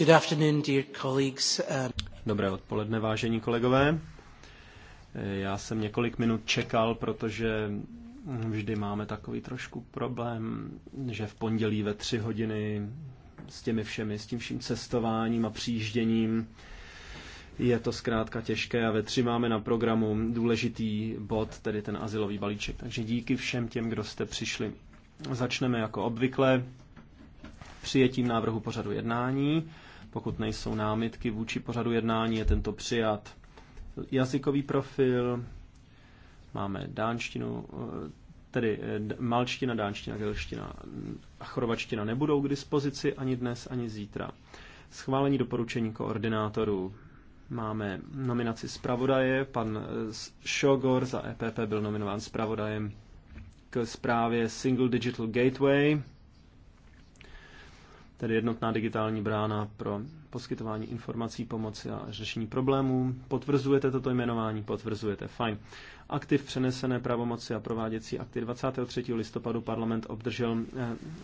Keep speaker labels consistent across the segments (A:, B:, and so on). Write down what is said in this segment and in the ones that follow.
A: Good afternoon, dear colleagues. Um, Dobré odpoledne, vážení kolegové. Já jsem několik minut čekal, protože vždy máme takový trošku problém, že v pondělí ve tři hodiny s těmi všemi, s tím vším cestováním a přijížděním je to zkrátka těžké a ve tři máme na programu důležitý bod, tedy ten asilový balíček. Takže díky všem těm, kdo jste přišli. Začneme jako obvykle přijetím návrhu pořadu jednání. Pokud nejsou námitky vůči pořadu jednání, je tento přijat. Jazykový profil. Máme dánštinu, eh, tedy eh, malština, dánština, gelština a chorvačtina nebudou k dispozici ani dnes, ani zítra. Schválení doporučení koordinátorů. Máme nominaci zpravodaje. Pan eh, Šogor za EPP byl nominován zpravodajem k zprávě Single Digital Gateway tedy jednotná digitální brána pro poskytování informací, pomoci a řešení problémů. Potvrzujete toto jmenování? Potvrzujete, fajn. Aktiv přenesené pravomoci a prováděcí akty 23. listopadu parlament obdržel eh,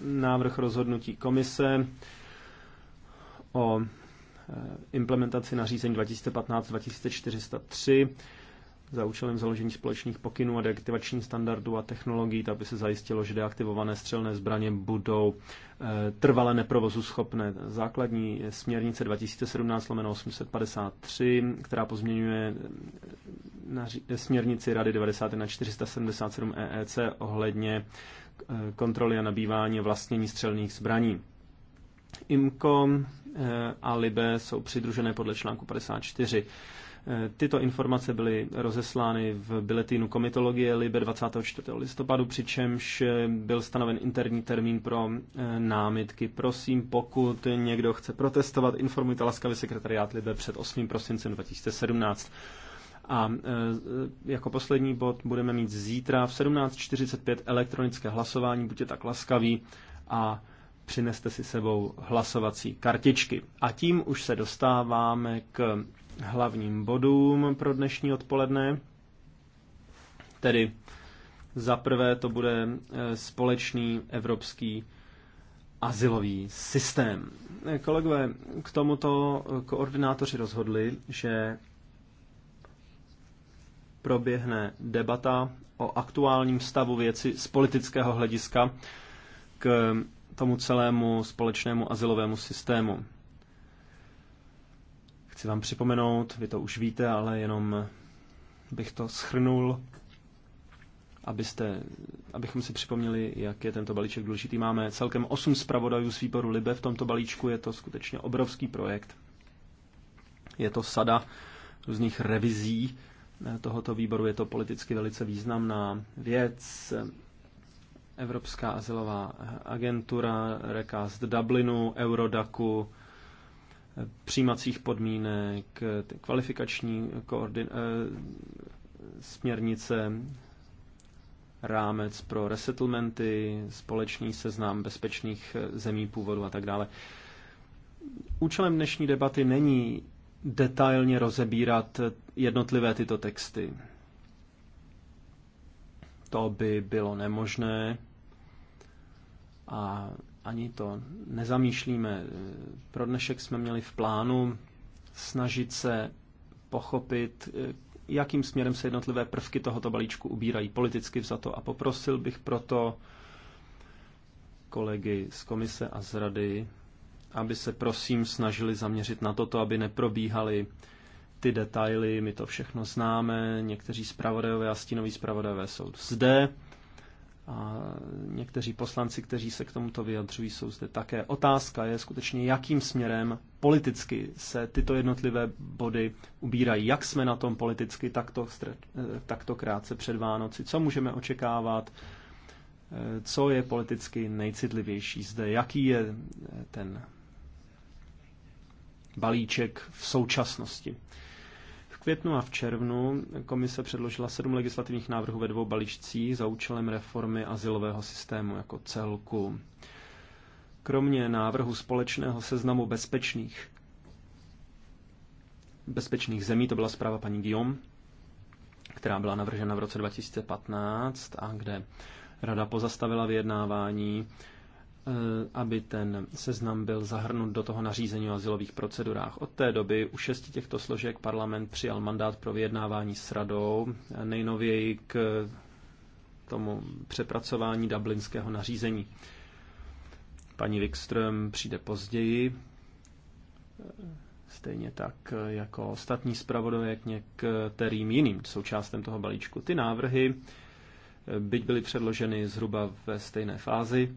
A: návrh rozhodnutí komise o eh, implementaci nařízení 2015-2403 za účelem založení společných pokynů a deaktivačních standardů a technologií, aby se zajistilo, že deaktivované střelné zbraně budou eh, trvale neprovozu schopné. Základní směrnice 2017-853, která pozměňuje eh, eh, směrnici Rady 90 na 477 EEC ohledně kontroly a nabývání vlastnění střelných zbraní. IMCO a LIBE jsou přidružené podle článku 54. Tyto informace byly rozeslány v biletínu komitologie Libe 24. listopadu, přičemž byl stanoven interní termín pro eh, námitky. Prosím, pokud někdo chce protestovat, informujte laskavě sekretariát Libe před 8. prosincem 2017. A eh, jako poslední bod budeme mít zítra v 17.45 elektronické hlasování, buďte tak laskaví a přineste si sebou hlasovací kartičky. A tím už se dostáváme k hlavním bodům pro dnešní odpoledne. Tedy za prvé to bude e, společný evropský azylový systém. E, kolegové, k tomuto e, koordinátoři rozhodli, že proběhne debata o aktuálním stavu věci z politického hlediska k tomu celému společnému azylovému systému. Chci vám připomenout, vy to už víte, ale jenom bych to schrnul, abyste, abychom si připomněli, jak je tento balíček důležitý. Máme celkem 8 zpravodajů z výboru Libe v tomto balíčku, je to skutečně obrovský projekt. Je to sada různých revizí eh, tohoto výboru, je to politicky velice významná věc. Evropská asilová agentura, rekaz Dublinu, Eurodaku, přijímacích podmínek, kvalifikační koordin- eh, směrnice, rámec pro resettlementy, společný seznam bezpečných eh, zemí původu a tak dále. Účelem dnešní debaty není detailně rozebírat eh, jednotlivé tyto texty. To by bylo nemožné a ani to nezamýšlíme. Pro dnešek jsme měli v plánu snažit se pochopit, jakým směrem se jednotlivé prvky tohoto balíčku ubírají politicky za to. a poprosil bych proto kolegy z komise a z rady, aby se prosím snažili zaměřit na toto, aby neprobíhaly ty detaily, my to všechno známe, někteří zpravodajové a stínoví zpravodajové jsou zde, a někteří poslanci, kteří se k tomuto vyjadřují, jsou zde také. Otázka je skutečně, jakým směrem politicky se tyto jednotlivé body ubírají. Jak jsme na tom politicky takto, eh, takto krátce před Vánoci? Co můžeme očekávat? Eh, co je politicky nejcitlivější zde? Jaký je eh, ten balíček v současnosti? květnu a v červnu komise předložila sedm legislativních návrhů ve dvou balíčcích za účelem reformy asilového systému jako celku. Kromě návrhu společného seznamu bezpečných bezpečných zemí, to byla zpráva paní Guillaume, která byla navržena v roce 2015 a kde Rada pozastavila vyjednávání Eh, aby ten seznam byl zahrnut do toho nařízení o asilových procedurách. Od té doby u šesti těchto složek parlament přijal mandát pro vyjednávání s radou, eh, nejnověji k eh, tomu přepracování dublinského nařízení. Paní Wikström přijde později, stejně tak jako ostatní zpravodové k některým jiným součástem toho balíčku. Ty návrhy, byť byly předloženy zhruba ve stejné fázi,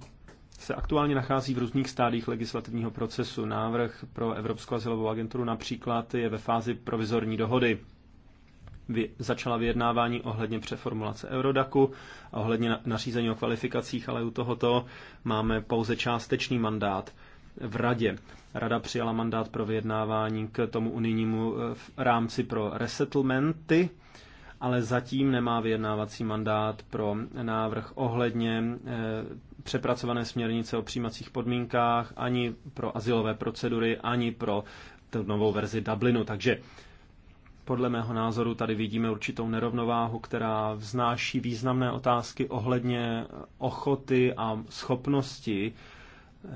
A: se aktuálně nachází v různých stádích legislativního procesu. Návrh pro Evropskou azylovou agenturu například je ve fázi provizorní dohody. Vy, začala vyjednávání ohledně přeformulace Eurodaku a ohledně nařízení o kvalifikacích, ale u tohoto máme pouze částečný mandát v radě. Rada přijala mandát pro vyjednávání k tomu unijnímu eh, v rámci pro resettlementy, ale zatím nemá vyjednávací mandát pro návrh ohledně eh, přepracované směrnice o přijímacích podmínkách, ani pro asilové procedury, ani pro tu novou verzi Dublinu. Takže podle mého názoru tady vidíme určitou nerovnováhu, která vznáší významné otázky ohledně ochoty a schopnosti eh,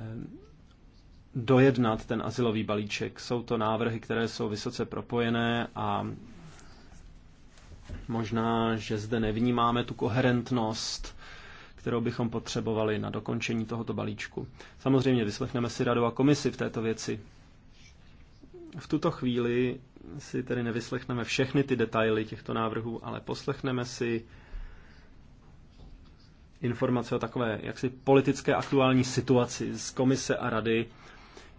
A: dojednat ten asilový balíček. Jsou to návrhy, které jsou vysoce propojené a možná, že zde nevnímáme tu koherentnost kterou bychom potřebovali na dokončení tohoto balíčku. Samozřejmě vyslechneme si radu a komisi v této věci. V tuto chvíli si tedy nevyslechneme všechny ty detaily těchto návrhů, ale poslechneme si informace o takové jaksi politické aktuální situaci z komise a rady,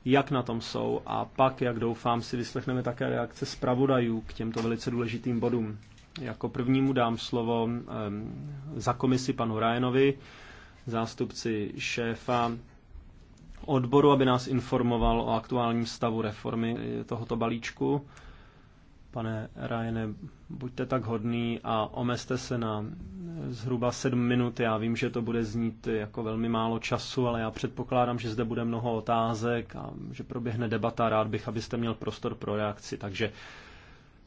A: jak na tom jsou a pak, jak doufám, si vyslechneme také reakce zpravodajů k těmto velice důležitým bodům. Jako prvnímu dám slovo za komisi panu Rajenovi, zástupci šéfa odboru, aby nás informoval o aktuálním stavu reformy tohoto balíčku. Pane Rajene, buďte tak hodný a omezte se na zhruba sedm minut. Já vím, že to bude znít jako velmi málo času, ale já předpokládám, že zde bude mnoho otázek a že proběhne debata. Rád bych, abyste měl prostor pro reakci, takže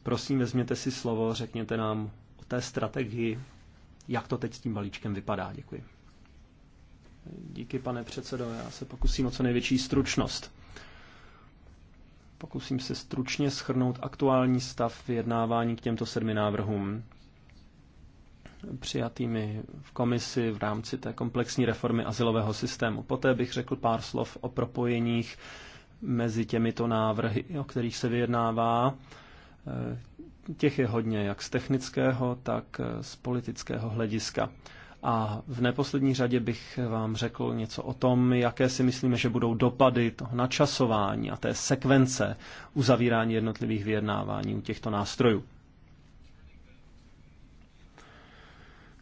A: Prosím, vezměte si slovo, řekněte nám o té strategii, jak to teď s tím balíčkem vypadá. Děkuji. Díky, pane předsedo. Já se pokusím o co největší stručnost. Pokusím se stručně schrnout aktuální stav vyjednávání k těmto sedmi návrhům přijatými v komisi v rámci té komplexní reformy asilového systému. Poté bych řekl pár slov o propojeních mezi těmito návrhy, o kterých se vyjednává Těch je hodně jak z technického, tak eh, z politického hlediska. A v neposlední řadě bych vám řekl něco o tom, jaké si myslíme, že budou dopady toho načasování a té sekvence uzavírání jednotlivých vyjednávání u těchto nástrojů.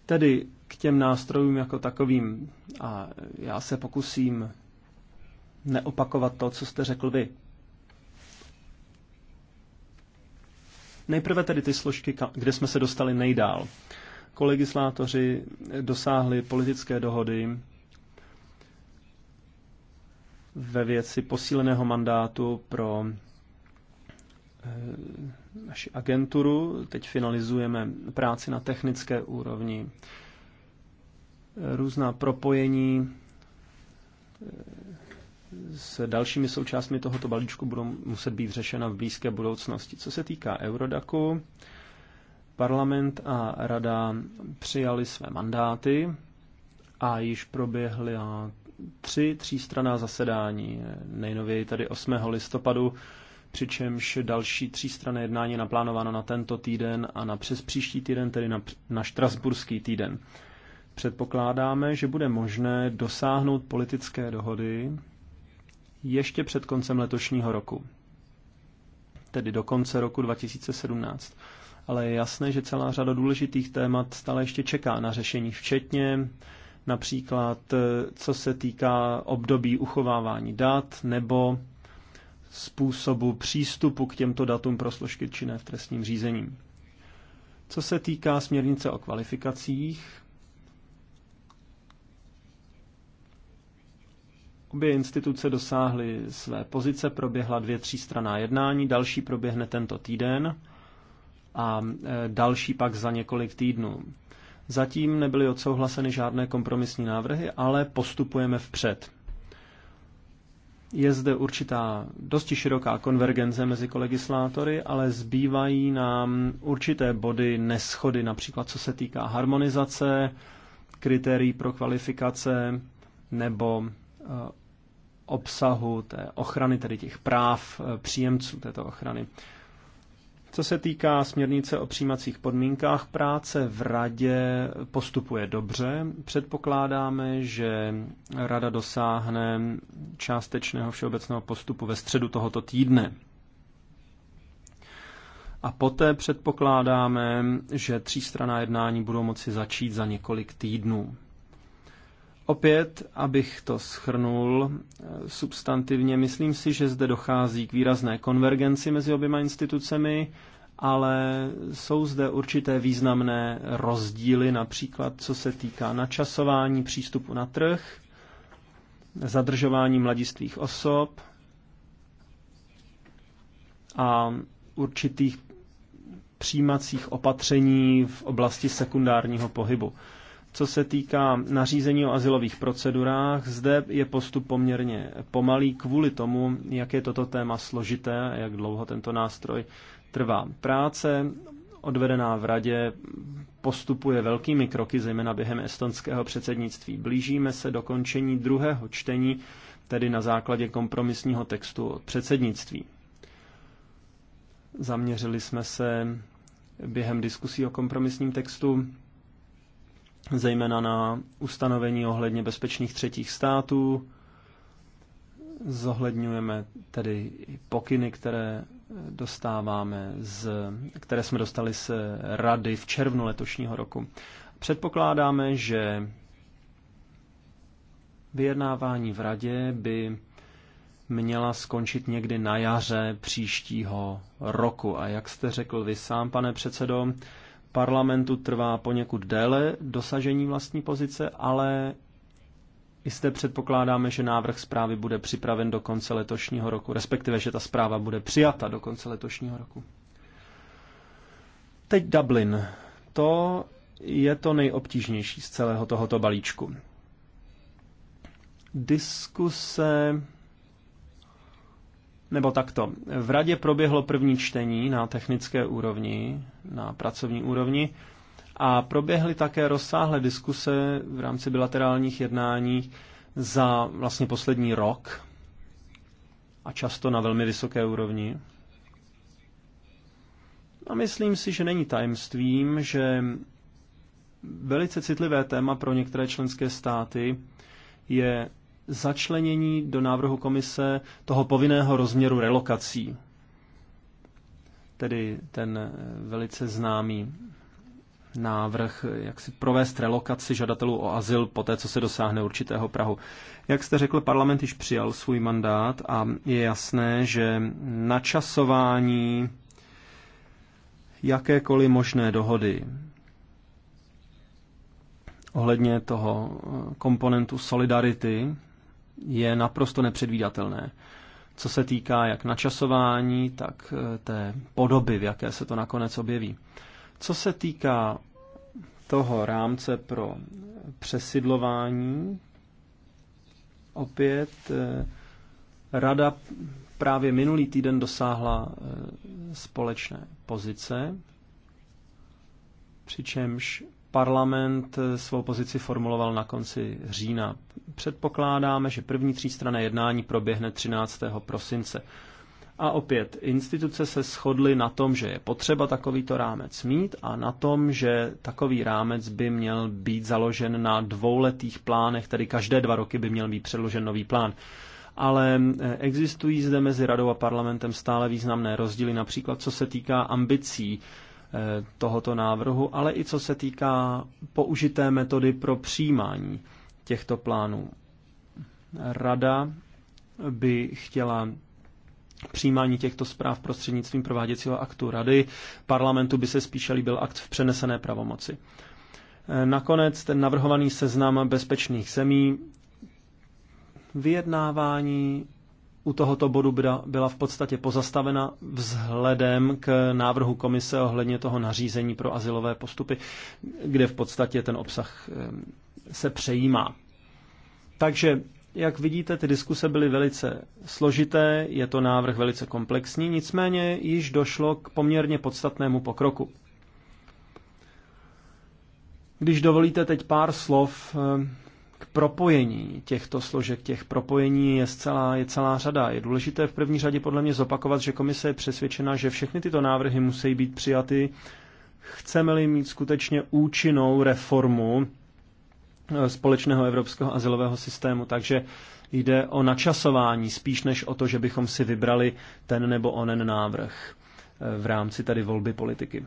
A: Tedy k těm nástrojům jako takovým, a já se pokusím neopakovat to, co jste řekl vy. Nejprve tedy ty složky, kde jsme se dostali nejdál. Kolegislátoři dosáhli politické dohody ve věci posíleného mandátu pro eh, naši agenturu. Teď finalizujeme práci na technické úrovni, eh, různá propojení eh, s dalšími součástmi tohoto balíčku budou muset být řešena v blízké budoucnosti. Co se týká Eurodaku, parlament a rada přijali své mandáty a již proběhly tři třístraná zasedání. Nejnověji tady 8. listopadu, přičemž další třístrané jednání je naplánováno na tento týden a na přes příští týden, tedy na, na štrasburský týden. Předpokládáme, že bude možné dosáhnout politické dohody ještě před koncem letošního roku, tedy do konce roku 2017. Ale je jasné, že celá řada důležitých témat stále ještě čeká na řešení, včetně například eh, co se týká období uchovávání dat nebo způsobu přístupu k těmto datům pro složky činné v trestním řízení. Co se týká směrnice o kvalifikacích, Obě instituce dosáhly své pozice, proběhla dvě třístraná jednání, další proběhne tento týden a e, další pak za několik týdnů. Zatím nebyly odsouhlaseny žádné kompromisní návrhy, ale postupujeme vpřed. Je zde určitá dosti široká konvergence mezi kolegislátory, ale zbývají nám určité body neschody, například co se týká harmonizace, kritérií pro kvalifikace nebo e, obsahu té ochrany, tedy těch práv eh, příjemců této ochrany. Co se týká směrnice o přijímacích podmínkách práce v radě postupuje dobře. Předpokládáme, že rada dosáhne částečného všeobecného postupu ve středu tohoto týdne. A poté předpokládáme, že třístraná jednání budou moci začít za několik týdnů. Opět, abych to schrnul eh, substantivně, myslím si, že zde dochází k výrazné konvergenci mezi oběma institucemi, ale jsou zde určité významné rozdíly, například co se týká načasování přístupu na trh, zadržování mladistvých osob a určitých přijímacích opatření v oblasti sekundárního pohybu. Co se týká nařízení o asilových procedurách, zde je postup poměrně pomalý kvůli tomu, jak je toto téma složité a jak dlouho tento nástroj trvá. Práce odvedená v radě postupuje velkými kroky, zejména během estonského předsednictví. Blížíme se dokončení druhého čtení, tedy na základě kompromisního textu od předsednictví. Zaměřili jsme se během diskusí o kompromisním textu zejména na ustanovení ohledně bezpečných třetích států. Zohledňujeme tedy pokyny, které dostáváme, z, které jsme dostali z Rady v červnu letošního roku. Předpokládáme, že vyjednávání v Radě by měla skončit někdy na jaře příštího roku. A jak jste řekl vy sám, pane předsedo, parlamentu trvá poněkud déle dosažení vlastní pozice, ale i zde předpokládáme, že návrh zprávy bude připraven do konce letošního roku, respektive, že ta zpráva bude přijata do konce letošního roku. Teď Dublin. To je to nejobtížnější z celého tohoto balíčku. Diskuse nebo takto. V radě proběhlo první čtení na technické úrovni, na pracovní úrovni a proběhly také rozsáhlé diskuse v rámci bilaterálních jednání za vlastně poslední rok a často na velmi vysoké úrovni. A myslím si, že není tajemstvím, že velice citlivé téma pro některé členské státy je začlenění do návrhu komise toho povinného rozměru relokací. Tedy ten eh, velice známý návrh, jak si provést relokaci žadatelů o azyl po té, co se dosáhne určitého Prahu. Jak jste řekl, parlament již přijal svůj mandát a je jasné, že načasování jakékoliv možné dohody ohledně toho eh, komponentu solidarity je naprosto nepředvídatelné. Co se týká jak načasování, tak eh, té podoby, v jaké se to nakonec objeví. Co se týká toho rámce pro přesidlování, opět eh, rada právě minulý týden dosáhla eh, společné pozice, přičemž Parlament eh, svou pozici formuloval na konci října. Předpokládáme, že první třístrané jednání proběhne 13. prosince. A opět, instituce se shodly na tom, že je potřeba takovýto rámec mít a na tom, že takový rámec by měl být založen na dvouletých plánech, tedy každé dva roky by měl být předložen nový plán. Ale eh, existují zde mezi radou a parlamentem stále významné rozdíly, například co se týká ambicí Eh, tohoto návrhu, ale i co se týká použité metody pro přijímání těchto plánů. Rada by chtěla přijímání těchto zpráv prostřednictvím prováděcího aktu rady. Parlamentu by se spíše líbil akt v přenesené pravomoci. Eh, nakonec ten navrhovaný seznam bezpečných zemí, vyjednávání u tohoto bodu byla v podstatě pozastavena vzhledem k návrhu komise ohledně toho nařízení pro asilové postupy, kde v podstatě ten obsah eh, se přejímá. Takže, jak vidíte, ty diskuse byly velice složité, je to návrh velice komplexní, nicméně již došlo k poměrně podstatnému pokroku. Když dovolíte teď pár slov eh, propojení těchto složek, těch propojení je, zcela, je celá řada. Je důležité v první řadě podle mě zopakovat, že komise je přesvědčena, že všechny tyto návrhy musí být přijaty, chceme-li mít skutečně účinnou reformu eh, společného evropského asilového systému. Takže jde o načasování spíš než o to, že bychom si vybrali ten nebo onen návrh eh, v rámci tady volby politiky.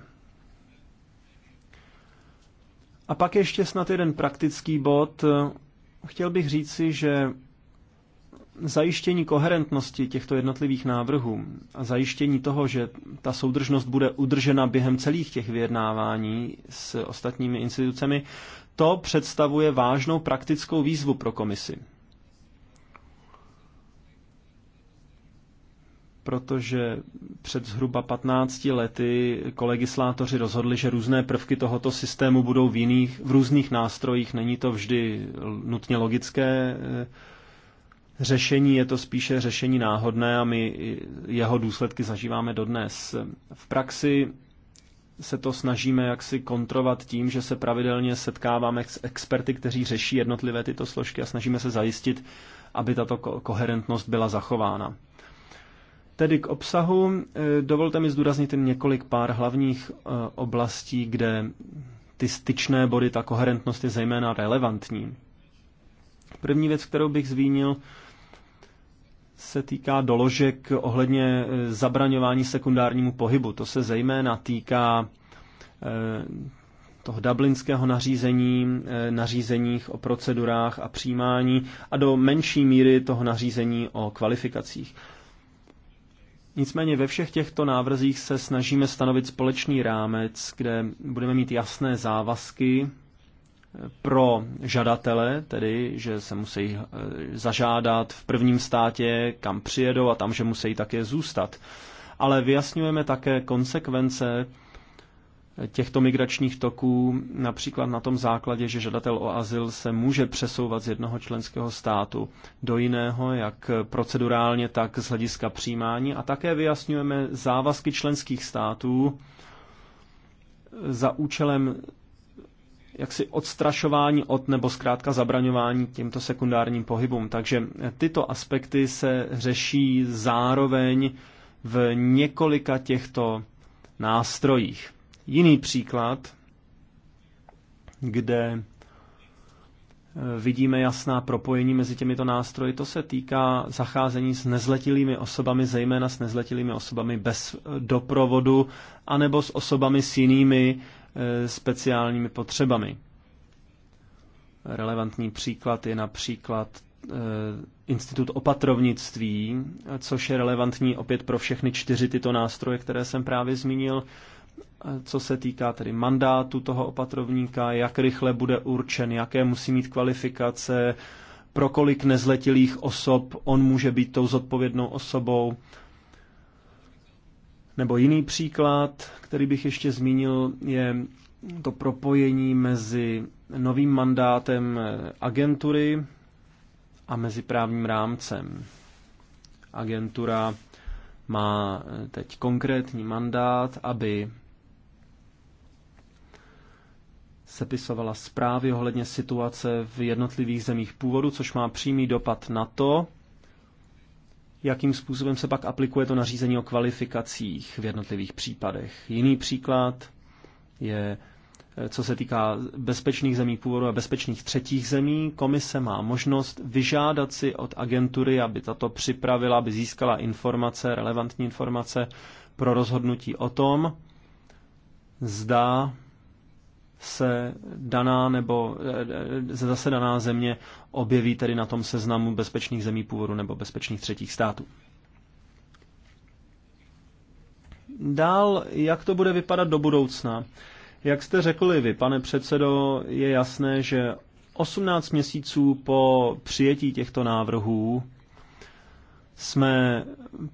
A: A pak ještě snad jeden praktický bod, Chtěl bych říci, že zajištění koherentnosti těchto jednotlivých návrhů a zajištění toho, že ta soudržnost bude udržena během celých těch vyjednávání s ostatními institucemi, to představuje vážnou praktickou výzvu pro komisi. protože před zhruba 15 lety kolegislátoři rozhodli, že různé prvky tohoto systému budou v, jiných, v různých nástrojích. Není to vždy nutně logické eh, řešení, je to spíše řešení náhodné a my jeho důsledky zažíváme dodnes. V praxi se to snažíme jaksi kontrovat tím, že se pravidelně setkáváme s experty, kteří řeší jednotlivé tyto složky a snažíme se zajistit, aby tato koherentnost byla zachována. Tedy k obsahu eh, dovolte mi zdůraznit několik pár hlavních eh, oblastí, kde ty styčné body, ta koherentnost je zejména relevantní. První věc, kterou bych zvínil, se týká doložek ohledně eh, zabraňování sekundárnímu pohybu. To se zejména týká toho dublinského nařízení, nařízeních o procedurách a přijímání a do menší míry toho nařízení o kvalifikacích. Nicméně ve všech těchto návrzích se snažíme stanovit společný rámec, kde budeme mít jasné závazky eh, pro žadatele, tedy že se musí eh, zažádat v prvním státě, kam přijedou a tam, že musí také zůstat. Ale vyjasňujeme také konsekvence těchto migračních toků, například na tom základě, že žadatel o azyl se může přesouvat z jednoho členského státu do jiného, jak procedurálně, tak z hlediska přijímání. A také vyjasňujeme závazky členských států za účelem jaksi odstrašování od nebo zkrátka zabraňování těmto sekundárním pohybům. Takže tyto aspekty se řeší zároveň v několika těchto nástrojích. Jiný příklad, kde eh, vidíme jasná propojení mezi těmito nástroji. To se týká zacházení s nezletilými osobami, zejména s nezletilými osobami bez eh, doprovodu, anebo s osobami s jinými eh, speciálními potřebami. Relevantní příklad je například Institut opatrovnictví, což je relevantní opět pro všechny čtyři tyto nástroje, které jsem právě zmínil co se týká tedy mandátu toho opatrovníka, jak rychle bude určen, jaké musí mít kvalifikace, pro kolik nezletilých osob on může být tou zodpovědnou osobou. Nebo jiný příklad, který bych ještě zmínil, je to propojení mezi novým mandátem agentury a mezi právním rámcem. Agentura má teď konkrétní mandát, aby sepisovala zprávy ohledně situace v jednotlivých zemích původu, což má přímý dopad na to, jakým způsobem se pak aplikuje to nařízení o kvalifikacích v jednotlivých případech. Jiný příklad je, co se týká bezpečných zemí původu a bezpečných třetích zemí, komise má možnost vyžádat si od agentury, aby tato připravila, aby získala informace, relevantní informace pro rozhodnutí o tom, zda se daná nebo se eh, zase daná země objeví tedy na tom seznamu bezpečných zemí původu nebo bezpečných třetích států. Dál, jak to bude vypadat do budoucna? Jak jste řekli vy, pane předsedo, je jasné, že 18 měsíců po přijetí těchto návrhů jsme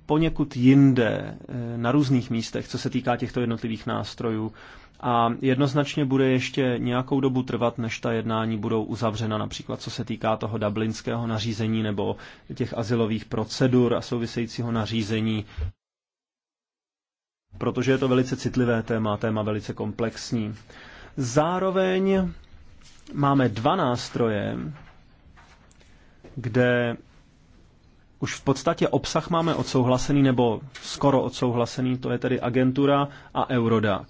A: poněkud jinde eh, na různých místech, co se týká těchto jednotlivých nástrojů a jednoznačně bude ještě nějakou dobu trvat, než ta jednání budou uzavřena, například co se týká toho dublinského nařízení nebo těch asilových procedur a souvisejícího nařízení, protože je to velice citlivé téma, téma velice komplexní. Zároveň máme dva nástroje, kde už v podstatě obsah máme odsouhlasený nebo skoro odsouhlasený, to je tedy agentura a Eurodac.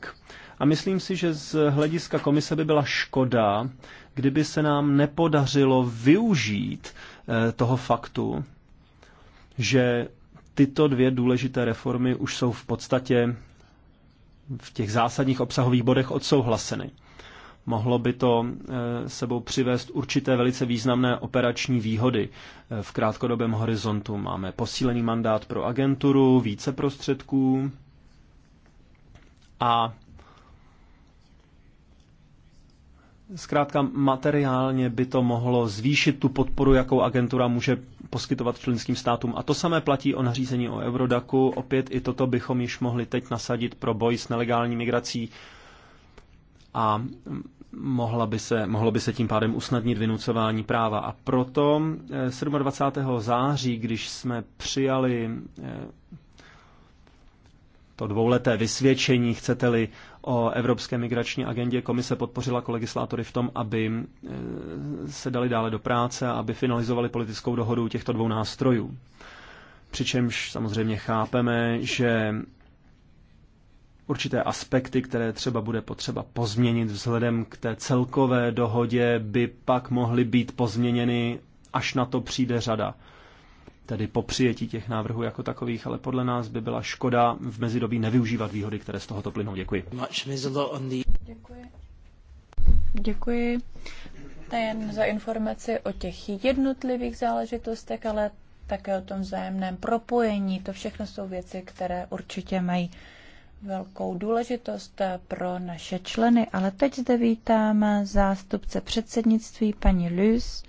A: A myslím si, že z hlediska komise by byla škoda, kdyby se nám nepodařilo využít eh, toho faktu, že tyto dvě důležité reformy už jsou v podstatě v těch zásadních obsahových bodech odsouhlaseny. Mohlo by to eh, sebou přivést určité velice významné operační výhody. Eh, v krátkodobém horizontu máme posílený mandát pro agenturu, více prostředků a Zkrátka materiálně by to mohlo zvýšit tu podporu, jakou agentura může poskytovat členským státům. A to samé platí o nařízení o Eurodaku. Opět i toto bychom již mohli teď nasadit pro boj s nelegální migrací a mohla by se, mohlo by se tím pádem usnadnit vynucování práva. A proto eh, 27. září, když jsme přijali eh, to dvouleté vysvědčení, chcete-li, o Evropské migrační agendě. Komise podpořila kolegislátory v tom, aby e, se dali dále do práce a aby finalizovali politickou dohodu těchto dvou nástrojů. Přičemž samozřejmě chápeme, že určité aspekty, které třeba bude potřeba pozměnit vzhledem k té celkové dohodě, by pak mohly být pozměněny, až na to přijde řada tedy po přijetí těch návrhů jako takových, ale podle nás by byla škoda v mezidobí nevyužívat výhody, které z tohoto plynou. Děkuji. Děkuji.
B: Děkuji nejen za informaci o těch jednotlivých záležitostech, ale také o tom vzájemném propojení. To všechno jsou věci, které určitě mají velkou důležitost pro naše členy. Ale teď zde vítáme zástupce předsednictví paní Luz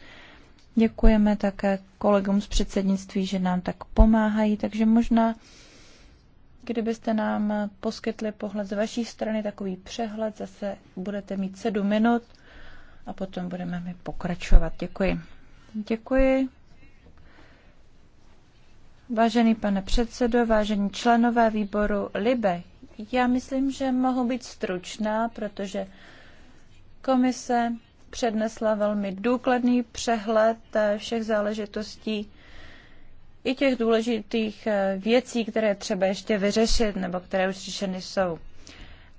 B: Děkujeme také kolegům z předsednictví, že nám tak pomáhají, takže možná, kdybyste nám poskytli pohled z vaší strany, takový přehled, zase budete mít sedm minut a potom budeme mi pokračovat. Děkuji. Děkuji. Vážený pane předsedo, vážení členové výboru LIBE, já myslím, že mohu být stručná, protože komise přednesla velmi důkladný přehled eh, všech záležitostí i těch důležitých eh, věcí, které třeba ještě vyřešit nebo které už řešeny jsou.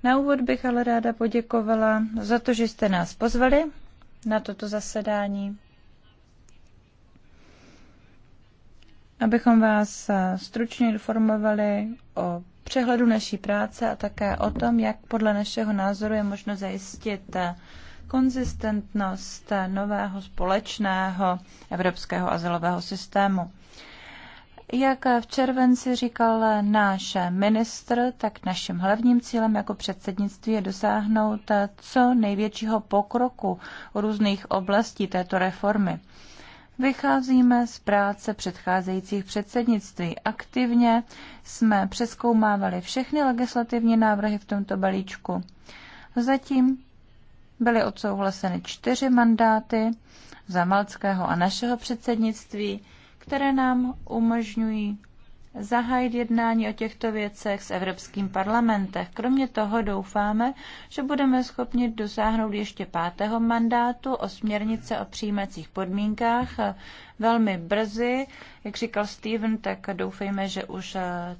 B: Na úvod bych ale ráda poděkovala za to, že jste nás pozvali na toto zasedání, abychom vás eh, stručně informovali o přehledu naší práce a také o tom, jak podle našeho názoru je možno zajistit konzistentnost nového společného evropského azylového systému. Jak v červenci říkal náš ministr, tak naším hlavním cílem jako předsednictví je dosáhnout co největšího pokroku různých oblastí této reformy. Vycházíme z práce předcházejících předsednictví. Aktivně jsme přeskoumávali všechny legislativní návrhy v tomto balíčku. Zatím byly odsouhlaseny čtyři mandáty za malckého a našeho předsednictví, které nám umožňují zahájit jednání o těchto věcech s Evropským parlamentem. Kromě toho doufáme, že budeme schopni dosáhnout ještě pátého mandátu o směrnice o přijímacích podmínkách velmi brzy. Jak říkal Steven, tak doufejme, že už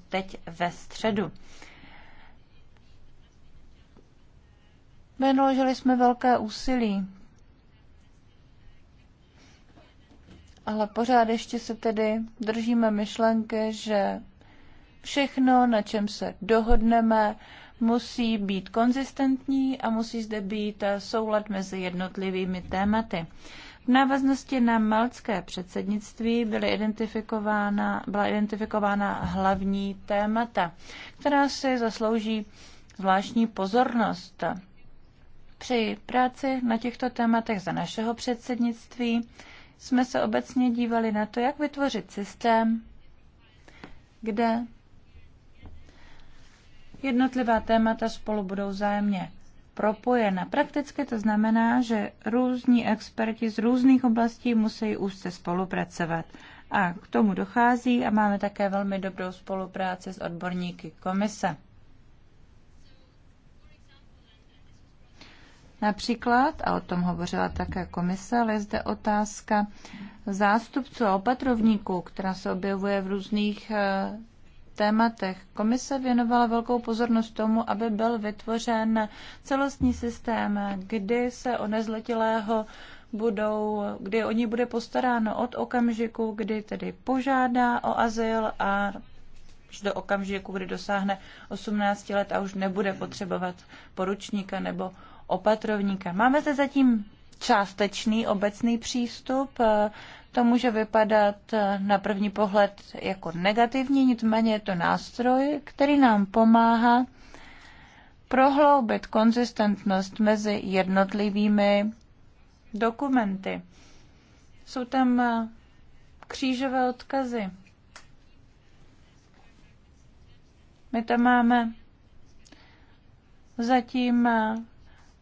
B: teď ve středu. Vynaložili jsme velké úsilí. Ale pořád ještě se tedy držíme myšlenky, že všechno, na čem se dohodneme, musí být konzistentní a musí zde být eh, soulad mezi jednotlivými tématy. V návaznosti na malcké předsednictví byly identifikována, byla identifikována hlavní témata, která si zaslouží zvláštní pozornost. Při práci na těchto tématech za našeho předsednictví jsme se obecně dívali na to, jak vytvořit systém, kde jednotlivá témata spolu budou zájemně propojena. Prakticky to znamená, že různí experti z různých oblastí musí úzce spolupracovat. A k tomu dochází a máme také velmi dobrou spolupráci s odborníky komise. Například, a o tom hovořila také komise, ale je zde otázka zástupců a opatrovníků, která se objevuje v různých eh, tématech. Komise věnovala velkou pozornost tomu, aby byl vytvořen celostní systém, kdy se o nezletilého budou, kdy o ní bude postaráno od okamžiku, kdy tedy požádá o azyl a až do okamžiku, kdy dosáhne 18 let a už nebude potřebovat poručníka nebo opatrovníka. Máme zde zatím částečný obecný přístup. To může vypadat na první pohled jako negativní, nicméně je to nástroj, který nám pomáhá prohloubit konzistentnost mezi jednotlivými dokumenty. Jsou tam křížové odkazy. My tam máme zatím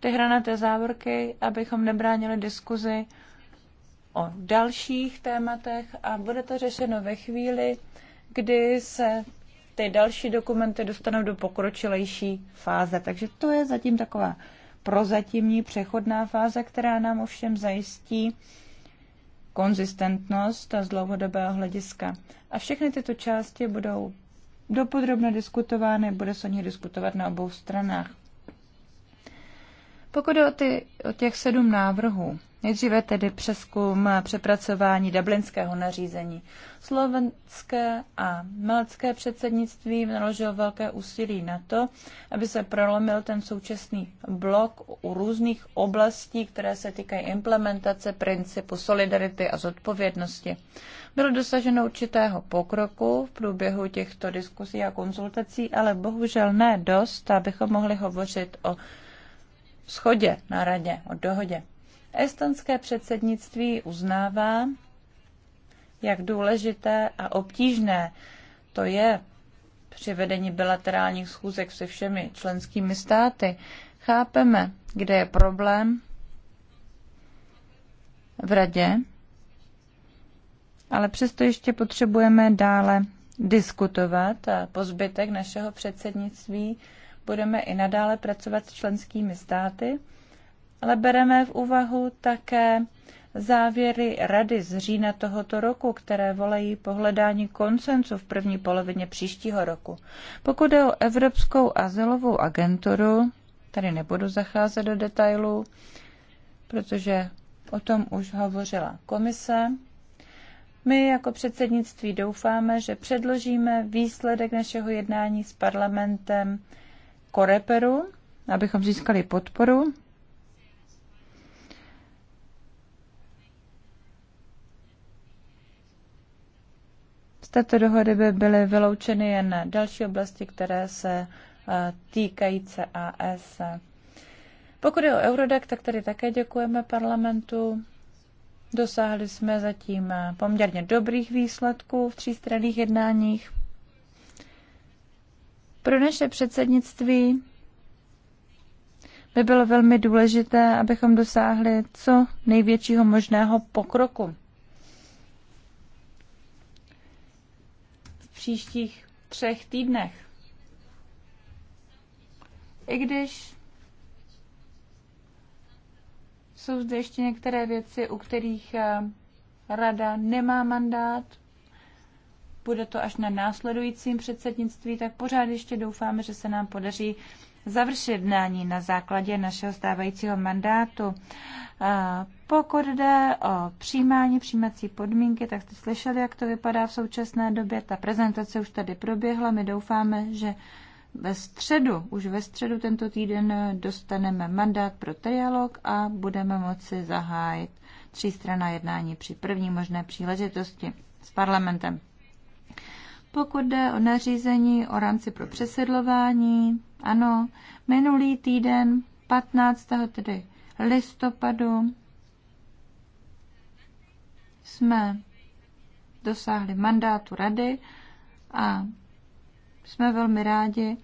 B: ty hranaté závorky, abychom nebránili diskuzi o dalších tématech a bude to řešeno ve chvíli, kdy se ty další dokumenty dostanou do pokročilejší fáze. Takže to je zatím taková prozatímní přechodná fáze, která nám ovšem zajistí konzistentnost z dlouhodobého hlediska. A všechny tyto části budou dopodrobně diskutovány, bude se o nich diskutovat na obou stranách. Pokud je o, ty, o těch sedm návrhů, nejdříve tedy přeskum přepracování dublinského nařízení. Slovenské a malcké předsednictví naložilo velké úsilí na to, aby se prolomil ten současný blok u různých oblastí, které se týkají implementace principu solidarity a zodpovědnosti. Bylo dosaženo určitého pokroku v průběhu těchto diskusí a konzultací, ale bohužel ne dost, abychom mohli hovořit o schodě na radě, o dohodě. Estonské předsednictví uznává, jak důležité a obtížné to je při vedení bilaterálních schůzek se všemi členskými státy. Chápeme, kde je problém v radě, ale přesto ještě potřebujeme dále diskutovat a pozbytek našeho předsednictví budeme i nadále pracovat s členskými státy, ale bereme v úvahu také závěry Rady z října tohoto roku, které volají pohledání koncensu v první polovině příštího roku. Pokud je o Evropskou azylovou agenturu, tady nebudu zacházet do detailů, protože o tom už hovořila komise. My jako předsednictví doufáme, že předložíme výsledek našeho jednání s parlamentem Koreperu, abychom získali podporu. Z této dohody by byly vyloučeny jen další oblasti, které se eh, týkají CAS. Pokud je o Eurodac, tak tady také děkujeme parlamentu. Dosáhli jsme zatím eh, poměrně dobrých výsledků v třístranných jednáních. Pro naše předsednictví by bylo velmi důležité, abychom dosáhli co největšího možného pokroku. V příštích třech týdnech. I když jsou zde ještě některé věci, u kterých eh, rada nemá mandát, bude to až na následujícím předsednictví, tak pořád ještě doufáme, že se nám podaří završit jednání na základě našeho stávajícího mandátu. Pokud jde o přijímání, přijímací podmínky, tak jste slyšeli, jak to vypadá v současné době. Ta prezentace už tady proběhla. My doufáme, že ve středu, už ve středu tento týden dostaneme mandát pro trialog a budeme moci zahájit strana jednání při první možné příležitosti s parlamentem. Pokud jde o nařízení o rámci pro přesedlování, ano, minulý týden 15. tedy listopadu jsme dosáhli mandátu rady a jsme velmi rádi,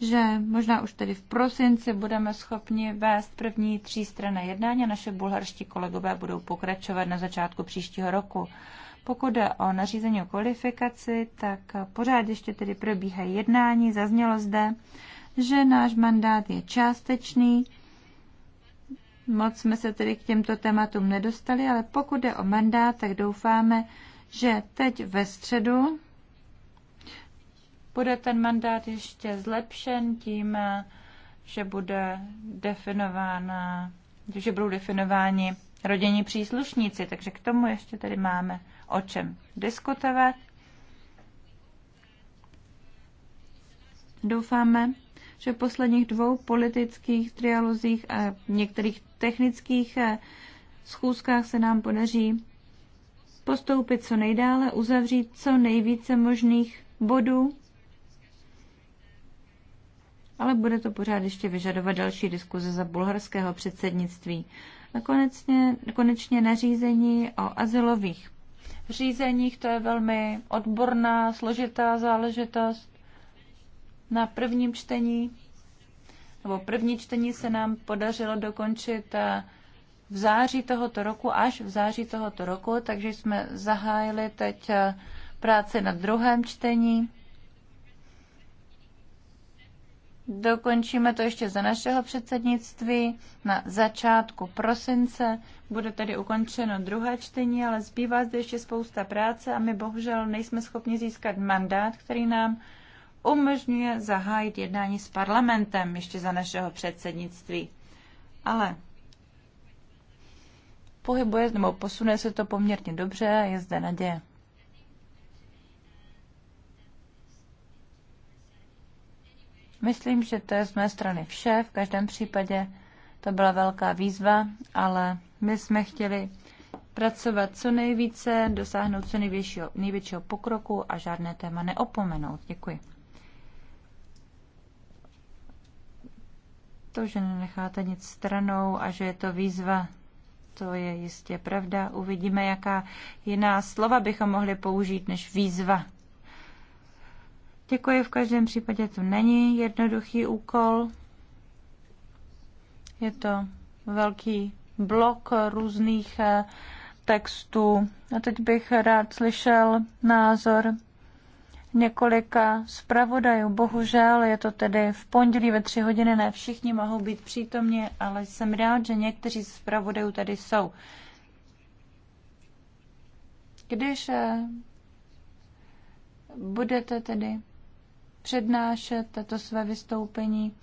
B: že možná už tedy v prosinci budeme schopni vést první třístranné jednání a naše bulharští kolegové budou pokračovat na začátku příštího roku. Pokud jde o nařízení o kvalifikaci, tak pořád ještě tedy probíhají jednání. Zaznělo zde, že náš mandát je částečný. Moc jsme se tedy k těmto tématům nedostali, ale pokud jde o mandát, tak doufáme, že teď ve středu bude ten mandát ještě zlepšen tím, že bude definována, že budou definováni rodinní příslušníci, takže k tomu ještě tady máme o čem diskutovat. Doufáme, že v posledních dvou politických trialozích a některých technických eh, schůzkách se nám podaří postoupit co nejdále, uzavřít co nejvíce možných bodů, ale bude to pořád ještě vyžadovat další diskuze za bulharského předsednictví. A konečně, konečně nařízení o azylových řízeních, to je velmi odborná, složitá záležitost. Na prvním čtení, nebo první čtení se nám podařilo dokončit eh, v září tohoto roku, až v září tohoto roku, takže jsme zahájili teď eh, práci na druhém čtení. Dokončíme to ještě za našeho předsednictví na začátku prosince. Bude tedy ukončeno druhé čtení, ale zbývá zde ještě spousta práce a my bohužel nejsme schopni získat mandát, který nám umožňuje zahájit jednání s parlamentem ještě za našeho předsednictví. Ale pohybuje, nebo posune se to poměrně dobře a je zde naděje. Myslím, že to je z mé strany vše. V každém případě to byla velká výzva, ale my jsme chtěli pracovat co nejvíce, dosáhnout co největšího, největšího pokroku a žádné téma neopomenout. Děkuji. To, že nenecháte nic stranou a že je to výzva, to je jistě pravda. Uvidíme, jaká jiná slova bychom mohli použít než výzva. Děkuji, v každém případě to není jednoduchý úkol. Je to velký blok různých eh, textů. A teď bych rád slyšel názor několika zpravodajů. Bohužel je to tedy v pondělí ve tři hodiny, ne všichni mohou být přítomně, ale jsem rád, že někteří zpravodajů tady jsou. Když eh, budete tedy přednášet tato své vystoupení,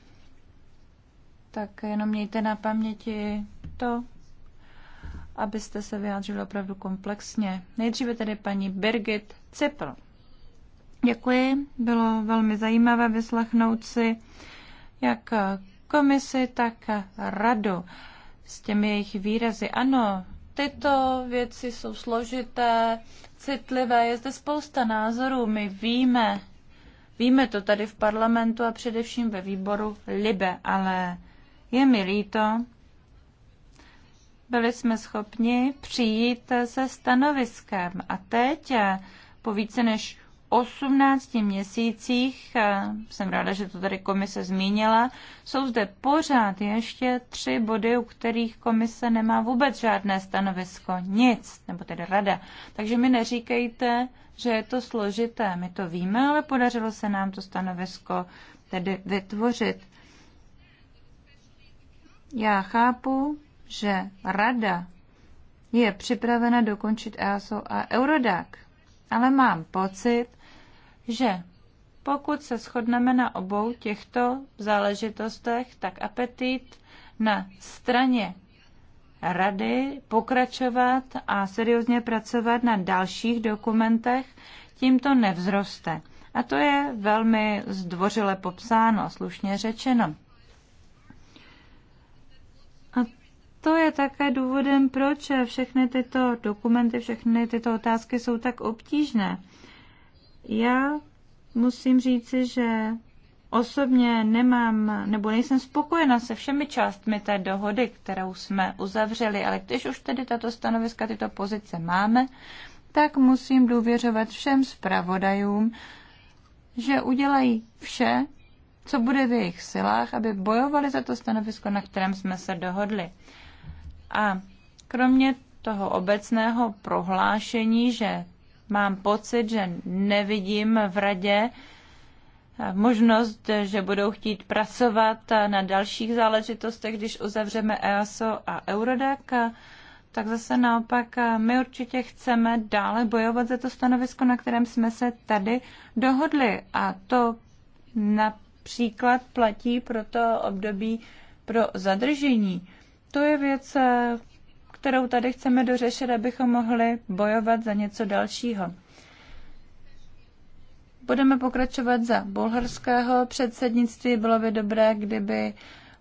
B: tak jenom mějte na paměti to, abyste se vyjádřili opravdu komplexně. Nejdříve tedy paní Birgit Cipl. Děkuji, bylo velmi zajímavé vyslechnout si jak komisi, tak radu s těmi jejich výrazy. Ano, tyto věci jsou složité, citlivé, je zde spousta názorů, my víme, Víme to tady v parlamentu a především ve výboru Libe, ale je mi líto, byli jsme schopni přijít se stanoviskem a teď eh, po více než 18 měsících, eh, jsem ráda, že to tady komise zmínila, jsou zde pořád ještě tři body, u kterých komise nemá vůbec žádné stanovisko, nic, nebo tedy rada. Takže mi neříkejte, že je to složité. My to víme, ale podařilo se nám to stanovisko tedy vytvořit. Já chápu, že rada je připravena dokončit EASO a Eurodac, ale mám pocit, že pokud se shodneme na obou těchto záležitostech, tak apetit na straně rady pokračovat a seriózně pracovat na dalších dokumentech tímto nevzroste. A to je velmi zdvořile popsáno, slušně řečeno. A to je také důvodem, proč všechny tyto dokumenty, všechny tyto otázky jsou tak obtížné. Já musím říci, že osobně nemám nebo nejsem spokojena se všemi částmi té dohody, kterou jsme uzavřeli, ale když už tedy tato stanoviska, tyto pozice máme, tak musím důvěřovat všem zpravodajům, že udělají vše, co bude v jejich silách, aby bojovali za to stanovisko, na kterém jsme se dohodli. A kromě toho obecného prohlášení, že mám pocit, že nevidím v radě možnost, že budou chtít pracovat na dalších záležitostech, když uzavřeme EASO a Eurodac, tak zase naopak my určitě chceme dále bojovat za to stanovisko, na kterém jsme se tady dohodli. A to například platí pro to období pro zadržení. To je věc, kterou tady chceme dořešit, abychom mohli bojovat za něco dalšího. Budeme pokračovat za bulharského předsednictví. Bylo by dobré, kdyby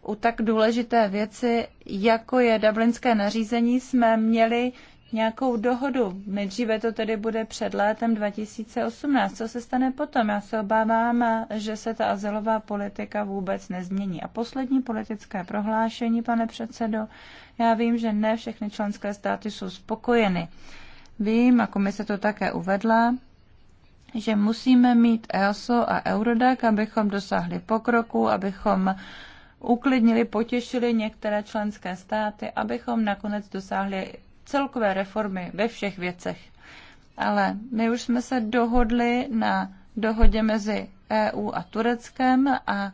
B: u tak důležité věci, jako je dublinské nařízení, jsme měli nějakou dohodu. Nejdříve to tedy bude před létem 2018. Co se stane potom? Já se obávám, že se ta azylová politika vůbec nezmění. A poslední politické prohlášení, pane předsedo, já vím, že ne všechny členské státy jsou spokojeny. Vím, a komise to také uvedla, že musíme mít EASO a Eurodac, abychom dosáhli pokroku, abychom uklidnili, potěšili některé členské státy, abychom nakonec dosáhli celkové reformy ve všech věcech. Ale my už jsme se dohodli na dohodě mezi EU a Tureckem a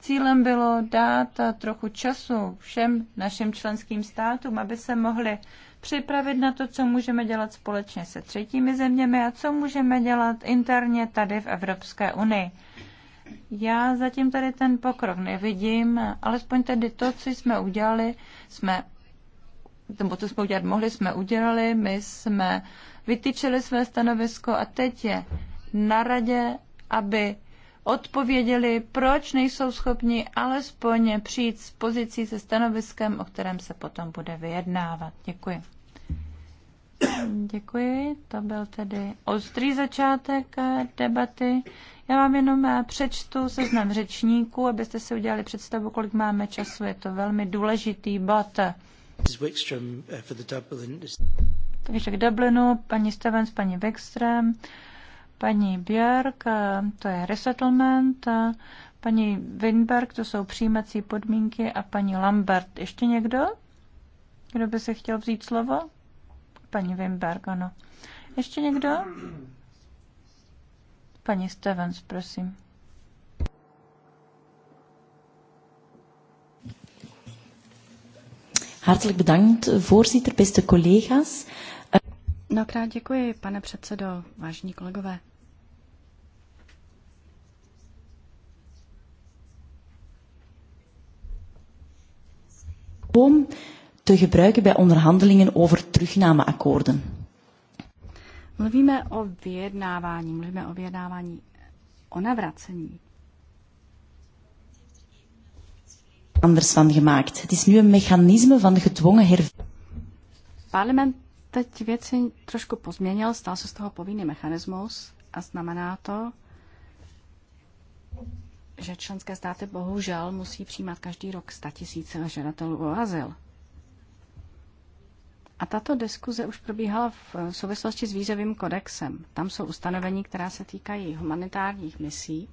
B: cílem bylo dát trochu času všem našim členským státům, aby se mohli připravit na to, co můžeme dělat společně se třetími zeměmi a co můžeme dělat interně tady v Evropské unii. Já zatím tady ten pokrok nevidím, alespoň tedy to, co jsme udělali, jsme nebo co jsme udělat mohli, jsme udělali, my jsme vytyčili své stanovisko a teď je na radě, aby odpověděli, proč nejsou schopni alespoň přijít s pozicí se stanoviskem, o kterém se potom bude vyjednávat. Děkuji. Děkuji, to byl tedy ostrý začátek debaty. Já vám jenom přečtu seznam řečníků, abyste si udělali představu, kolik máme času. Je to velmi důležitý bod. Uh, Takže k Dublinu paní Stevens, paní Wickström, paní Björk, eh, to je resettlement, eh, paní Winberg, to jsou přijímací podmínky a paní Lambert. Ještě někdo? Kdo by se chtěl vzít slovo? Paní Winberg, ano. Ještě někdo? Paní Stevens, prosím.
C: Hartelijk bedankt, voorzitter, beste collega's. Mnohokrát děkuji, pane předsedo, vážení kolegové. Boom te gebruiken bij onderhandelingen over terugnameakkoorden. Mluvíme o vyjednávání, mluvíme o vyjednávání o navracení. anders van gemaakt. Het is nu een mechanisme van gedwongen hervorming. Parlement teď věci trošku pozměnil, stal se z toho povinný mechanismus a znamená to, že členské státy bohužel musí přijímat každý rok 100 tisíce žadatelů o azyl. A tato diskuze už probíhala eh, v souvislosti s vízovým kodexem. Tam jsou ustanovení, která se týkají humanitárních misí.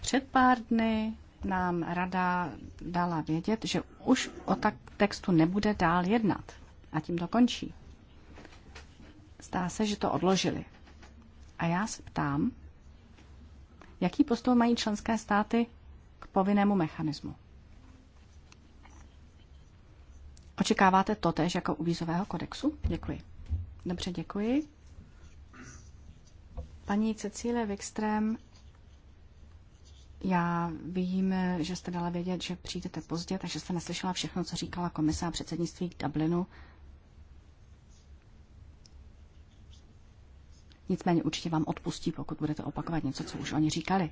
C: Před pár dny nám rada dala vědět, že už o tak textu nebude dál jednat. A tím to končí. Zdá se, že to odložili. A já se ptám, jaký postup mají členské státy k povinnému mechanismu? Očekáváte to tež jako u vízového kodexu? Děkuji. Dobře, děkuji. Paní Cecílie Wikström já vím, že jste dala vědět, že přijdete pozdě, takže jste neslyšela všechno, co říkala komise a předsednictví k Dublinu. Nicméně určitě vám odpustí, pokud budete opakovat něco, co už oni říkali.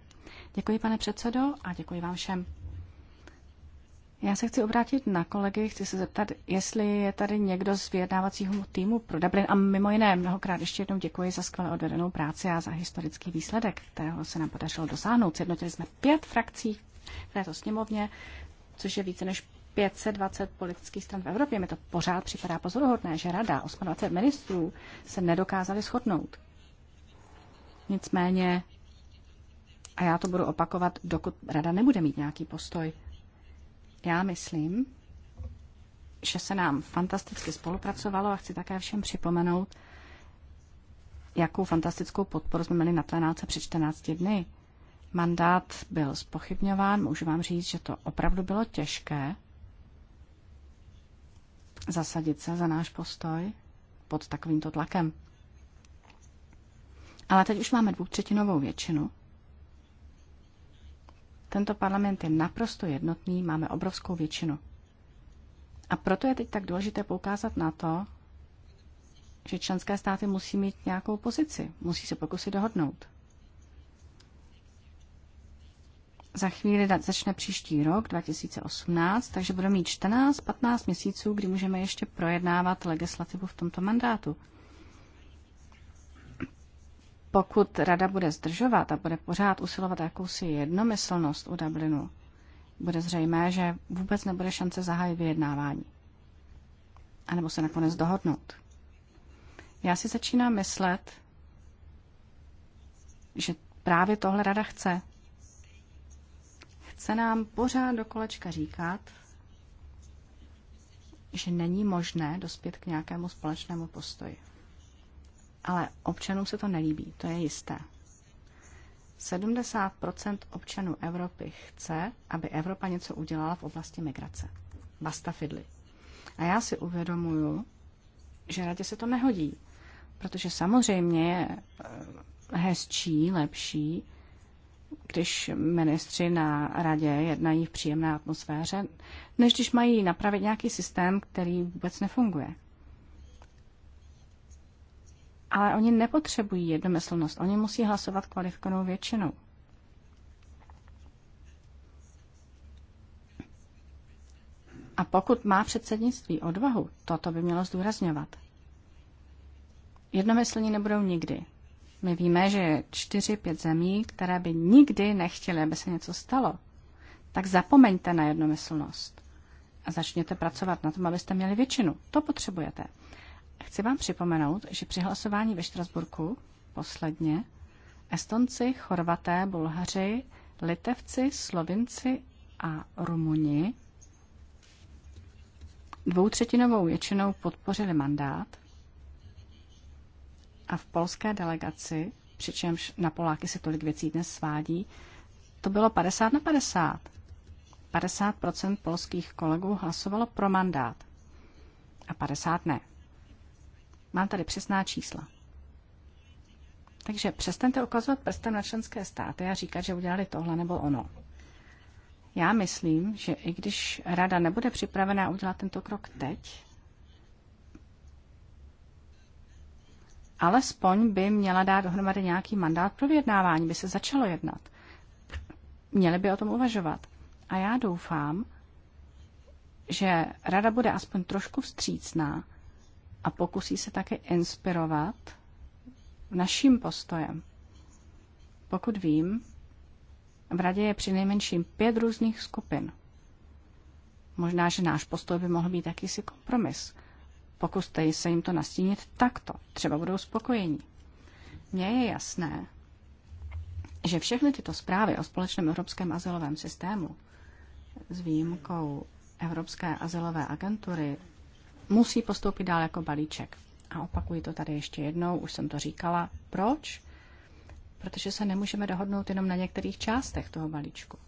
C: Děkuji, pane předsedo, a děkuji vám všem. Já se chci obrátit na kolegy, chci se zeptat, jestli je tady někdo z vyjednávacího týmu pro Dublin a mimo jiné mnohokrát ještě jednou děkuji za skvěle odvedenou práci a za historický výsledek, kterého se nám podařilo dosáhnout. Sjednotili jsme pět frakcí v této sněmovně, což je více než 520 politických stran v Evropě. Mi to pořád připadá pozoruhodné, že rada 28 ministrů se nedokázali shodnout. Nicméně, a já to budu opakovat, dokud rada nebude mít nějaký postoj, já myslím, že se nám fantasticky spolupracovalo a chci také všem připomenout, jakou fantastickou podporu jsme měli na plenáce před 14 dny. Mandát byl spochybňován, můžu vám říct, že to opravdu bylo těžké zasadit se za náš postoj pod takovýmto tlakem. Ale teď už máme dvoutřetinovou většinu tento parlament je naprosto jednotný, máme obrovskou většinu. A proto je teď tak důležité poukázat na to, že členské státy musí mít nějakou pozici, musí se pokusit dohodnout. Za chvíli začne příští rok 2018, takže budeme mít 14-15 měsíců, kdy můžeme ještě projednávat legislativu v tomto mandátu pokud rada bude zdržovat a bude pořád usilovat jakousi jednomyslnost u Dublinu, bude zřejmé, že vůbec nebude šance zahájit vyjednávání. A nebo se nakonec dohodnout. Já si začínám myslet, že právě tohle rada chce. Chce nám pořád do kolečka říkat, že není možné dospět k nějakému společnému postoji. Ale občanům se to nelíbí, to je jisté. 70 občanů Evropy chce, aby Evropa něco udělala v oblasti migrace. Basta fidli. A já si uvědomuju, že radě se to nehodí, protože samozřejmě je eh, hezčí, lepší, když ministři na radě jednají v příjemné atmosféře, než když mají napravit nějaký systém, který vůbec nefunguje. Ale oni nepotřebují jednomyslnost, oni musí hlasovat kvalifikovanou většinou. A pokud má předsednictví odvahu, toto by mělo zdůrazňovat. Jednomyslní nebudou nikdy. My víme, že je čtyři, pět zemí, které by nikdy nechtěly, aby se něco stalo. Tak zapomeňte na jednomyslnost a začněte pracovat na tom, abyste měli většinu. To potřebujete. Chci vám připomenout, že při hlasování ve Štrasburku posledně Estonci, Chorvaté, Bulhaři, Litevci, Slovinci a Rumuni dvoutřetinovou většinou podpořili mandát a v polské delegaci, přičemž na Poláky se tolik věcí dnes svádí, to bylo 50 na 50. 50 polských kolegů hlasovalo pro mandát a 50 ne. Mám tady přesná čísla. Takže přestaňte ukazovat prstem na členské státy a říkat, že udělali tohle nebo ono. Já myslím, že i když rada nebude připravená udělat tento krok teď, alespoň by měla dát dohromady nějaký mandát pro vyjednávání, by se začalo jednat. Měli by o tom uvažovat. A já doufám, že rada bude aspoň trošku vstřícná a pokusí se také inspirovat naším postojem. Pokud vím, v radě je nejmenším pět různých skupin. Možná, že náš postoj by mohl být jakýsi kompromis. Pokuste se jim to nastínit takto. Třeba budou spokojení. Mně je jasné, že všechny tyto zprávy o společném evropském azylovém systému s výjimkou Evropské azylové agentury musí postoupit dál jako balíček. A opakuji to tady ještě jednou, už jsem to říkala. Proč? Protože se nemůžeme dohodnout jenom na některých částech toho balíčku.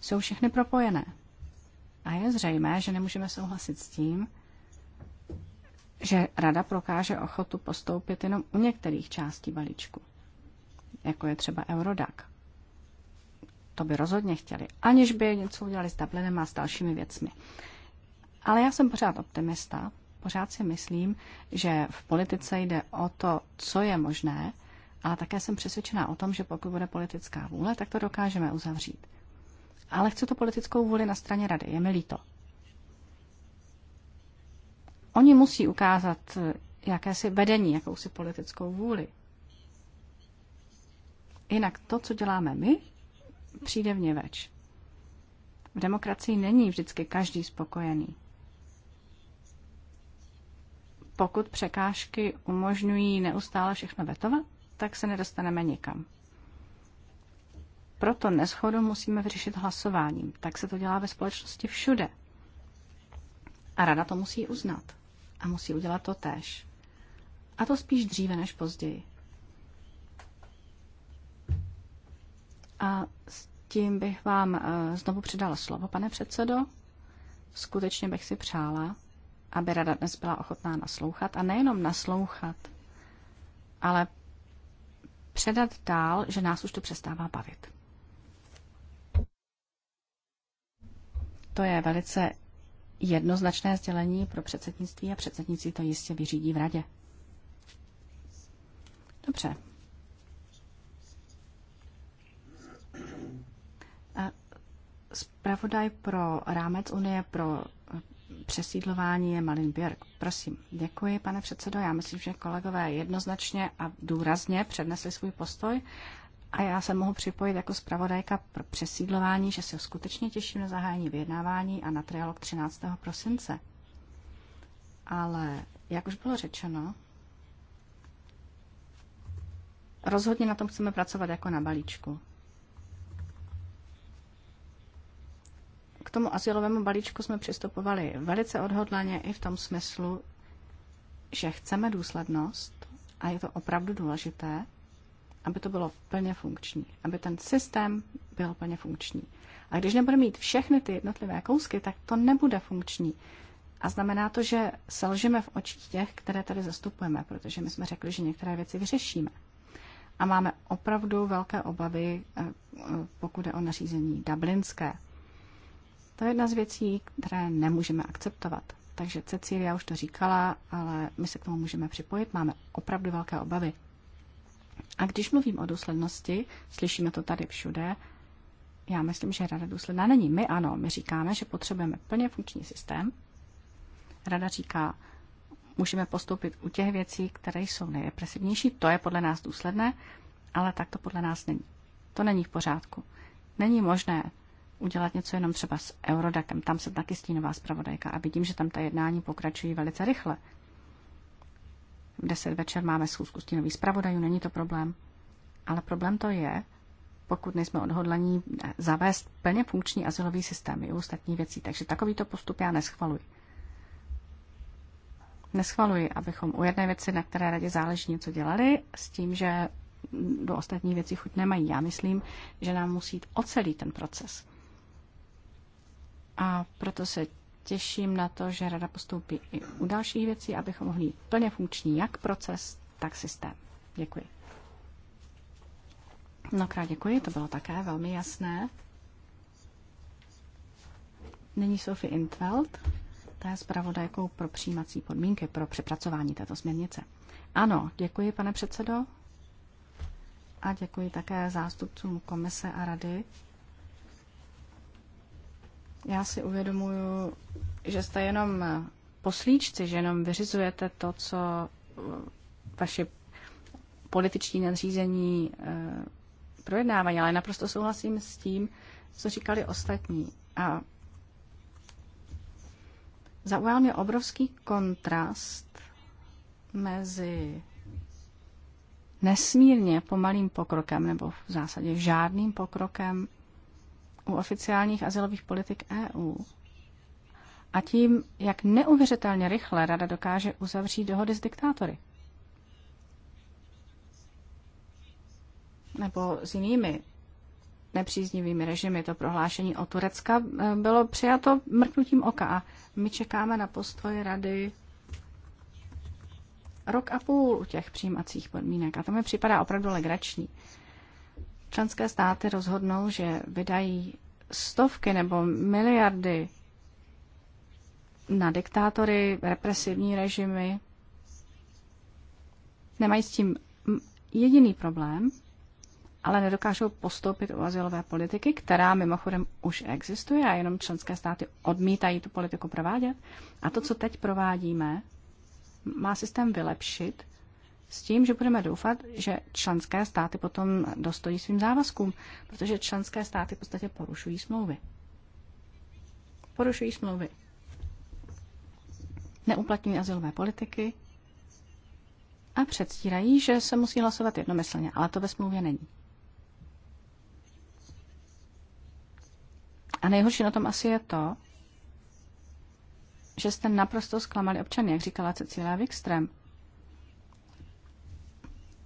C: Jsou všechny propojené. A je zřejmé, že nemůžeme souhlasit s tím, že rada prokáže ochotu postoupit jenom u některých částí balíčku, jako je třeba Eurodac. To by rozhodně chtěli, aniž by něco udělali s Dublinem a s dalšími věcmi. Ale já jsem pořád optimista, pořád si myslím, že v politice jde o to, co je možné, a také jsem přesvědčená o tom, že pokud bude politická vůle, tak to dokážeme uzavřít. Ale chci to politickou vůli na straně rady, je mi líto. Oni musí ukázat eh, jakési vedení, jakousi politickou vůli. Jinak to, co děláme my, přijde v něveč. V demokracii není vždycky každý spokojený pokud překážky umožňují neustále všechno vetovat, tak se nedostaneme nikam. Proto neschodu musíme vyřešit hlasováním. Tak se to dělá ve společnosti všude. A rada to musí uznat. A musí udělat to též. A to spíš dříve než později. A s tím bych vám eh, znovu předala slovo, pane předsedo. Skutečně bych si přála, aby rada dnes byla ochotná naslouchat a nejenom naslouchat, ale předat dál, že nás už to přestává bavit. To je velice jednoznačné sdělení pro předsednictví a předsednictví to jistě vyřídí v radě. Dobře. A zpravodaj pro rámec Unie pro přesídlování je Malin Björk. Prosím. Děkuji, pane předsedo. Já myslím, že kolegové jednoznačně a důrazně přednesli svůj postoj a já se mohu připojit jako zpravodajka pro přesídlování, že se skutečně těším na zahájení vyjednávání a na trialog 13. prosince. Ale, jak už bylo řečeno, rozhodně na tom chceme pracovat jako na balíčku. tomu asilovému balíčku jsme přistupovali velice odhodlaně i v tom smyslu, že chceme důslednost a je to opravdu důležité, aby to bylo plně funkční, aby ten systém byl plně funkční. A když nebude mít všechny ty jednotlivé kousky, tak to nebude funkční. A znamená to, že selžeme v očích těch, které tady zastupujeme, protože my jsme řekli, že některé věci vyřešíme. A máme opravdu velké obavy, eh, eh, pokud je o nařízení dublinské. To je jedna z věcí, které nemůžeme akceptovat. Takže Cecília už to říkala, ale my se k tomu můžeme připojit. Máme opravdu velké obavy. A když mluvím o důslednosti, slyšíme to tady všude, já myslím, že rada důsledná není. My ano, my říkáme, že potřebujeme plně funkční systém. Rada říká, můžeme postoupit u těch věcí, které jsou nejrepresivnější, to je podle nás důsledné, ale tak to podle nás není. To není v pořádku. Není možné udělat něco jenom třeba s Eurodakem. Tam se taky stínová zpravodajka a vidím, že tam ta jednání pokračují velice rychle. V 10 večer máme schůzku stínových zpravodajů, není to problém. Ale problém to je, pokud nejsme odhodlaní eh, zavést plně funkční asilový systém i ostatní věcí. Takže takovýto postup já neschvaluji. Neschvaluji, abychom u jedné věci, na které radě záleží, něco dělali, s tím, že do ostatních věcí chuť nemají. Já myslím, že nám musí jít o celý ten proces. A proto se těším na to, že rada postoupí i u dalších věcí, abychom mohli plně funkční jak proces, tak systém. Děkuji. No, krát děkuji, to bylo také velmi jasné. Nyní Sophie Intveld, ta je zpravodajkou pro přijímací podmínky pro přepracování této směrnice. Ano, děkuji, pane předsedo. A děkuji také zástupcům komise a rady já si uvědomuju, že jste jenom poslíčci, že jenom vyřizujete to, co eh, vaše političní nadřízení eh, projednávají, ale naprosto souhlasím s tím, co říkali ostatní. A zaujal mě obrovský kontrast mezi nesmírně pomalým pokrokem, nebo v zásadě žádným pokrokem u oficiálních asilových politik EU a tím, jak neuvěřitelně rychle Rada dokáže uzavřít dohody s diktátory. Nebo s jinými nepříznivými režimy. To prohlášení o Turecka eh, bylo přijato mrknutím oka a my čekáme na postoj Rady rok a půl u těch přijímacích podmínek. A to mi připadá opravdu legrační členské státy rozhodnou, že vydají stovky nebo miliardy na diktátory, represivní režimy, nemají s tím jediný problém, ale nedokážou postoupit u azylové politiky, která mimochodem už existuje a jenom členské státy odmítají tu politiku provádět. A to, co teď provádíme, má systém vylepšit, s tím, že budeme doufat, že členské státy potom dostojí svým závazkům, protože členské státy v podstatě porušují smlouvy. Porušují smlouvy. Neuplatňují asilové politiky a předstírají, že se musí hlasovat jednomyslně, ale to ve smlouvě není. A nejhorší na tom asi je to, že jste naprosto zklamali občany, jak říkala Cecilia Wikström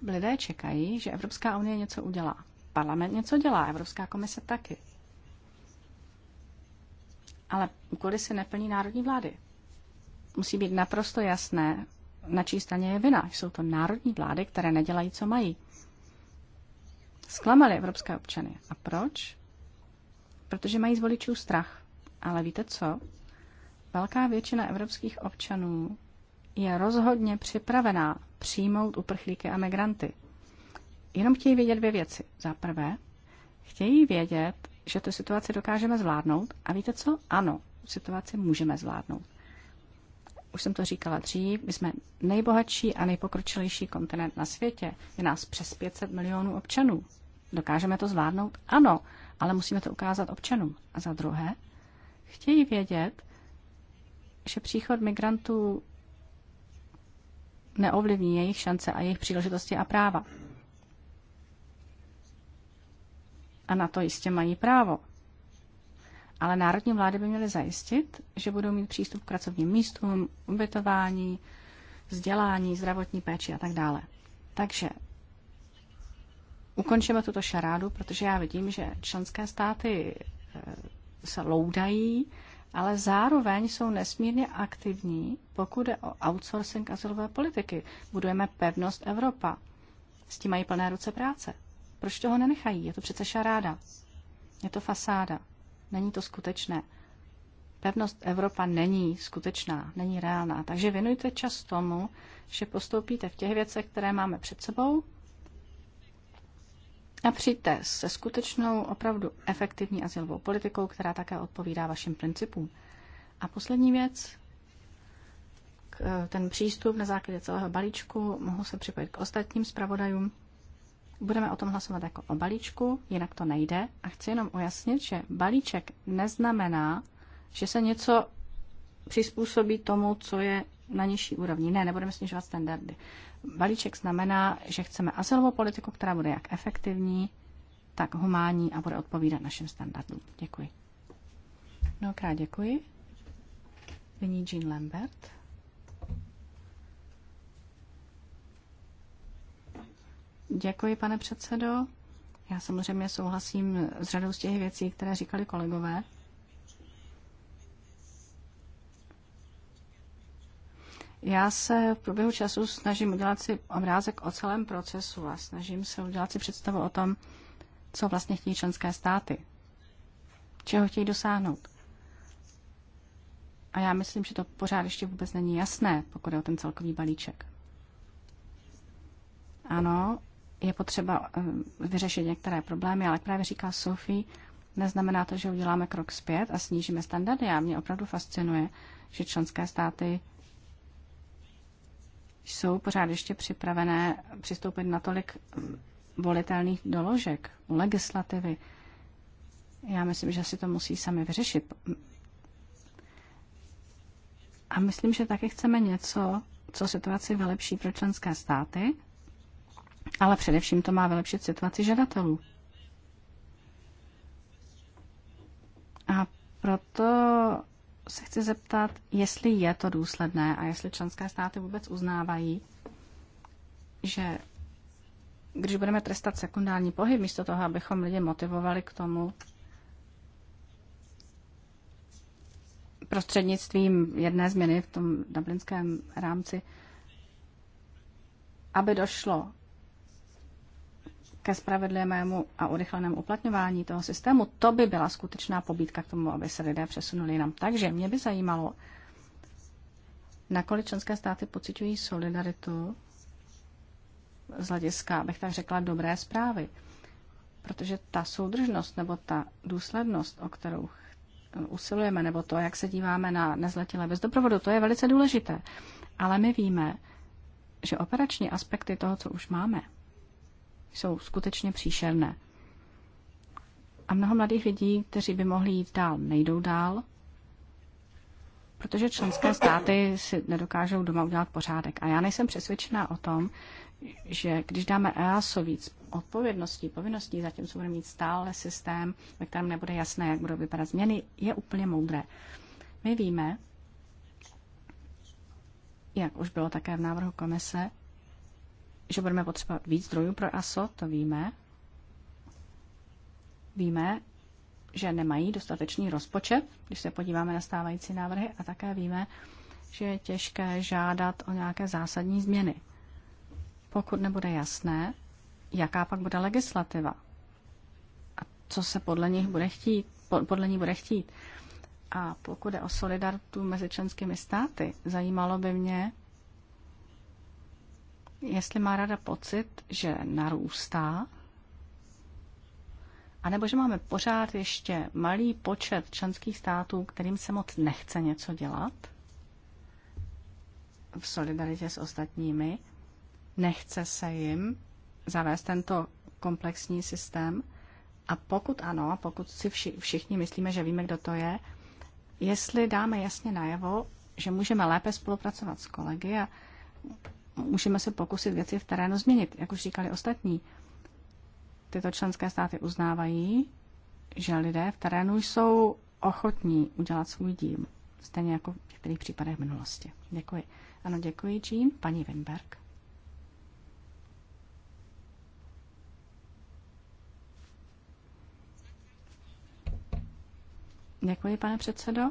C: lidé čekají, že Evropská unie něco udělá. Parlament něco dělá, Evropská komise taky. Ale úkoly si neplní národní vlády. Musí být naprosto jasné, na čí straně je vina. Jsou to národní vlády, které nedělají, co mají. Sklamali evropské občany. A proč? Protože mají z voličů strach. Ale víte co? Velká většina evropských občanů je rozhodně připravená přijmout uprchlíky a migranty. Jenom chtějí vědět dvě věci. Za prvé, chtějí vědět, že tu situaci dokážeme zvládnout. A víte co? Ano, situaci můžeme zvládnout. Už jsem to říkala dřív, my jsme nejbohatší a nejpokročilejší kontinent na světě. Je nás přes 500 milionů občanů. Dokážeme to zvládnout? Ano, ale musíme to ukázat občanům. A za druhé, chtějí vědět, že příchod migrantů neovlivní jejich šance a jejich příležitosti a práva. A na to jistě mají právo. Ale národní vlády by měly zajistit, že budou mít přístup k pracovním místům, ubytování, vzdělání, zdravotní péči a tak dále. Takže ukončíme tuto šarádu, protože já vidím, že členské státy eh, se loudají ale zároveň jsou nesmírně aktivní, pokud je o outsourcing asilové politiky. Budujeme pevnost Evropa. S tím mají plné ruce práce. Proč toho nenechají? Je to přece šaráda. Je to fasáda. Není to skutečné. Pevnost Evropa není skutečná, není reálná. Takže věnujte čas tomu, že postoupíte v těch věcech, které máme před sebou a přijďte se skutečnou, opravdu efektivní asilovou politikou, která také odpovídá vašim principům. A poslední věc, e, ten přístup na základě celého balíčku, mohu se připojit k ostatním zpravodajům. Budeme o tom hlasovat jako o balíčku, jinak to nejde. A chci jenom ujasnit, že balíček neznamená, že se něco přizpůsobí tomu, co je na nižší úrovni. Ne, nebudeme snižovat standardy. Balíček znamená, že chceme asilovou politiku, která bude jak efektivní, tak humánní a bude odpovídat našim standardům. Děkuji. Mnohokrát děkuji. Nyní Jean Lambert. Děkuji, pane předsedo. Já samozřejmě souhlasím s řadou z těch věcí, které říkali kolegové. Já se v průběhu času snažím udělat si obrázek o celém procesu a snažím se udělat si představu o tom, co vlastně chtějí členské státy, čeho chtějí dosáhnout. A já myslím, že to pořád ještě vůbec není jasné, pokud je o ten celkový balíček. Ano, je potřeba eh, vyřešit některé problémy, ale jak právě říká Sophie, neznamená to, že uděláme krok zpět a snížíme standardy. A mě opravdu fascinuje, že členské státy jsou pořád ještě připravené přistoupit na tolik volitelných doložek u legislativy. Já myslím, že si to musí sami vyřešit. A myslím, že taky chceme něco, co situaci vylepší pro členské státy, ale především to má vylepšit situaci žadatelů. A proto se chci zeptat, jestli je to důsledné a jestli členské státy vůbec uznávají, že když budeme trestat sekundární pohyb, místo toho, abychom lidi motivovali k tomu, prostřednictvím jedné změny v tom dublinském rámci, aby došlo ke spravedlivému a urychlenému uplatňování toho systému, to by byla skutečná pobídka k tomu, aby se lidé přesunuli jinam. Takže mě by zajímalo, nakolik členské státy pociťují solidaritu z hlediska, abych tak řekla, dobré zprávy. Protože ta soudržnost nebo ta důslednost, o kterou usilujeme, nebo to, jak se díváme na nezletilé bez doprovodu, to je velice důležité. Ale my víme, že operační aspekty toho, co už máme, jsou skutečně příšerné. A mnoho mladých lidí, kteří by mohli jít dál, nejdou dál, protože členské státy si nedokážou doma udělat pořádek. A já nejsem přesvědčená o tom, že když dáme EASO víc odpovědností, povinností, zatímco bude mít stále systém, ve kterém nebude jasné, jak budou vypadat změny, je úplně moudré. My víme, jak už bylo také v návrhu komise, že budeme potřebovat víc zdrojů pro ASO, to víme. Víme, že nemají dostatečný rozpočet, když se podíváme na stávající návrhy, a také víme, že je těžké žádat o nějaké zásadní změny, pokud nebude jasné, jaká pak bude legislativa a co se podle nich bude chtít, podle ní bude chtít. A pokud je o solidaritu mezi členskými státy, zajímalo by mě, jestli má rada pocit, že narůstá, anebo že máme pořád ještě malý počet členských států, kterým se moc nechce něco dělat v solidaritě s ostatními, nechce se jim zavést tento komplexní systém. A pokud ano, a pokud si vši, všichni myslíme, že víme, kdo to je, jestli dáme jasně najevo, že můžeme lépe spolupracovat s kolegy a můžeme se pokusit věci v terénu změnit. Jak už říkali ostatní, tyto členské státy uznávají, že lidé v terénu jsou ochotní udělat svůj díl, stejně jako v některých případech v minulosti. Děkuji. Ano, děkuji, Jean. Paní Wenberg. Děkuji, pane předsedo.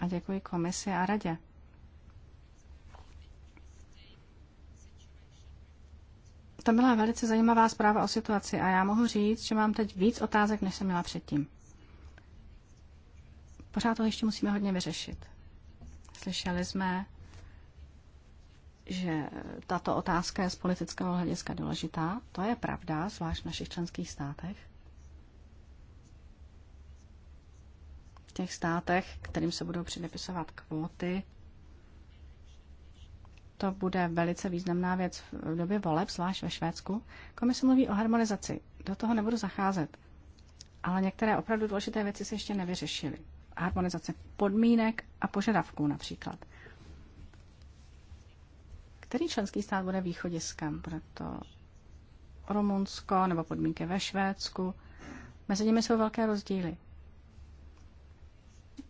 C: A děkuji komisi a radě. To byla velice zajímavá zpráva o situaci a já mohu říct, že mám teď víc otázek, než jsem měla předtím. Pořád to ještě musíme hodně vyřešit. Slyšeli jsme, že tato otázka je z politického hlediska důležitá. To je pravda, zvlášť v našich členských státech. V těch státech, kterým se budou předepisovat kvóty, to bude velice významná věc v době voleb, zvlášť ve Švédsku. Komise mluví o harmonizaci. Do toho nebudu zacházet. Ale některé opravdu důležité věci se ještě nevyřešily. Harmonizace podmínek a požadavků například. Který členský stát bude východiskem? Bude to Rumunsko nebo podmínky ve Švédsku? Mezi nimi jsou velké rozdíly.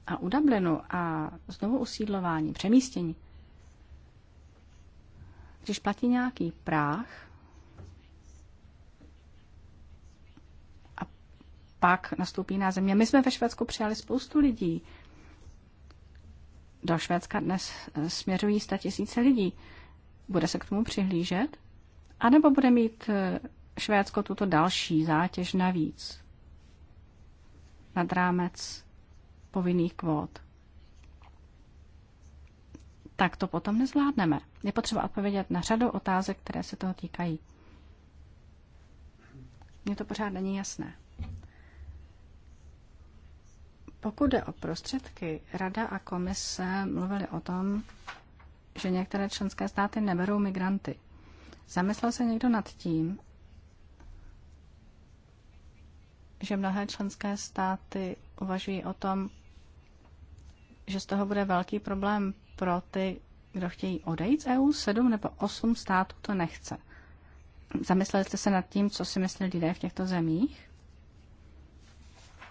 C: A u Dublinu a znovu usídlování, přemístění, když platí nějaký práh a pak nastoupí na země. My jsme ve Švédsku přijali spoustu lidí. Do Švédska dnes eh, směřují tisíce lidí. Bude se k tomu přihlížet? A nebo bude mít eh, Švédsko tuto další zátěž navíc nad rámec povinných kvót? tak to potom nezvládneme. Je potřeba odpovědět na řadu otázek, které se toho týkají. Mně to pořád není jasné. Pokud jde o prostředky, Rada a komise mluvili o tom, že některé členské státy neberou migranty. Zamyslel se někdo nad tím, že mnohé členské státy uvažují o tom, že z toho bude velký problém pro ty, kdo chtějí odejít z EU. Sedm nebo osm států to nechce. Zamysleli jste se nad tím, co si myslí lidé v těchto zemích?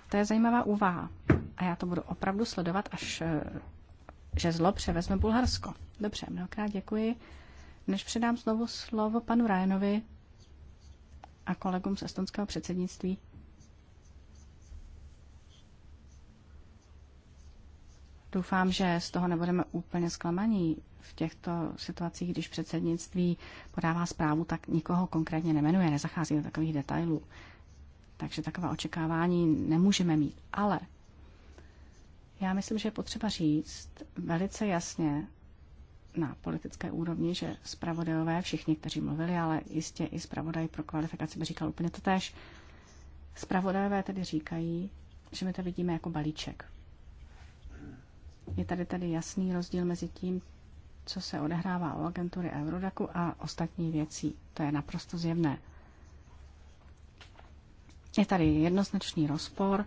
C: To je zajímavá úvaha. A já to budu opravdu sledovat, až eh, že zlo převezme Bulharsko. Dobře, mnohokrát děkuji. Než předám znovu slovo panu Rajanovi a kolegům z estonského předsednictví, Doufám, že z toho nebudeme úplně zklamaní v těchto situacích, když předsednictví podává zprávu, tak nikoho konkrétně nemenuje, nezachází do takových detailů. Takže taková očekávání nemůžeme mít. Ale já myslím, že je potřeba říct velice jasně na politické úrovni, že zpravodajové, všichni, kteří mluvili, ale jistě i zpravodaj pro kvalifikaci by říkal úplně to tež, zpravodajové tedy říkají, že my to vidíme jako balíček. Je tady tady jasný rozdíl mezi tím, co se odehrává u agentury Eurodaku a ostatní věcí. To je naprosto zjevné. Je tady jednoznačný rozpor.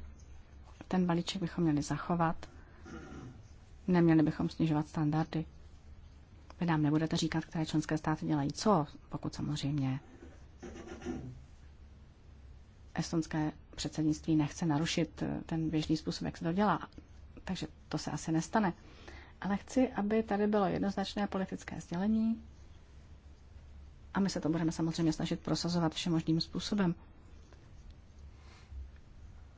C: Ten balíček bychom měli zachovat. Neměli bychom snižovat standardy. Vy nám nebudete říkat, které členské státy dělají co, pokud samozřejmě estonské předsednictví nechce narušit ten běžný způsob, jak se to dělá takže to se asi nestane. Ale chci, aby tady bylo jednoznačné politické sdělení a my se to budeme samozřejmě snažit prosazovat všem možným způsobem.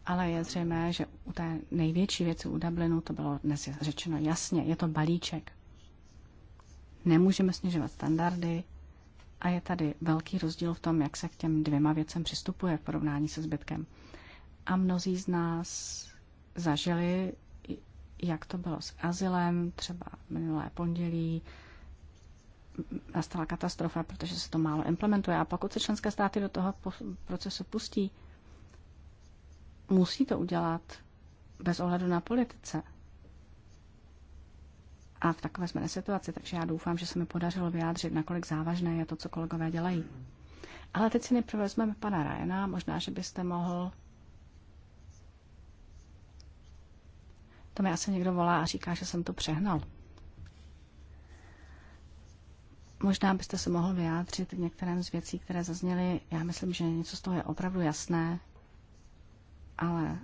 C: Ale je zřejmé, že u té největší věci u Dublinu to bylo dnes řečeno jasně, je to balíček. Nemůžeme snižovat standardy a je tady velký rozdíl v tom, jak se k těm dvěma věcem přistupuje v porovnání se zbytkem. A mnozí z nás zažili jak to bylo s azylem, třeba minulé pondělí, nastala katastrofa, protože se to málo implementuje. A pokud se členské státy do toho procesu pustí, musí to udělat bez ohledu na politice. A v takové jsme situaci, takže já doufám, že se mi podařilo vyjádřit, nakolik závažné je to, co kolegové dělají. Ale teď si nejprve vezmeme pana Ryana, možná, že byste mohl To mi asi někdo volá a říká, že jsem to přehnal. Možná byste se mohl vyjádřit k některém z věcí, které zazněly. Já myslím, že něco z toho je opravdu jasné, ale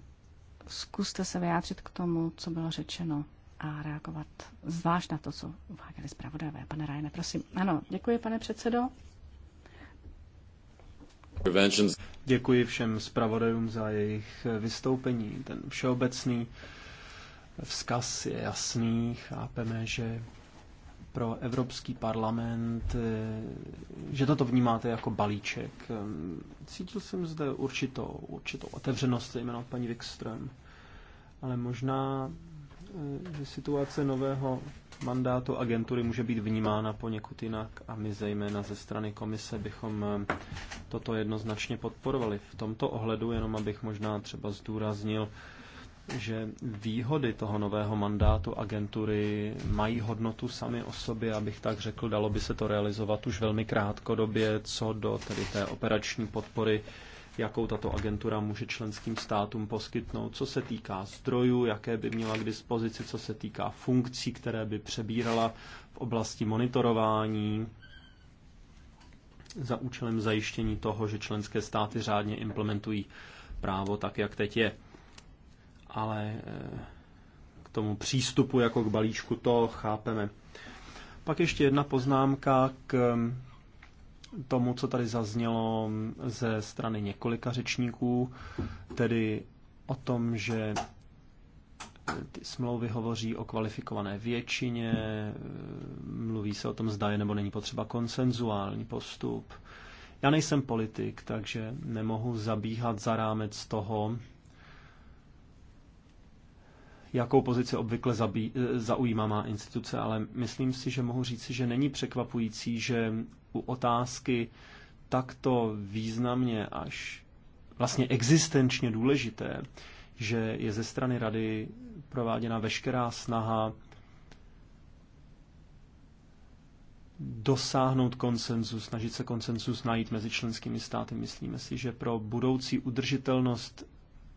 C: zkuste se vyjádřit k tomu, co bylo řečeno a reagovat zvlášť na to, co uváděli zpravodajové. Pane Rajne, prosím. Ano, děkuji, pane předsedo.
A: Děkuji všem zpravodajům za jejich vystoupení. Ten všeobecný Vzkaz je jasný, chápeme, že pro Evropský parlament, eh, že toto vnímáte jako balíček. Eh, cítil jsem zde určitou, určitou otevřenost, zejména od paní Wikström, ale možná, eh, že situace nového mandátu agentury může být vnímána poněkud jinak a my zejména ze strany komise bychom toto jednoznačně podporovali. V tomto ohledu, jenom abych možná třeba zdůraznil, že výhody toho nového mandátu agentury mají hodnotu sami o sobě, abych tak řekl, dalo by se to realizovat už velmi krátkodobě, co do tedy té operační podpory, jakou tato agentura může členským státům poskytnout, co se týká zdrojů, jaké by měla k dispozici, co se týká funkcí, které by přebírala v oblasti monitorování, za účelem zajištění toho, že členské státy řádně implementují právo tak, jak teď je ale eh, k tomu přístupu jako k balíčku to chápeme. Pak ještě jedna poznámka k eh, tomu, co tady zaznělo ze strany několika řečníků, tedy o tom, že eh, ty smlouvy hovoří o kvalifikované většině, mluví se o tom, zda je nebo není potřeba konsenzuální postup. Já nejsem politik, takže nemohu zabíhat za rámec toho, jakou pozici obvykle zabí, e, zaujímá má instituce, ale myslím si, že mohu říci, že není překvapující, že u otázky takto významně až vlastně existenčně důležité, že je ze strany rady prováděna veškerá snaha dosáhnout konsenzu, snažit se konsenzus najít mezi členskými státy. Myslíme si, že pro budoucí udržitelnost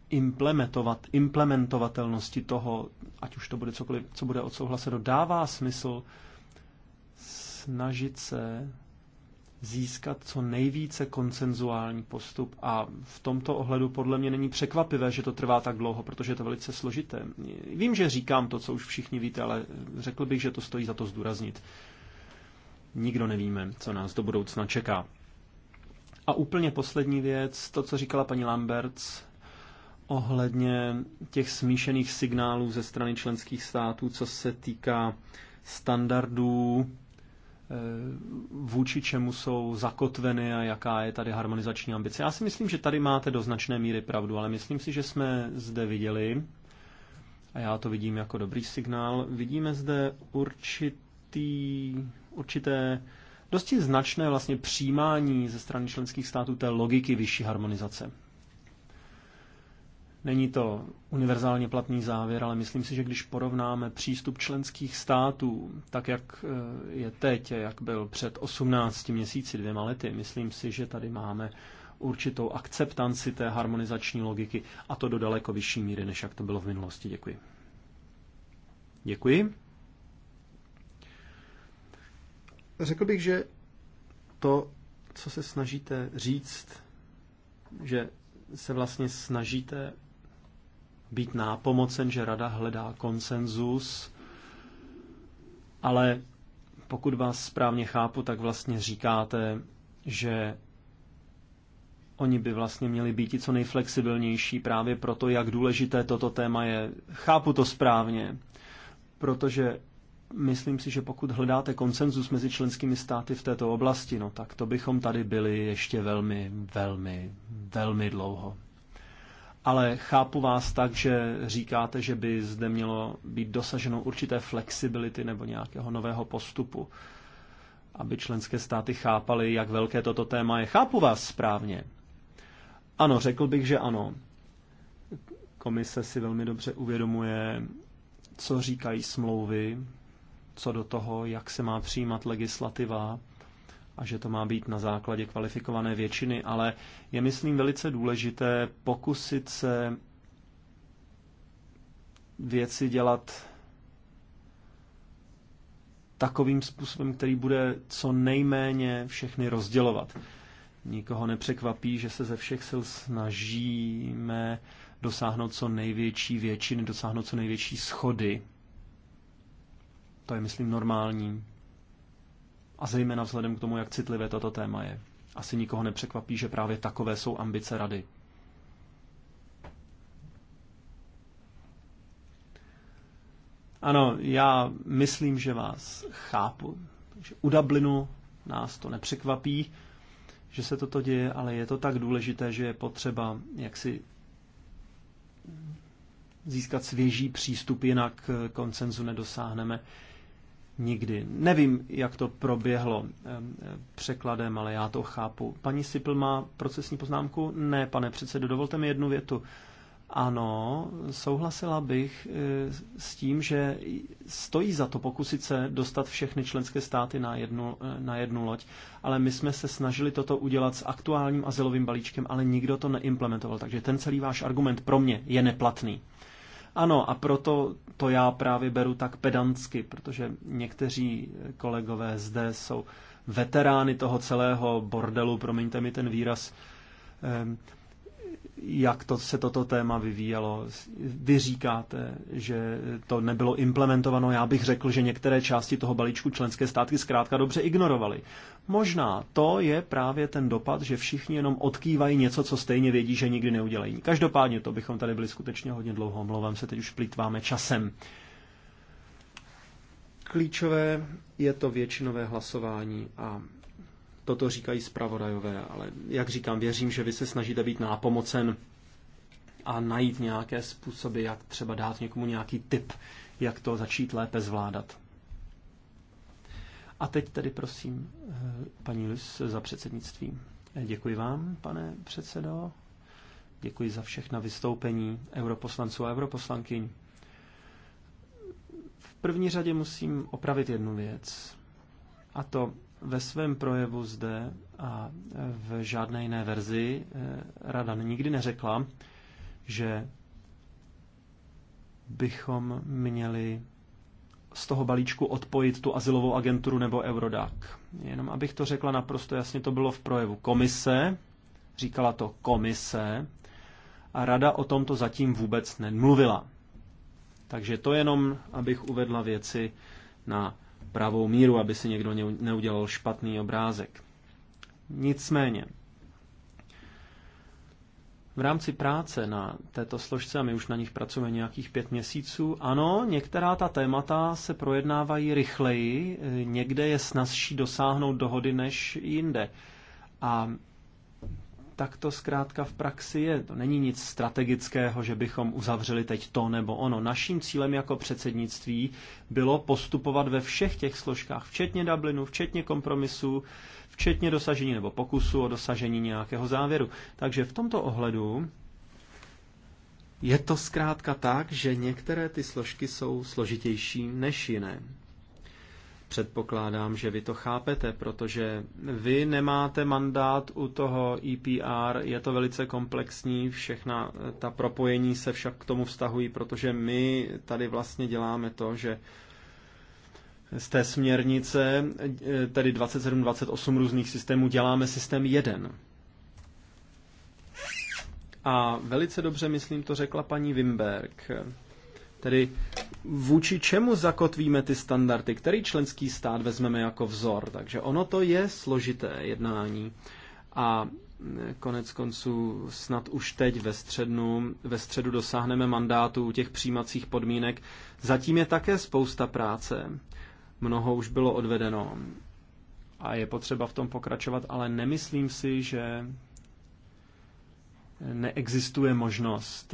A: implementovat, implementovatelnosti toho, ať už to bude cokoliv, co bude odsouhlaseno, dává smysl snažit se získat co nejvíce konsenzuální postup a v tomto ohledu podle mě není překvapivé, že to trvá tak dlouho, protože je to velice složité. Vím, že říkám to, co už všichni víte, ale řekl bych, že to stojí za to zdůraznit. Nikdo nevíme, co nás do budoucna čeká. A úplně poslední věc, to, co říkala paní Lamberts ohledně těch smíšených signálů ze strany členských států, co se týká standardů, eh, vůči čemu jsou zakotveny a jaká je tady harmonizační ambice. Já si myslím, že tady máte do značné míry pravdu, ale myslím si, že jsme zde viděli, a já to vidím jako dobrý signál, vidíme zde určitý, určité dosti značné vlastně přijímání ze strany členských států té logiky vyšší harmonizace. Není to univerzálně platný závěr, ale myslím si, že když porovnáme přístup členských států, tak jak eh, je teď, jak byl před 18 měsíci, dvěma lety, myslím si, že tady máme určitou akceptanci té harmonizační logiky a to do daleko vyšší míry, než jak to bylo v minulosti. Děkuji. Děkuji. Řekl bych, že to, co se snažíte říct, že se vlastně snažíte být nápomocen, že rada hledá konsenzus, ale pokud vás správně chápu, tak vlastně říkáte, že oni by vlastně měli být i co nejflexibilnější právě proto, jak důležité toto téma je. Chápu to správně, protože myslím si, že pokud hledáte konsenzus mezi členskými státy v této oblasti, no tak to bychom tady byli ještě velmi, velmi, velmi dlouho ale chápu vás tak, že říkáte, že by zde mělo být dosaženo určité flexibility nebo nějakého nového postupu, aby členské státy chápaly, jak velké toto téma je. Chápu vás správně. Ano, řekl bych, že ano. Komise si velmi dobře uvědomuje, co říkají smlouvy, co do toho, jak se má přijímat legislativa a že to má být na základě kvalifikované většiny, ale je, myslím, velice důležité pokusit se věci dělat takovým způsobem, který bude co nejméně všechny rozdělovat. Nikoho nepřekvapí, že se ze všech sil snažíme dosáhnout co největší většiny, dosáhnout co největší schody. To je, myslím, normální. A zejména vzhledem k tomu, jak citlivé toto téma je. Asi nikoho nepřekvapí, že právě takové jsou ambice rady. Ano, já myslím, že vás chápu. Takže u Dublinu nás to nepřekvapí, že se toto děje, ale je to tak důležité, že je potřeba jaksi získat svěží přístup, jinak koncenzu nedosáhneme nikdy. Nevím, jak to proběhlo překladem, ale já to chápu. Paní Sipl má procesní poznámku? Ne, pane předsedo, dovolte mi jednu větu. Ano, souhlasila bych eh, s tím, že stojí za to pokusit se dostat všechny členské státy na jednu, eh, na jednu loď, ale my jsme se snažili toto udělat s aktuálním asilovým balíčkem, ale nikdo to neimplementoval, takže ten celý váš argument pro mě je neplatný. Ano, a proto to já právě beru tak pedantsky, protože někteří kolegové zde jsou veterány toho celého bordelu, promiňte mi ten výraz, jak to, se toto téma vyvíjelo. Vy říkáte, že to nebylo implementováno. Já bych řekl, že některé části toho balíčku členské státky zkrátka dobře ignorovaly. Možná to je právě ten dopad, že všichni jenom odkývají něco, co stejně vědí, že nikdy neudělají. Každopádně to bychom tady byli skutečně hodně dlouho. Omlouvám se, teď už plítváme časem. Klíčové je to většinové hlasování a Toto říkají zpravodajové, ale jak říkám, věřím, že vy se snažíte být nápomocen a najít nějaké způsoby, jak třeba dát někomu nějaký tip, jak to začít lépe zvládat. A teď tedy prosím eh, paní Lys za předsednictví. Eh, děkuji vám, pane předsedo. Děkuji za všechna vystoupení europoslanců a europoslankyň. V první řadě musím opravit jednu věc. A to ve svém projevu zde a v žádné jiné verzi eh, rada nikdy neřekla, že bychom měli z toho balíčku odpojit tu asilovou agenturu nebo Eurodac. Jenom abych to řekla naprosto jasně, to bylo v projevu komise, říkala to komise, a rada o tomto zatím vůbec nemluvila. Takže to jenom, abych uvedla věci na pravou míru, aby si někdo neudělal špatný obrázek. Nicméně, v rámci práce na této složce, a my už na nich pracujeme nějakých pět měsíců, ano, některá ta témata se projednávají rychleji, e, někde je snazší dosáhnout dohody než jinde. A tak to zkrátka v praxi je. To není nic strategického, že bychom uzavřeli teď to nebo ono. Naším cílem jako předsednictví bylo postupovat ve všech těch složkách, včetně Dublinu, včetně kompromisu, včetně dosažení nebo pokusu o dosažení nějakého závěru. Takže v tomto ohledu je to zkrátka tak, že některé ty složky jsou složitější než jiné. Předpokládám, že vy to chápete, protože vy nemáte mandát u toho EPR, je to velice komplexní, všechna eh, ta propojení se však k tomu vztahují, protože my tady vlastně děláme to, že z té směrnice, eh, tedy 27, 28 různých systémů, děláme systém jeden. A velice dobře, myslím, to řekla paní Wimberg. Tedy vůči čemu zakotvíme ty standardy, který členský stát vezmeme jako vzor. Takže ono to je složité jednání. A eh, konec konců snad už teď ve, střednu, ve středu dosáhneme mandátu těch přijímacích podmínek. Zatím je také spousta práce. Mnoho už bylo odvedeno a je potřeba v tom pokračovat, ale nemyslím si, že neexistuje možnost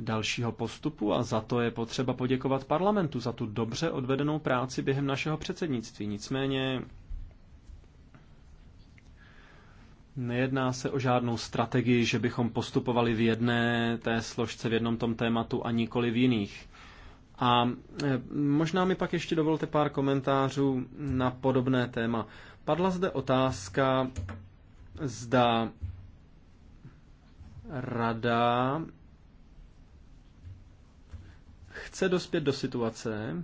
A: dalšího postupu a za to je potřeba poděkovat parlamentu za tu dobře odvedenou práci během našeho předsednictví. Nicméně nejedná se o žádnou strategii, že bychom postupovali v jedné té složce, v jednom tom tématu a nikoli v jiných. A e, možná mi pak ještě dovolte pár komentářů na podobné téma. Padla zde otázka, zda rada chce dospět do situace,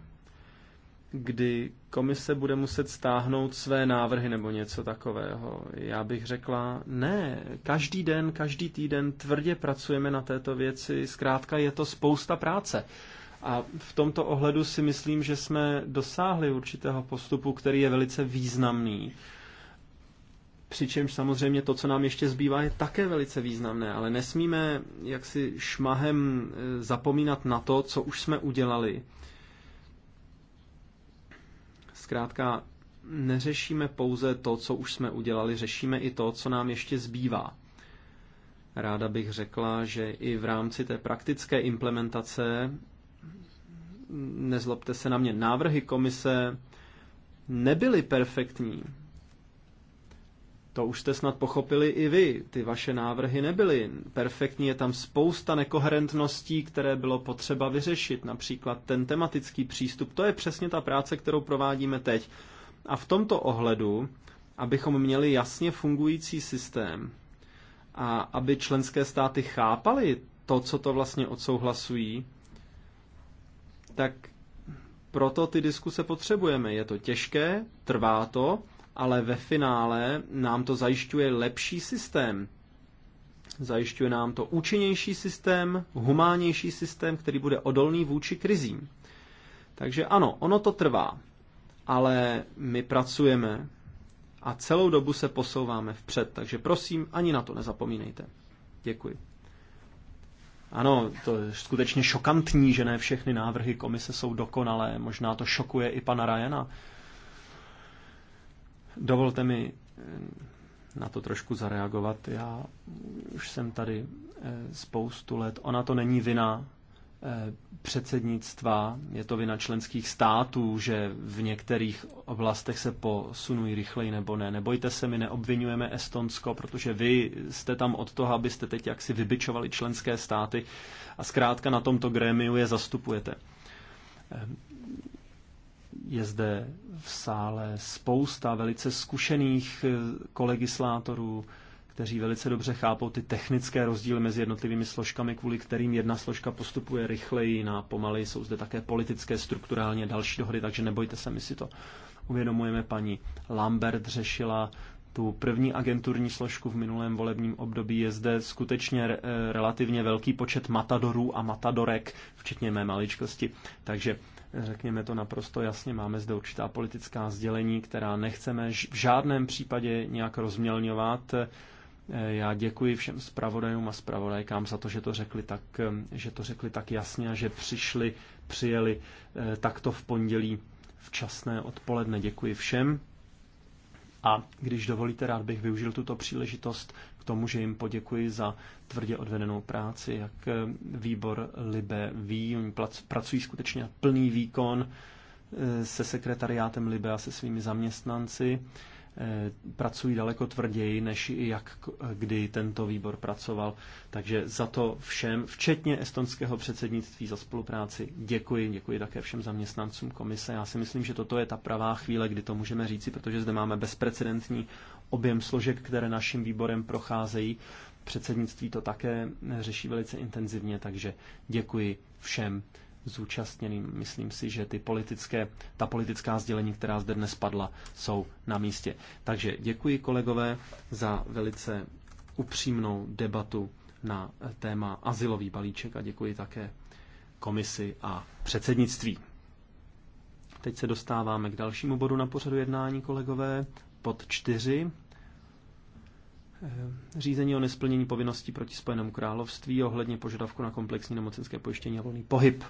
A: kdy komise bude muset stáhnout své návrhy nebo něco takového. Já bych řekla, ne, každý den, každý týden tvrdě pracujeme na této věci, zkrátka je to spousta práce. A v tomto ohledu si myslím, že jsme dosáhli určitého postupu, který je velice významný Přičemž samozřejmě to, co nám ještě zbývá, je také velice významné, ale nesmíme jaksi šmahem e, zapomínat na to, co už jsme udělali. Zkrátka, neřešíme pouze to, co už jsme udělali, řešíme i to, co nám ještě zbývá. Ráda bych řekla, že i v rámci té praktické implementace, nezlobte se na mě, návrhy komise nebyly perfektní. To už jste snad pochopili i vy. Ty vaše návrhy nebyly perfektní, je tam spousta nekoherentností, které bylo potřeba vyřešit. Například ten tematický přístup, to je přesně ta práce, kterou provádíme teď. A v tomto ohledu, abychom měli jasně fungující systém a aby členské státy chápaly to, co to vlastně odsouhlasují, tak proto ty diskuse potřebujeme. Je to těžké, trvá to, ale ve finále nám to zajišťuje lepší systém. Zajišťuje nám to účinnější systém, humánnější systém, který bude odolný vůči krizím. Takže ano, ono to trvá, ale my pracujeme a celou dobu se posouváme vpřed, takže prosím, ani na to nezapomínejte. Děkuji. Ano, to je skutečně šokantní, že ne všechny návrhy komise jsou dokonalé. Možná to šokuje i pana Rajana. Dovolte mi eh, na to trošku zareagovat. Já už jsem tady eh, spoustu let. Ona to není vina eh, předsednictva, je to vina členských států, že v některých oblastech se posunují rychleji nebo ne. Nebojte se, my neobvinujeme Estonsko, protože vy jste tam od toho, abyste teď jaksi vybičovali členské státy a zkrátka na tomto grémiu je zastupujete. Je zde v sále spousta velice zkušených eh, kolegislátorů, kteří velice dobře chápou ty technické rozdíly mezi jednotlivými složkami, kvůli kterým jedna složka postupuje rychleji, na pomaleji. Jsou zde také politické, strukturálně další dohody, takže nebojte se, my si to uvědomujeme. Paní Lambert řešila tu první agenturní složku v minulém volebním období. Je zde skutečně eh, relativně velký počet matadorů a matadorek, včetně mé maličkosti. Takže Řekněme to naprosto jasně, máme zde určitá politická sdělení, která nechceme v žádném případě nějak rozmělňovat. Já děkuji všem zpravodajům a zpravodajkám za to, že to řekli tak, že to řekli tak jasně a že přišli, přijeli eh, takto v pondělí včasné odpoledne. Děkuji všem. A když dovolíte, rád bych využil tuto příležitost tomu, že jim poděkuji za tvrdě odvedenou práci. Jak eh, výbor Libe ví, oni pracují skutečně na plný výkon eh, se sekretariátem Libe a se svými zaměstnanci. Eh, pracují daleko tvrději, než jak kdy tento výbor pracoval. Takže za to všem, včetně estonského předsednictví za spolupráci, děkuji. Děkuji také všem zaměstnancům komise. Já si myslím, že toto je ta pravá chvíle, kdy to můžeme říci, protože zde máme bezprecedentní objem složek, které naším výborem procházejí. Předsednictví to také řeší velice intenzivně, takže děkuji všem zúčastněným. Myslím si, že ty politické, ta politická sdělení, která zde dnes padla, jsou na místě. Takže děkuji kolegové za velice upřímnou debatu na téma asilový balíček a děkuji také komisi a předsednictví. Teď se dostáváme k dalšímu bodu na pořadu jednání, kolegové, pod 4. Eh, řízení o nesplnění povinností proti Spojenému království ohledně požadavku na komplexní nemocenské pojištění a volný pohyb.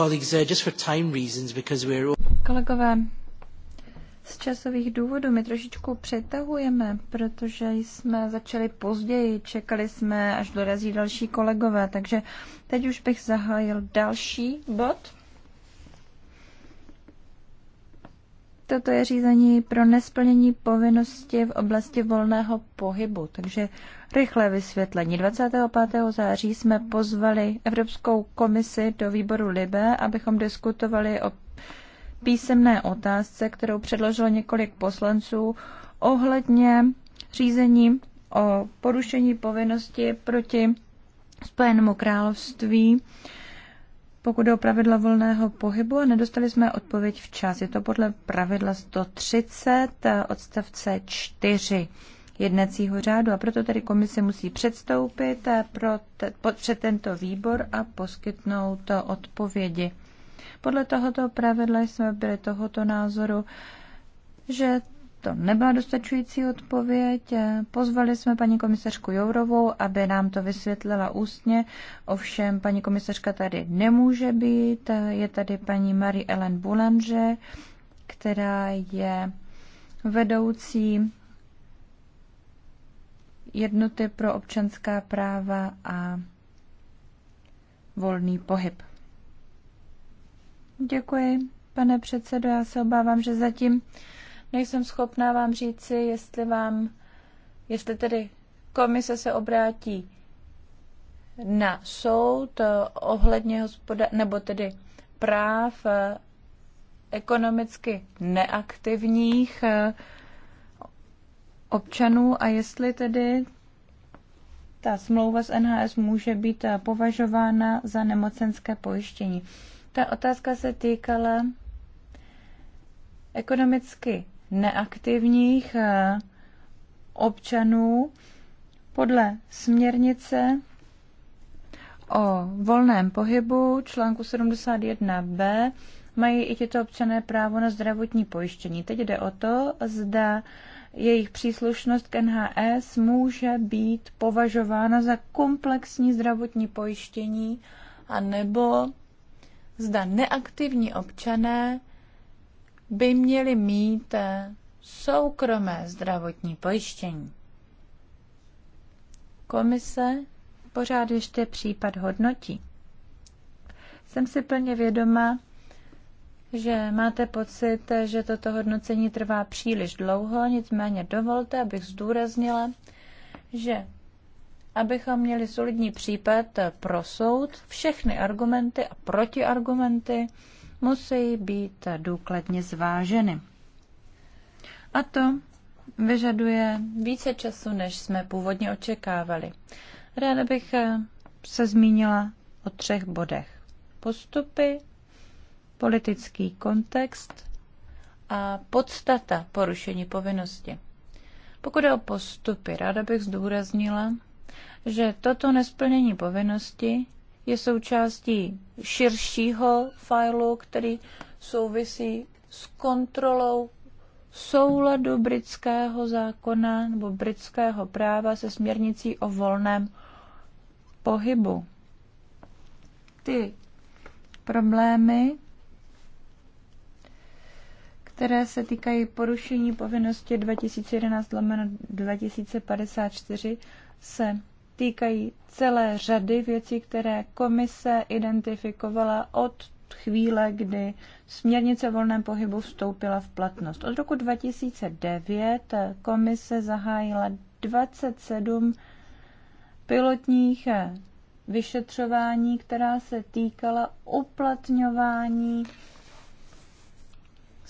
C: colleagues,
B: uh, just for time reasons, because we're... Kolegové, z časových důvodů my trošičku přetahujeme, protože jsme začali později, čekali jsme, až dorazí další kolegové, takže teď už bych zahájil další bod. Toto je řízení pro nesplnění povinnosti v oblasti volného pohybu, takže rychlé vysvětlení. 25. září jsme pozvali Evropskou komisi do výboru Libe, abychom diskutovali o písemné otázce, kterou předložilo několik poslanců ohledně řízení o porušení povinnosti proti Spojenému království pokud jde o pravidla volného pohybu a nedostali jsme odpověď včas. Je to podle pravidla 130 odstavce 4 jednacího řádu a proto tedy komise musí předstoupit eh, pro te, po, před tento výbor a poskytnout to odpovědi. Podle tohoto pravidla jsme byli tohoto názoru, že to nebyla dostačující odpověď. Eh, Pozvali jsme paní komisařku Jourovou, aby nám to vysvětlila ústně. Ovšem, paní komisařka tady nemůže být. Eh, je tady paní Marie Ellen Boulanger, která je vedoucí jednoty pro občanská práva a volný pohyb. Děkuji, pane předsedo. Já se obávám, že zatím nejsem schopná vám říci, jestli vám, jestli tedy komise se obrátí na soud ohledně hospoda- nebo tedy práv ekonomicky neaktivních občanů a jestli tedy ta smlouva s NHS může být považována za nemocenské pojištění. Ta otázka se týkala ekonomicky neaktivních eh, občanů podle směrnice o volném pohybu článku 71b mají i tyto občané právo na zdravotní pojištění. Teď jde o to, zda jejich příslušnost k NHS může být považována za komplexní zdravotní pojištění a nebo zda neaktivní občané by měli mít eh, soukromé zdravotní pojištění. Komise pořád ještě případ hodnotí. Jsem si plně vědoma že máte pocit, že toto hodnocení trvá příliš dlouho, nicméně dovolte, abych zdůraznila, že abychom měli solidní případ pro soud, všechny argumenty a protiargumenty musí být důkladně zváženy. A to vyžaduje více času, než jsme původně očekávali. Ráda bych se zmínila o třech bodech. Postupy, politický kontext a podstata porušení povinnosti. Pokud je o postupy, ráda bych zdůraznila, že toto nesplnění povinnosti je součástí širšího fajlu, který souvisí s kontrolou souladu britského zákona nebo britského práva se směrnicí o volném pohybu. Ty problémy které se týkají porušení povinnosti 2011-2054, se týkají celé řady věcí, které komise identifikovala od chvíle, kdy směrnice volném pohybu vstoupila v platnost. Od roku 2009 komise zahájila 27 pilotních vyšetřování, která se týkala uplatňování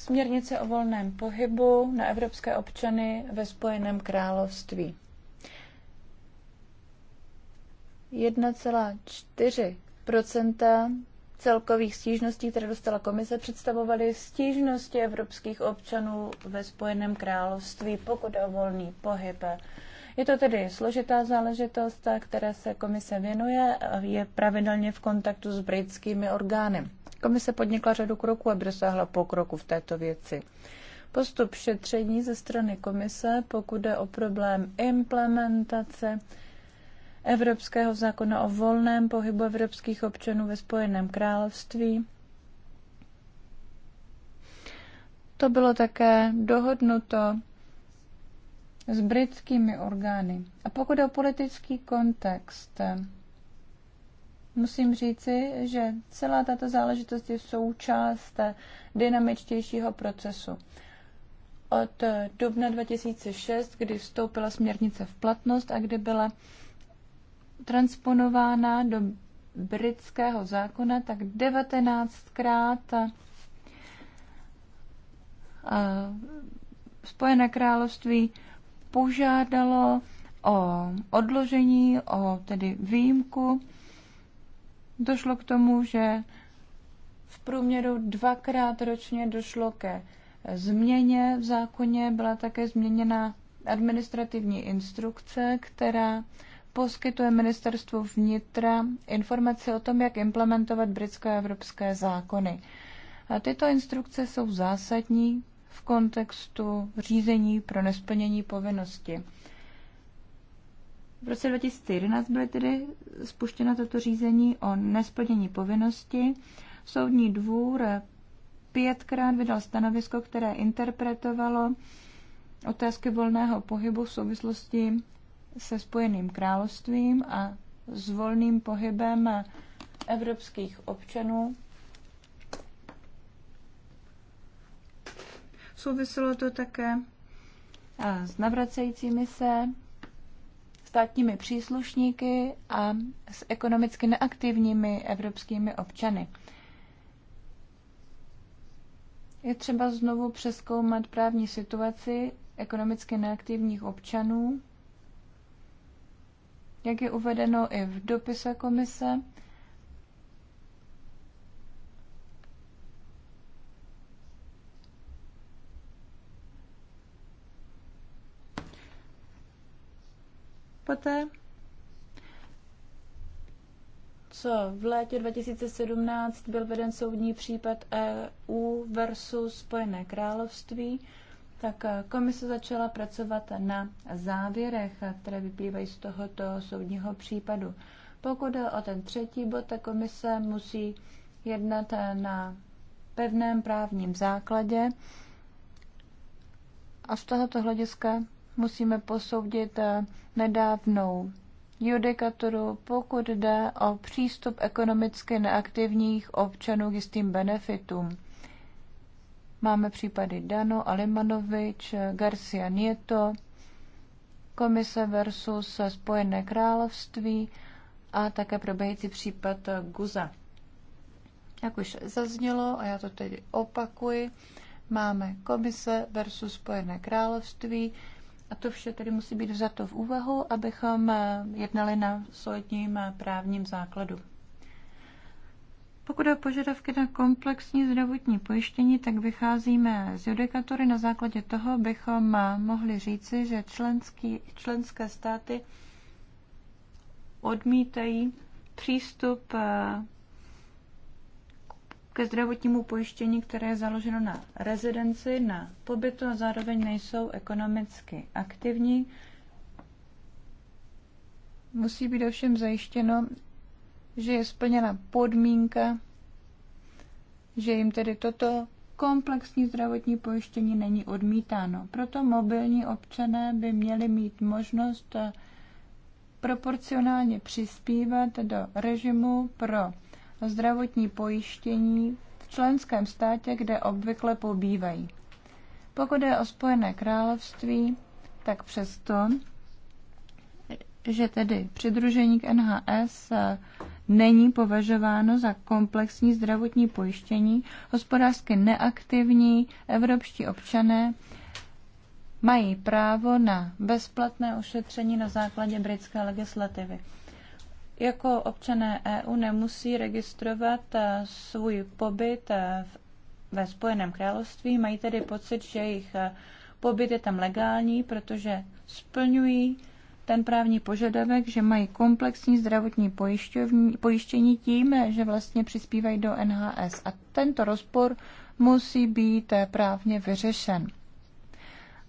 B: směrnice o volném pohybu na evropské občany ve Spojeném království. 1,4 celkových stížností, které dostala komise, představovaly stížnosti evropských občanů ve Spojeném království, pokud o volný pohyb. Je to tedy složitá záležitost, která se komise věnuje, je pravidelně v kontaktu s britskými orgány. Komise podnikla řadu kroků, aby dosáhla pokroku v této věci. Postup šetření ze strany komise, pokud jde o problém implementace Evropského zákona o volném pohybu evropských občanů ve Spojeném království, To bylo také dohodnuto s britskými orgány. A pokud o politický kontext, musím říci, že celá tato záležitost je součást dynamičtějšího procesu. Od dubna 2006, kdy vstoupila směrnice v platnost a kdy byla transponována do britského zákona, tak 19krát Spojené království požádalo o odložení, o tedy výjimku došlo k tomu, že v průměru dvakrát ročně došlo ke změně v zákoně. Byla také změněna administrativní instrukce, která poskytuje ministerstvu vnitra informace o tom, jak implementovat britské a evropské zákony. A tyto instrukce jsou zásadní v kontextu řízení pro nesplnění povinnosti. V roce 2011 byly tedy spuštěna toto řízení o nesplnění povinnosti. Soudní dvůr pětkrát vydal stanovisko, které interpretovalo otázky volného pohybu v souvislosti se Spojeným královstvím a s volným pohybem evropských občanů. Souviselo to také s navracejícími se státními příslušníky a s ekonomicky neaktivními evropskými občany. Je třeba znovu přeskoumat právní situaci ekonomicky neaktivních občanů, jak je uvedeno i v dopise komise, poté, co v létě 2017 byl veden soudní případ EU versus Spojené království, tak eh, komise začala pracovat na závěrech, které vyplývají z tohoto soudního případu. Pokud jde o ten třetí bod, tak komise musí jednat eh, na pevném právním základě. A z tohoto hlediska musíme posoudit eh, nedávnou judikaturu, pokud jde o přístup ekonomicky neaktivních občanů k jistým benefitům. Máme případy Dano, Alimanovič, Garcia Nieto, Komise versus Spojené království a také probíhající případ Guza. Jak už zaznělo, a já to tedy opakuji, máme Komise versus Spojené království, a to vše tedy musí být vzato v úvahu, abychom eh, jednali na solidním eh, právním základu. Pokud je požadavky na komplexní zdravotní pojištění, tak vycházíme z judikatury. Na základě toho bychom eh, mohli říci, že členský, členské státy odmítají přístup ke zdravotnímu pojištění, které je založeno na rezidenci, na pobytu a zároveň nejsou ekonomicky aktivní. Musí být ovšem zajištěno, že je splněna podmínka, že jim tedy toto komplexní zdravotní pojištění není odmítáno. Proto mobilní občané by měli mít možnost proporcionálně přispívat do režimu pro zdravotní pojištění v členském státě, kde obvykle pobývají. Pokud je o Spojené království, tak přesto, že tedy přidružení k NHS eh, není považováno za komplexní zdravotní pojištění, hospodářsky neaktivní evropští občané mají právo na bezplatné ošetření na základě britské legislativy jako občané EU nemusí registrovat eh, svůj pobyt eh, ve Spojeném království, mají tedy pocit, že jejich eh, pobyt je tam legální, protože splňují ten právní požadavek, že mají komplexní zdravotní pojištění tím, že vlastně přispívají do NHS. A tento rozpor musí být právně vyřešen.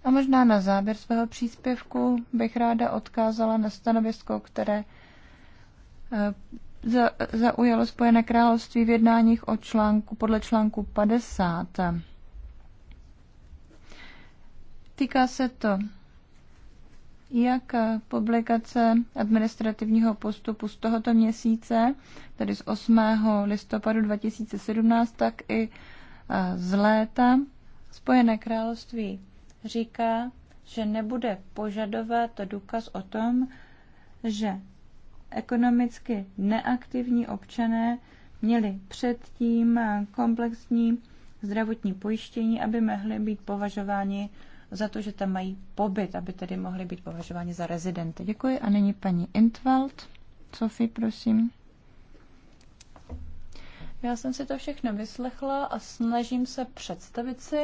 B: A možná na závěr svého příspěvku bych ráda odkázala na stanovisko, které Eh, zaujalo Spojené království v jednáních o článku, podle článku 50. Týká se to jak publikace administrativního postupu z tohoto měsíce, tedy z 8. listopadu 2017, tak i eh, z léta. Spojené království říká, že nebude požadovat důkaz o tom, že ekonomicky neaktivní občané měli předtím komplexní zdravotní pojištění, aby mohli být považováni za to, že tam mají pobyt, aby tedy mohli být považováni za rezidenty. Děkuji. A nyní paní Intwald. Sofie, prosím. Já jsem si to všechno vyslechla a snažím se představit si,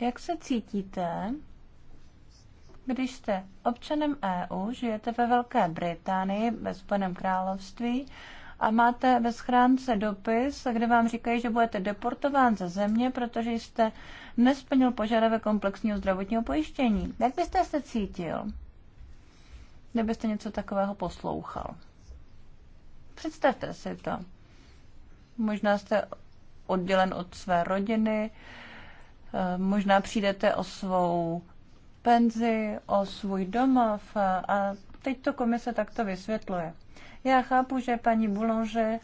B: jak se cítíte, když jste občanem EU, žijete ve Velké Británii, ve Spojeném království a máte ve schránce dopis, kde vám říkají, že budete deportován ze země, protože jste nesplnil požadavek komplexního zdravotního pojištění. Jak byste se cítil, kdybyste něco takového poslouchal? Představte si to. Možná jste oddělen od své rodiny, eh, možná přijdete o svou penzi, o svůj domov a teď to komise takto vysvětluje. Já chápu, že paní Boulanger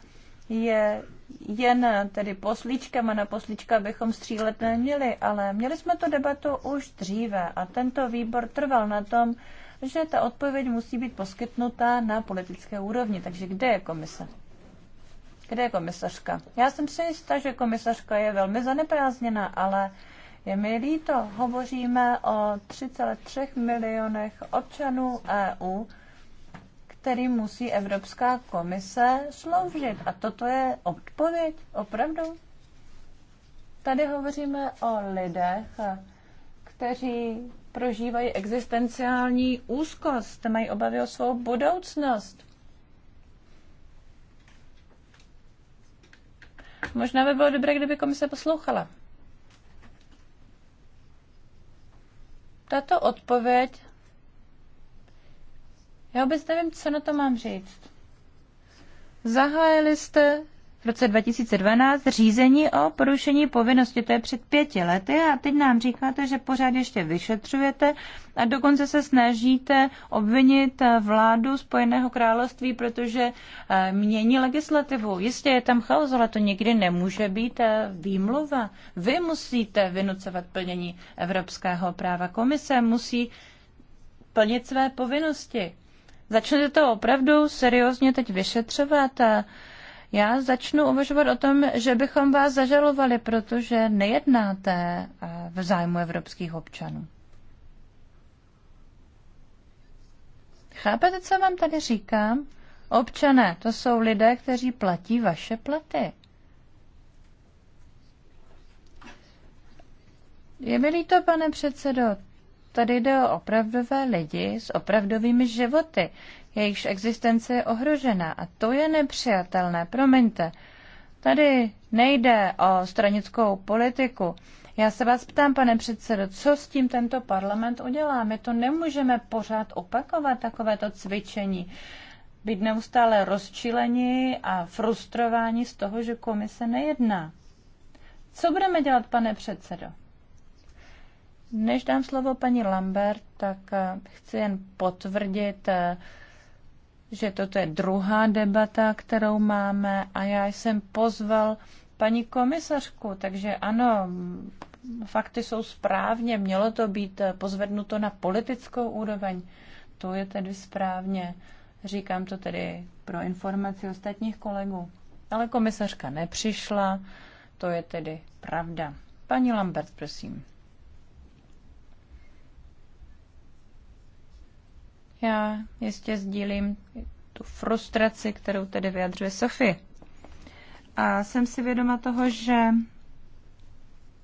B: je jen tedy poslíčkem a na poslíčka bychom střílet neměli, ale měli jsme tu debatu už dříve a tento výbor trval na tom, že ta odpověď musí být poskytnuta na politické úrovni. Takže kde je komise? Kde je komisařka? Já jsem si jistá, že komisařka je velmi zaneprázdněná, ale uh, je mi líto, hovoříme o 3,3 milionech občanů EU, který musí Evropská komise sloužit. A toto je odpověď, opravdu. Tady hovoříme o lidech, kteří prožívají existenciální úzkost, mají obavy o svou budoucnost. Možná by bylo dobré, kdyby komise poslouchala. Tato odpověď, já vůbec nevím, co na to mám říct. Zahájili jste v roce 2012 řízení o porušení povinnosti, to je před pěti lety a teď nám říkáte, že pořád ještě vyšetřujete a dokonce se snažíte obvinit eh, vládu Spojeného království, protože eh, mění legislativu. Jistě je tam chaos, ale to nikdy nemůže být eh, výmluva. Vy musíte vynucovat plnění evropského práva. Komise musí plnit své povinnosti. Začnete to opravdu seriózně teď vyšetřovat a já začnu uvažovat o tom, že bychom vás zažalovali, protože nejednáte eh, v zájmu evropských občanů. Chápete, co vám tady říkám? Občané, to jsou lidé, kteří platí vaše platy. Je mi líto, pane předsedo, tady jde o opravdové lidi s opravdovými životy jejichž existence je ohrožena. A to je nepřijatelné, promiňte. Tady nejde o stranickou politiku. Já se vás ptám, pane předsedo, co s tím tento parlament udělá? My to nemůžeme pořád opakovat, takovéto cvičení. Být neustále rozčilení a frustrování z toho, že komise nejedná. Co budeme dělat, pane předsedo? Než dám slovo paní Lambert, tak eh, chci jen potvrdit eh, že toto je druhá debata, kterou máme a já jsem pozval paní komisařku, takže ano, fakty jsou správně, mělo to být pozvednuto na politickou úroveň. To je tedy správně. Říkám to tedy pro informaci ostatních kolegů. Ale komisařka nepřišla, to je tedy pravda. Paní Lambert, prosím. Já jistě sdílím tu frustraci, kterou tedy vyjadřuje Sofie. A jsem si vědoma toho, že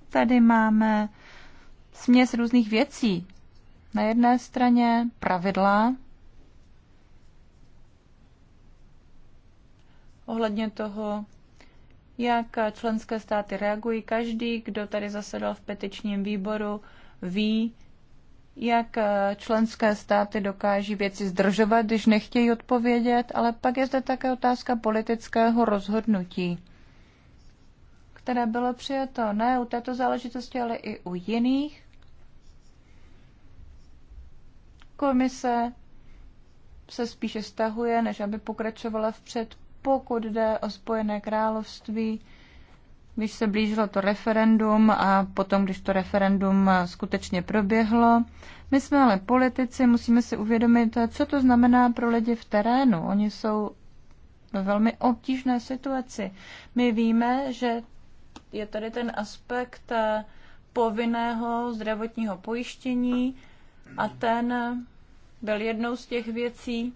B: tady máme směs různých věcí. Na jedné straně pravidla ohledně toho, jak členské státy reagují. Každý, kdo tady zasedal v petičním výboru, ví, jak eh, členské státy dokáží věci zdržovat, když nechtějí odpovědět, ale pak je zde také otázka politického rozhodnutí, které bylo přijato ne u této záležitosti, ale i u jiných. Komise se spíše stahuje, než aby pokračovala vpřed, pokud jde o Spojené království když se blížilo to referendum a potom, když to referendum skutečně proběhlo. My jsme ale politici, musíme si uvědomit, co to znamená pro lidi v terénu. Oni jsou ve velmi obtížné situaci. My víme, že je tady ten aspekt eh, povinného zdravotního pojištění a ten byl jednou z těch věcí,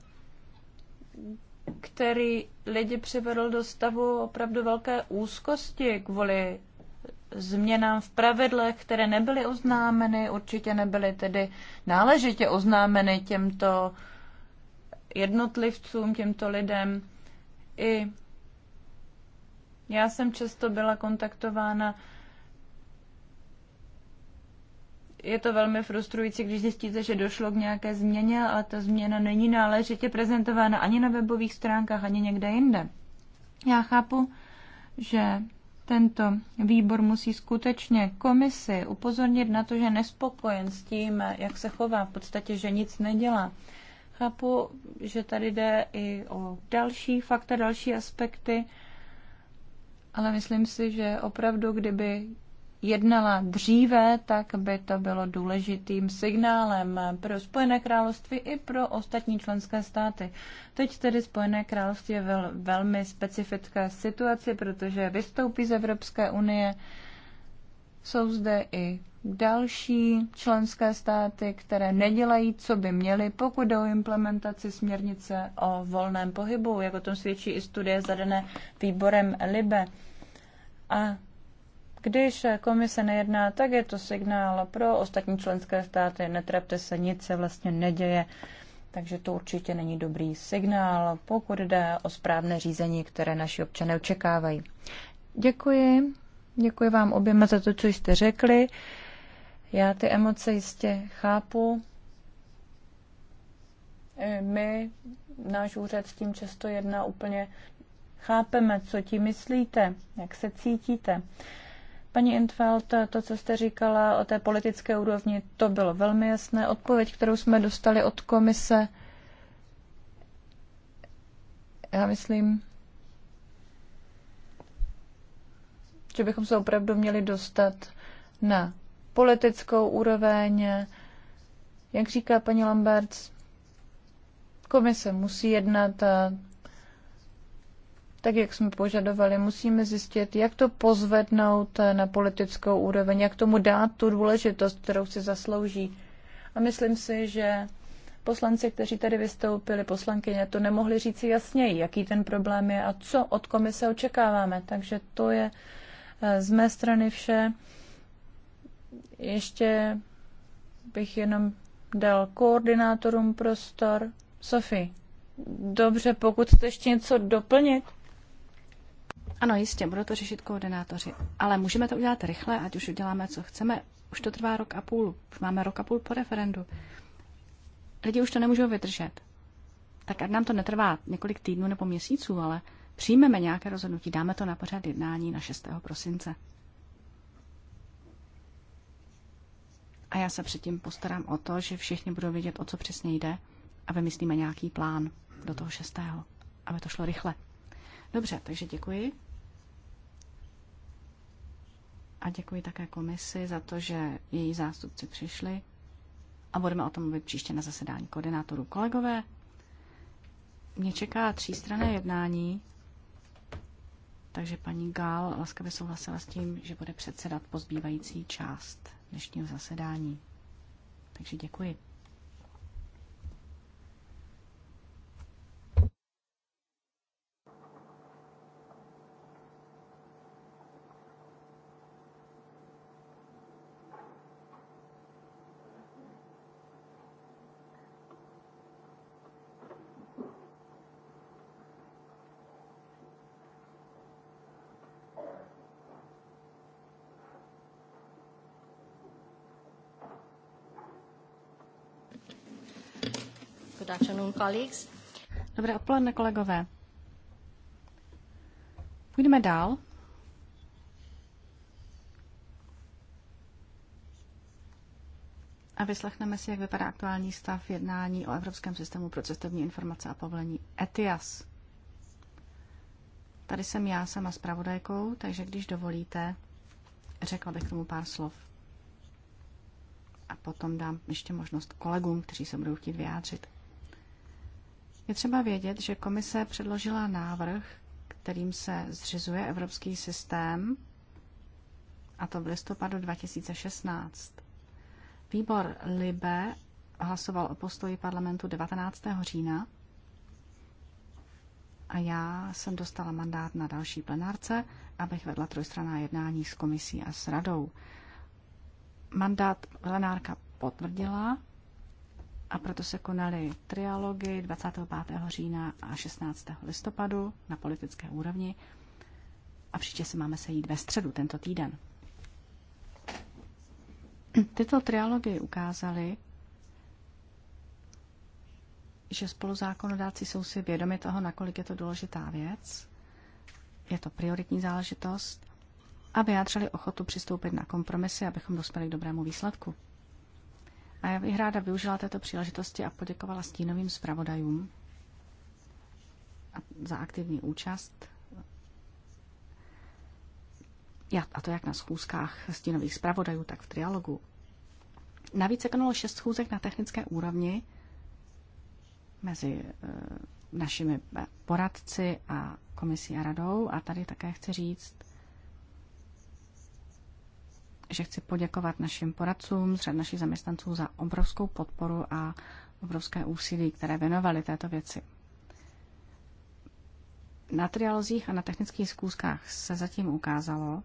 B: který lidi přivedl do stavu opravdu velké úzkosti kvůli změnám v pravidlech, které nebyly oznámeny, určitě nebyly tedy náležitě oznámeny těmto jednotlivcům, těmto lidem. I já jsem často byla kontaktována je to velmi frustrující, když zjistíte, že došlo k nějaké změně, ale ta změna není náležitě prezentována ani na webových stránkách, ani někde jinde. Já chápu, že tento výbor musí skutečně komisi upozornit na to, že nespokojen s tím, jak se chová, v podstatě, že nic nedělá. Chápu, že tady jde i o další fakta, další aspekty, ale myslím si, že opravdu, kdyby jednala dříve, tak by to bylo důležitým signálem pro Spojené království i pro ostatní členské státy. Teď tedy Spojené království je vel, velmi specifické situaci, protože vystoupí z Evropské unie. Jsou zde i další členské státy, které nedělají, co by měly, pokud jde o implementaci směrnice o volném pohybu, jak o tom svědčí i studie zadané výborem LIBE. A když komise nejedná, tak je to signál pro ostatní členské státy, netrapte se, nic se vlastně neděje. Takže to určitě není dobrý signál, pokud jde o správné řízení, které naši občané očekávají. Děkuji. Děkuji vám oběma za to, co jste řekli. Já ty emoce jistě chápu. My, náš úřad s tím často jedná úplně chápeme, co ti myslíte, jak se cítíte. Paní Infeld, to, co jste říkala o té politické úrovni, to bylo velmi jasné. Odpověď, kterou jsme dostali od komise, já myslím, že bychom se opravdu měli dostat na politickou úroveň. Jak říká paní Lamberts, komise musí jednat a tak jak jsme požadovali, musíme zjistit, jak to pozvednout eh, na politickou úroveň, jak tomu dát tu důležitost, kterou si zaslouží. A myslím si, že poslanci, kteří tady vystoupili, poslankyně, to nemohli říci jasněji, jaký ten problém je a co od komise očekáváme. Takže to je eh, z mé strany vše. Ještě bych jenom dal koordinátorům prostor.
C: Sofie, dobře, pokud chceš ještě něco doplnit. Ano, jistě, budou to řešit koordinátoři, ale můžeme to udělat rychle, ať už uděláme, co chceme. Už to trvá rok a půl, už máme rok a půl po referendu. Lidi už to nemůžou vydržet. Tak ať nám to netrvá několik týdnů nebo měsíců, ale přijmeme nějaké rozhodnutí, dáme to na pořad jednání na 6. prosince. A já se předtím postarám o to, že všichni budou vědět, o co přesně jde a vymyslíme nějaký plán do toho 6. aby to šlo rychle. Dobře, takže děkuji. A děkuji také komisi za to, že její zástupci přišli. A budeme o tom mluvit příště na zasedání koordinátorů. Kolegové, mě čeká třístrané jednání, takže paní Gál laskavě souhlasila s tím, že bude předsedat pozbývající část dnešního zasedání. Takže děkuji. Dobré odpoledne, kolegové. Půjdeme dál. A vyslechneme si, jak vypadá aktuální stav jednání o Evropském systému pro cestovní informace a povolení ETIAS. Tady jsem já sama s pravodajkou, takže když dovolíte, řekla bych tomu pár slov. A potom dám ještě možnost kolegům, kteří se budou chtít vyjádřit. Je třeba vědět, že komise předložila návrh, kterým se zřizuje evropský systém, a to v listopadu 2016. Výbor Libe hlasoval o postoji parlamentu 19. října a já jsem dostala mandát na další plenárce, abych vedla trojstraná jednání s komisí a s radou. Mandát plenárka potvrdila a proto se konaly trialogy 25. října a 16. listopadu na politické úrovni. A příště se máme sejít ve středu tento týden. Tyto trialogy ukázaly, že spoluzákonodáci jsou si vědomi toho, nakolik je to důležitá věc, je to prioritní záležitost a vyjádřili ochotu přistoupit na kompromisy, abychom dospěli k dobrému výsledku. A já bych ráda využila této příležitosti a poděkovala stínovým zpravodajům za aktivní účast. A to jak na schůzkách stínových zpravodajů, tak v trialogu. Navíc se konalo šest schůzek na technické úrovni mezi eh, našimi poradci a komisí a radou. A tady také chci říct, že chci poděkovat našim poradcům z řad našich zaměstnanců za obrovskou podporu a obrovské úsilí, které věnovali této věci. Na trialozích a na technických zkouškách se zatím ukázalo,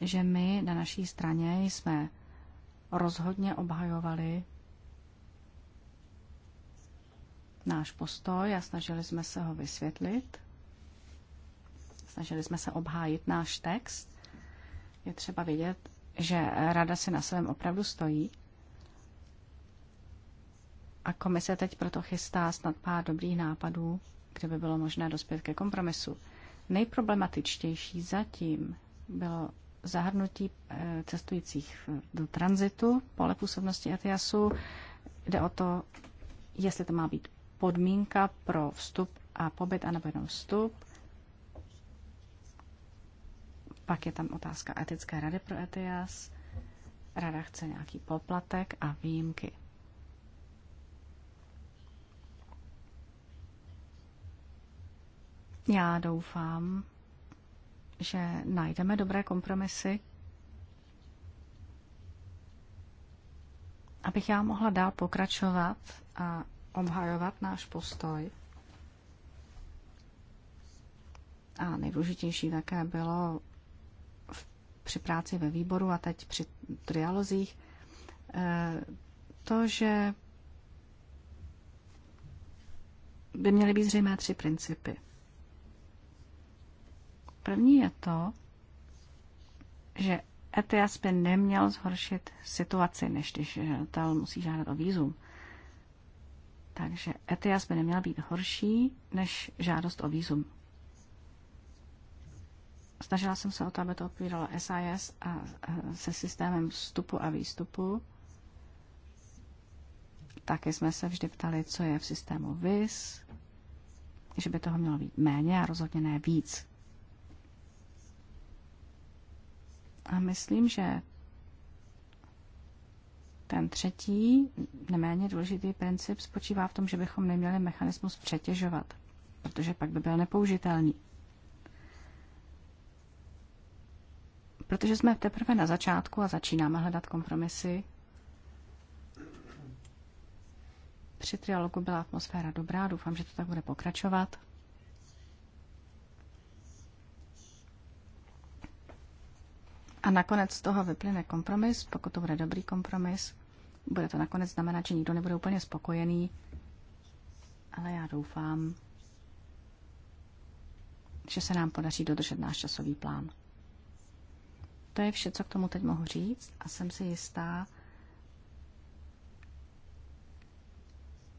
C: že my na naší straně jsme rozhodně obhajovali náš postoj a snažili jsme se ho vysvětlit. Snažili jsme se obhájit náš text je třeba vidět, že rada si na svém opravdu stojí a komise teď proto chystá snad pár dobrých nápadů, kde by bylo možné dospět ke kompromisu. Nejproblematičtější zatím bylo zahrnutí eh, cestujících do tranzitu pole působnosti ETIASu. Jde o to, jestli to má být podmínka pro vstup a pobyt, anebo jenom vstup. Pak je tam otázka etické rady pro ETIAS. Rada chce nějaký poplatek a výjimky. Já doufám, že najdeme dobré kompromisy, abych já mohla dál pokračovat a obhajovat náš postoj. A nejdůležitější také bylo při práci ve výboru a teď při trialozích, eh, to, že by měly být zřejmé tři principy. První je to, že ETIAS by neměl zhoršit situaci, než když žadatel musí žádat o výzum. Takže ETIAS by neměl být horší než žádost o výzum. Snažila jsem se o to, aby to odpovídalo SIS a se systémem vstupu a výstupu. Taky jsme se vždy ptali, co je v systému VIS, že by toho mělo být méně a rozhodně ne víc. A myslím, že ten třetí, neméně důležitý princip spočívá v tom, že bychom neměli mechanismus přetěžovat, protože pak by byl nepoužitelný. Protože jsme teprve na začátku a začínáme hledat kompromisy. Při trialogu byla atmosféra dobrá, doufám, že to tak bude pokračovat. A nakonec z toho vyplyne kompromis, pokud to bude dobrý kompromis. Bude to nakonec znamenat, že nikdo nebude úplně spokojený, ale já doufám, že se nám podaří dodržet náš časový plán. To je vše, co k tomu teď mohu říct a jsem si jistá,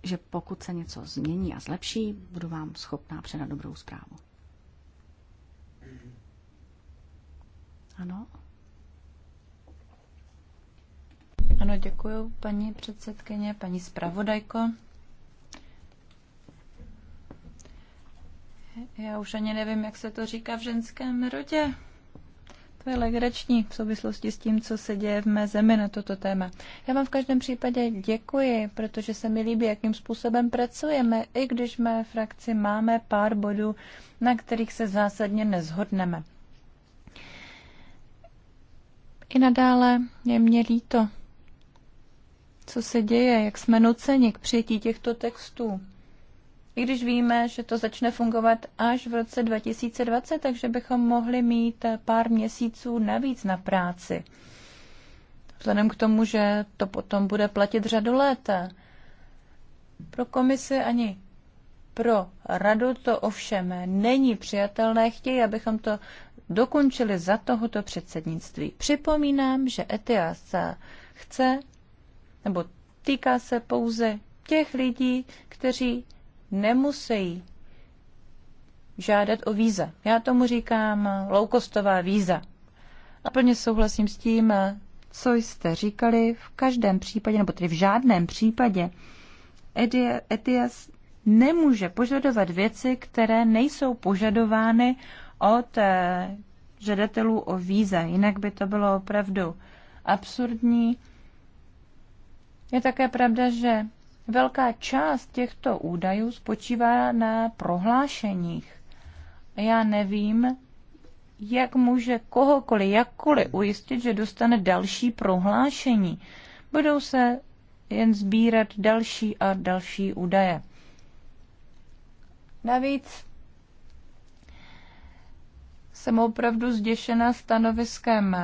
C: že pokud se něco změní a zlepší, budu vám schopná předat dobrou zprávu. Ano?
B: Ano, děkuji, paní předsedkyně, paní zpravodajko. Já už ani nevím, jak se to říká v ženském rodě. To je legrační v souvislosti s tím, co se děje v mé zemi na toto téma. Já vám v každém případě děkuji, protože se mi líbí, jakým způsobem pracujeme, i když v mé frakci máme pár bodů, na kterých se zásadně nezhodneme. I nadále je mě líto, co se děje, jak jsme nuceni k přijetí těchto textů i když víme, že to začne fungovat až v roce 2020, takže bychom mohli mít pár měsíců navíc na práci. Vzhledem k tomu, že to potom bude platit řadu let. Pro komisi ani pro radu to ovšem není přijatelné. Chtějí, abychom to dokončili za tohoto předsednictví. Připomínám, že ETIAS chce, nebo týká se pouze těch lidí, kteří nemusí žádat o víza. Já tomu říkám loukostová víza. A plně souhlasím s tím, co jste říkali, v každém případě, nebo tedy v žádném případě, Etias nemůže požadovat věci, které nejsou požadovány od eh, žadatelů o víza. Jinak by to bylo opravdu absurdní. Je také pravda, že Velká část těchto údajů spočívá na prohlášeních. Já nevím, jak může kohokoliv, jakkoliv ujistit, že dostane další prohlášení. Budou se jen sbírat další a další údaje. Navíc jsem opravdu zděšena stanoviskem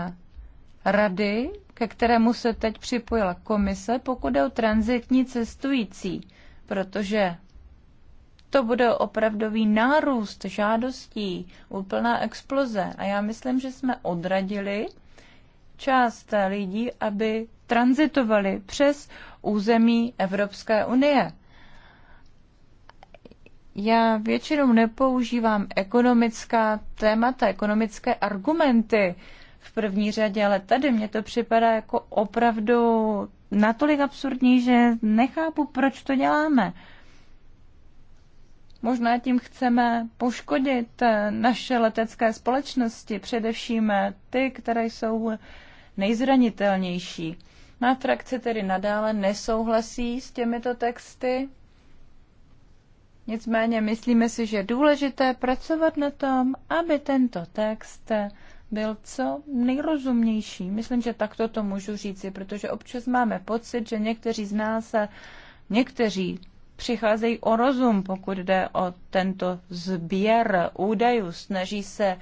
B: rady, ke kterému se teď připojila komise, pokud je o transitní cestující, protože to bude opravdový nárůst žádostí, úplná exploze. A já myslím, že jsme odradili část lidí, aby transitovali přes území Evropské unie. Já většinou nepoužívám ekonomická témata, ekonomické argumenty v první řadě, ale tady mě to připadá jako opravdu natolik absurdní, že nechápu, proč to děláme. Možná tím chceme poškodit eh, naše letecké společnosti, především eh, ty, které jsou nejzranitelnější. Na frakce tedy nadále nesouhlasí s těmito texty. Nicméně myslíme si, že je důležité pracovat na tom, aby tento text byl co nejrozumnější. Myslím, že takto to můžu říci, protože občas máme pocit, že někteří z nás, někteří přicházejí o rozum, pokud jde o tento sběr údajů, snaží se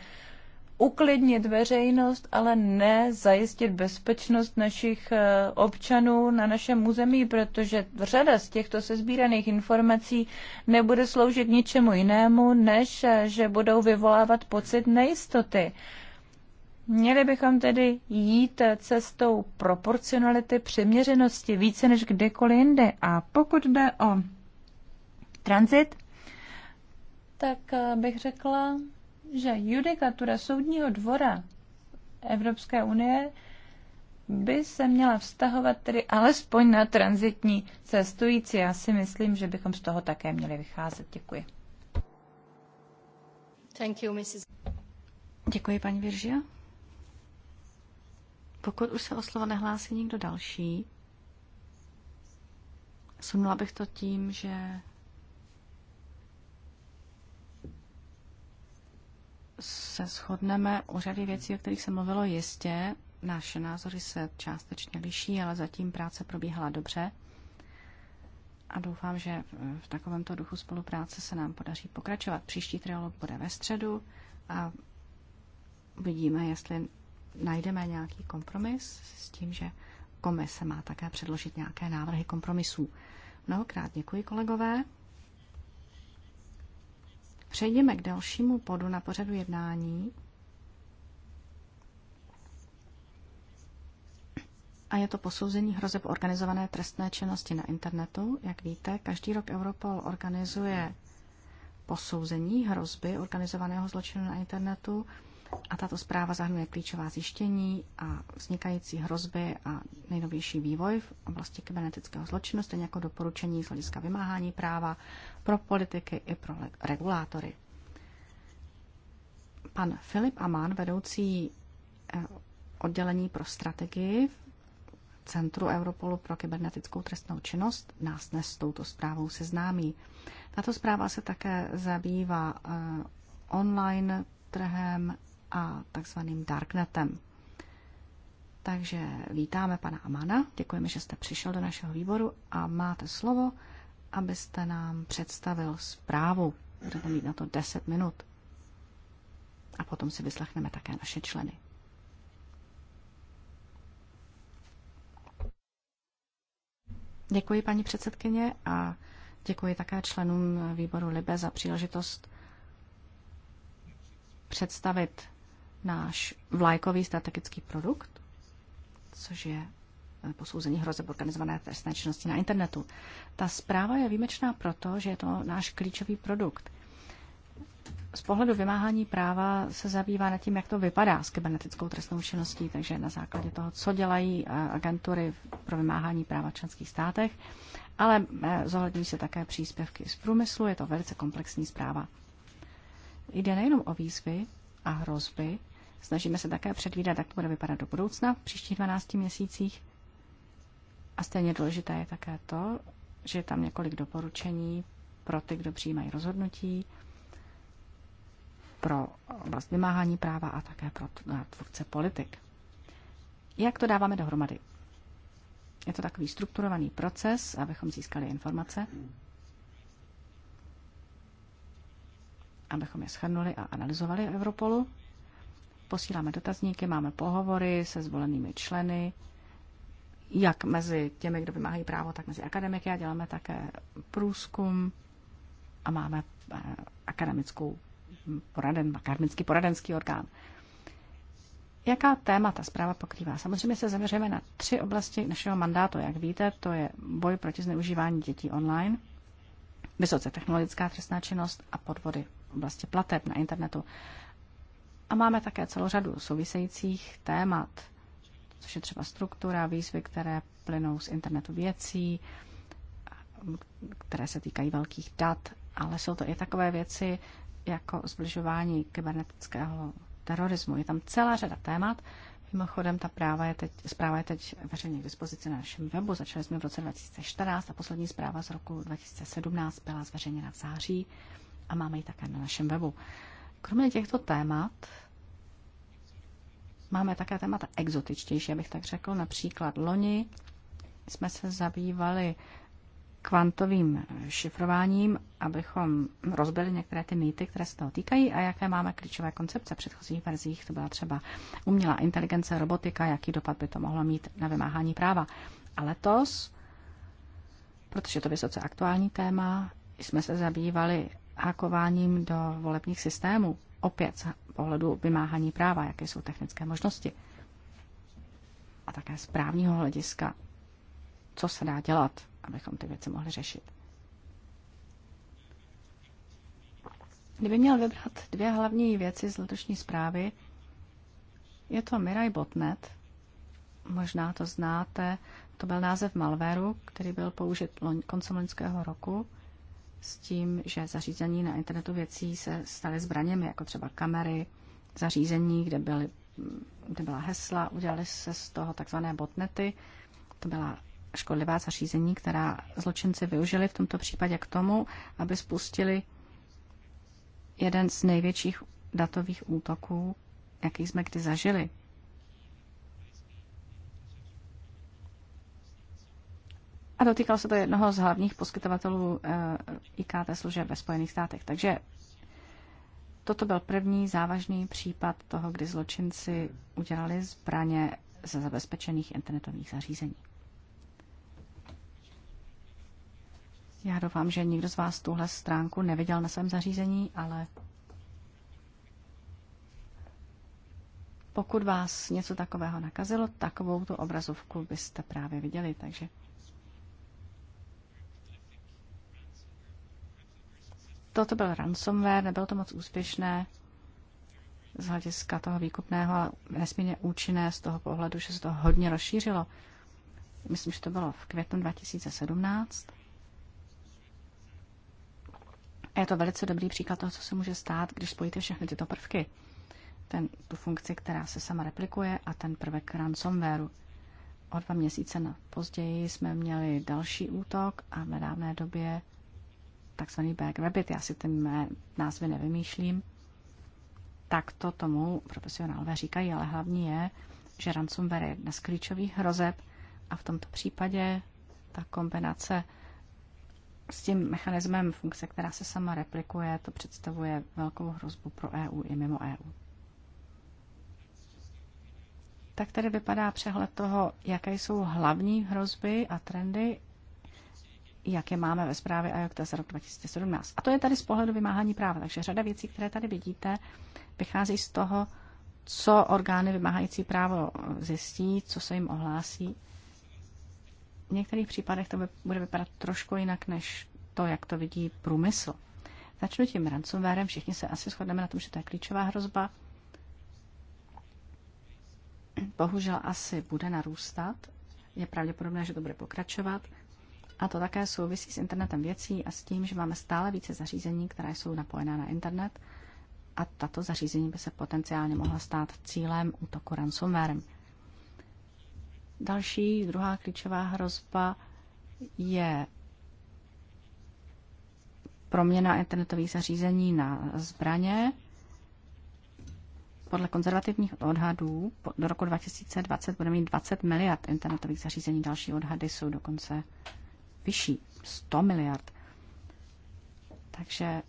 B: uklidnit veřejnost, ale ne zajistit bezpečnost našich eh, občanů na našem území, protože řada z těchto sezbíraných informací nebude sloužit ničemu jinému, než eh, že budou vyvolávat pocit nejistoty. Měli bychom tedy jít cestou proporcionality, přiměřenosti více než kdekoliv jinde. A pokud jde o transit, tak eh, bych řekla, že judikatura Soudního dvora Evropské unie by se měla vztahovat tedy alespoň na transitní cestující. Já si myslím, že bychom z toho
C: také měli vycházet. Děkuji. Thank you, Mrs. Děkuji, paní Viržia. Pokud už se o slovo nehlásí nikdo další, sunula bych to tím, že se shodneme o řadě věcí, o kterých se mluvilo jistě. Naše názory se částečně liší, ale zatím práce probíhala dobře. A doufám, že v takovémto duchu spolupráce se nám podaří pokračovat. Příští trialog bude ve středu a uvidíme, jestli najdeme nějaký kompromis s tím, že komise má také předložit nějaké návrhy kompromisů. Mnohokrát děkuji, kolegové. Přejdeme k dalšímu bodu na pořadu jednání. A je to posouzení hrozeb organizované trestné činnosti na internetu. Jak víte, každý rok Europol organizuje posouzení hrozby organizovaného zločinu na internetu a tato zpráva zahrnuje klíčová zjištění a vznikající hrozby a nejnovější vývoj v oblasti kybernetického zločinu, stejně jako doporučení z hlediska vymáhání práva pro politiky i pro regulátory. Pan Filip Amán, vedoucí eh, oddělení pro strategii v Centru Europolu pro kybernetickou trestnou činnost, nás dnes s touto zprávou seznámí. Tato zpráva se také zabývá eh, online trhem a takzvaným darknetem. Takže vítáme pana Amana, děkujeme, že jste přišel do našeho výboru a máte slovo, abyste nám představil zprávu. Budete mít na to 10 minut. A potom si vyslechneme také naše členy. Děkuji, paní předsedkyně, a děkuji také členům výboru LIBE za příležitost představit náš vlajkový strategický produkt, což je eh, posouzení hrozeb organizované trestné činnosti na internetu. Ta zpráva je výjimečná proto, že je to náš klíčový produkt. Z pohledu vymáhání práva se zabývá nad tím, jak to vypadá s kybernetickou trestnou činností, takže na základě toho, co dělají eh, agentury pro vymáhání práva v členských státech, ale eh, zohledňují se také příspěvky z průmyslu, je to velice komplexní zpráva. Jde nejenom o výzvy a hrozby, Snažíme se také předvídat, jak to bude vypadat do budoucna v příštích 12 měsících. A stejně důležité je také to, že je tam několik doporučení pro ty, kdo přijímají rozhodnutí, pro oblast vymáhání práva a také pro tvůrce politik. Jak to dáváme dohromady? Je to takový strukturovaný proces, abychom získali informace, abychom je shrnuli a analyzovali v Europolu posíláme dotazníky, máme pohovory se zvolenými členy, jak mezi těmi, kdo vymáhají právo, tak mezi akademiky a děláme také průzkum a máme eh, akademickou poraden, akademický poradenský orgán. Jaká témata zpráva pokrývá? Samozřejmě se zaměřujeme na tři oblasti našeho mandátu. Jak víte, to je boj proti zneužívání dětí online, vysoce technologická trestná činnost a podvody v oblasti plateb na internetu. A máme také celou řadu souvisejících témat, což je třeba struktura, výzvy, které plynou z internetu věcí, které se týkají velkých dat, ale jsou to i takové věci jako zbližování kybernetického terorismu. Je tam celá řada témat. Mimochodem, ta práva je teď, zpráva je teď veřejně k dispozici na našem webu. Začali jsme v roce 2014 a poslední zpráva z roku 2017 byla zveřejněna v září a máme ji také na našem webu. Kromě těchto témat máme také témata exotičtější, abych tak řekl. Například loni jsme se zabývali kvantovým šifrováním, abychom rozbili některé ty mýty, které se toho týkají a jaké máme klíčové koncepce v předchozích verzích. To byla třeba umělá inteligence, robotika, jaký dopad by to mohlo mít na vymáhání práva. A letos, protože to je vysoce aktuální téma, jsme se zabývali hakováním do volebních systémů. Opět z pohledu vymáhání práva, jaké jsou technické možnosti. A také z právního hlediska, co se dá dělat, abychom ty věci mohli řešit. Kdyby měl vybrat dvě hlavní věci z letošní zprávy, je to Mirai Botnet, možná to znáte, to byl název malwareu, který byl použit koncem loňského roku – s tím, že zařízení na internetu věcí se staly zbraněmi, jako třeba kamery, zařízení, kde, byly, kde byla hesla, udělali se z toho takzvané botnety. To byla škodlivá zařízení, která zločinci využili v tomto případě k tomu, aby spustili jeden z největších datových útoků, jaký jsme kdy zažili A dotýkalo se to jednoho z hlavních poskytovatelů eh, IKT služeb ve Spojených státech. Takže toto byl první závažný případ toho, kdy zločinci udělali zbraně ze zabezpečených internetových zařízení. Já doufám, že nikdo z vás tuhle stránku neviděl na svém zařízení, ale pokud vás něco takového nakazilo, takovou tu obrazovku byste právě viděli, takže Toto byl ransomware, nebylo to moc úspěšné z hlediska toho výkupného, ale nesmírně účinné z toho pohledu, že se to hodně rozšířilo. Myslím, že to bylo v květnu 2017. A je to velice dobrý příklad toho, co se může stát, když spojíte všechny tyto prvky. Ten, tu funkci, která se sama replikuje a ten prvek ransomwareu. O dva měsíce na později jsme měli další útok a v nedávné době takzvaný Back Rabbit, já si ty mé názvy nevymýšlím, tak to tomu profesionálové říkají, ale hlavní je, že ransomware je jedna z klíčových hrozeb a v tomto případě ta kombinace s tím mechanismem funkce, která se sama replikuje, to představuje velkou hrozbu pro EU i mimo EU. Tak tady vypadá přehled toho, jaké jsou hlavní hrozby a trendy jak je máme ve zprávě je za rok 2017. A to je tady z pohledu vymáhání práva. Takže řada věcí, které tady vidíte, vychází z toho, co orgány vymáhající právo zjistí, co se jim ohlásí. V některých případech to bude vypadat trošku jinak, než to, jak to vidí průmysl. Začnu tím ransomwarem, všichni se asi shodneme na tom, že to je klíčová hrozba. Bohužel asi bude narůstat. Je pravděpodobné, že to bude pokračovat. A to také souvisí s internetem věcí a s tím, že máme stále více zařízení, která jsou napojená na internet a tato zařízení by se potenciálně mohla stát cílem útoku ransomware. Další, druhá klíčová hrozba je proměna internetových zařízení na zbraně. Podle konzervativních odhadů do roku 2020 bude mít 20 miliard internetových zařízení. Další odhady jsou dokonce vyšší, 100 miliard. Takže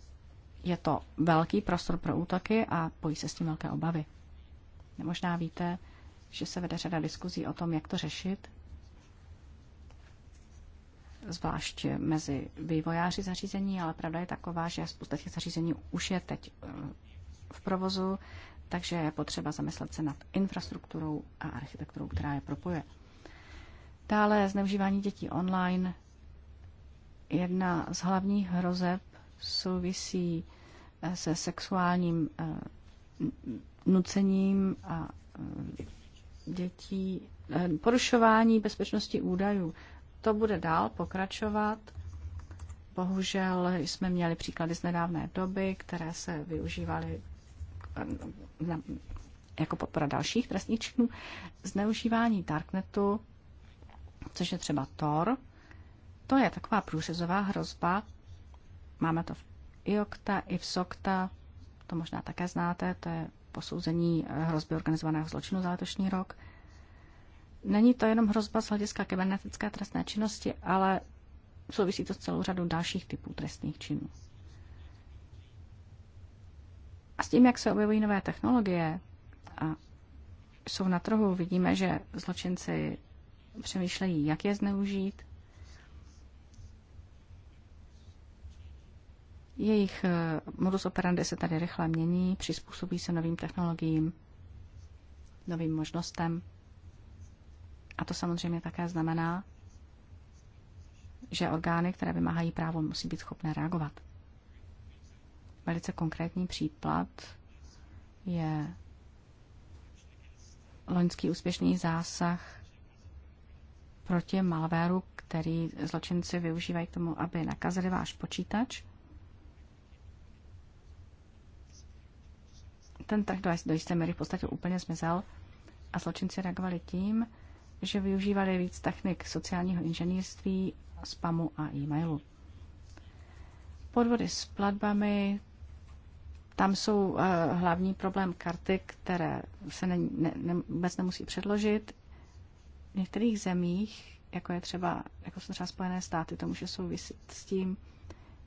C: je to velký prostor pro útoky a bojí se s tím velké obavy. Možná víte, že se vede řada diskuzí o tom, jak to řešit, zvlášť mezi vývojáři zařízení, ale pravda je taková, že spousta těch zařízení už je teď eh, v provozu, takže je potřeba zamyslet se nad infrastrukturou a architekturou, která je propoje. Dále zneužívání dětí online, Jedna z hlavních hrozeb souvisí eh, se sexuálním eh, nucením a eh, dětí, porušování bezpečnosti údajů. To bude dál pokračovat. Bohužel jsme měli příklady z nedávné doby, které se využívaly jako podpora dalších trestních činů. Zneužívání Darknetu, což je třeba Tor, to je taková průřezová hrozba. Máme to v IOKTA, i v SOKTA, to možná také znáte, to je posouzení eh, hrozby organizovaného zločinu za letošní rok. Není to jenom hrozba z hlediska kybernetické trestné činnosti, ale souvisí to s celou řadou dalších typů trestných činů. A s tím, jak se objevují nové technologie a jsou na trhu, vidíme, že zločinci přemýšlejí, jak je zneužít. Jejich eh, modus operandi se tady rychle mění, přizpůsobí se novým technologiím, novým možnostem. A to samozřejmě také znamená, že orgány, které vymáhají právo, musí být schopné reagovat. Velice konkrétní příklad je loňský úspěšný zásah proti malvéru, který zločinci využívají k tomu, aby nakazili váš počítač – ten trh do jisté míry v podstatě úplně zmizel a zločinci reagovali tím, že využívali víc technik sociálního inženýrství, spamu a e-mailu. Podvody s platbami, tam jsou uh, hlavní problém karty, které se ne, ne, ne, vůbec nemusí předložit. V některých zemích, jako je třeba, jako jsou třeba Spojené státy, to může souviset s tím,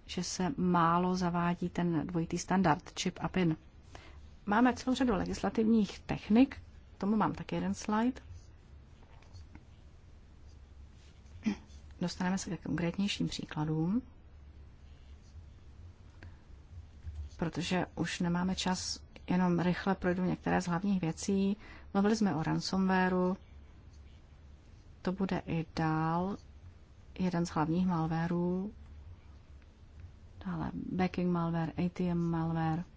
C: že se málo zavádí ten dvojitý standard, chip a pin. Máme celou řadu legislativních technik, k tomu mám také jeden slide. Dostaneme se ke konkrétnějším příkladům, protože už nemáme čas, jenom rychle projdu některé z hlavních věcí. Mluvili jsme o ransomwareu, to bude i dál jeden z hlavních malwareů, dále backing malware, ATM malware –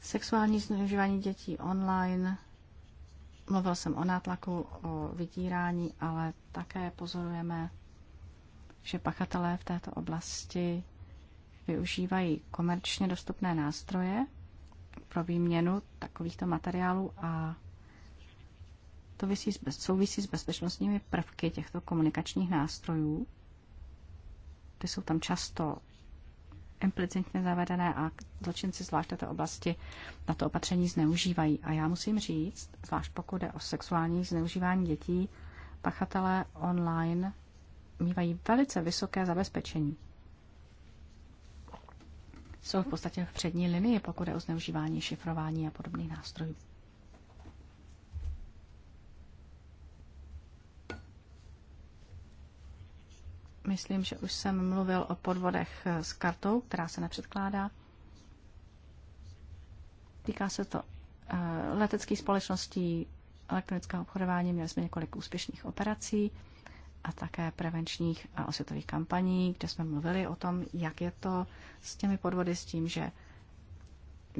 C: Sexuální zneužívání dětí online. Mluvil jsem o nátlaku, o vydírání, ale také pozorujeme, že pachatelé v této oblasti využívají komerčně dostupné nástroje pro výměnu takovýchto materiálů a to souvisí s bezpečnostními prvky těchto komunikačních nástrojů. Ty jsou tam často implicitně zavedené a zločinci zvlášť této oblasti na to opatření zneužívají. A já musím říct, zvlášť pokud jde o sexuální zneužívání dětí, pachatelé online mývají velice vysoké zabezpečení. Jsou v podstatě v přední linii, pokud je o zneužívání, šifrování a podobných nástrojů. Myslím, že už jsem mluvil o podvodech eh, s kartou, která se nepředkládá. Týká se to eh, leteckých společností, elektronického obchodování. Měli jsme několik úspěšných operací a také prevenčních a osvětových kampaní, kde jsme mluvili o tom, jak je to s těmi podvody, s tím, že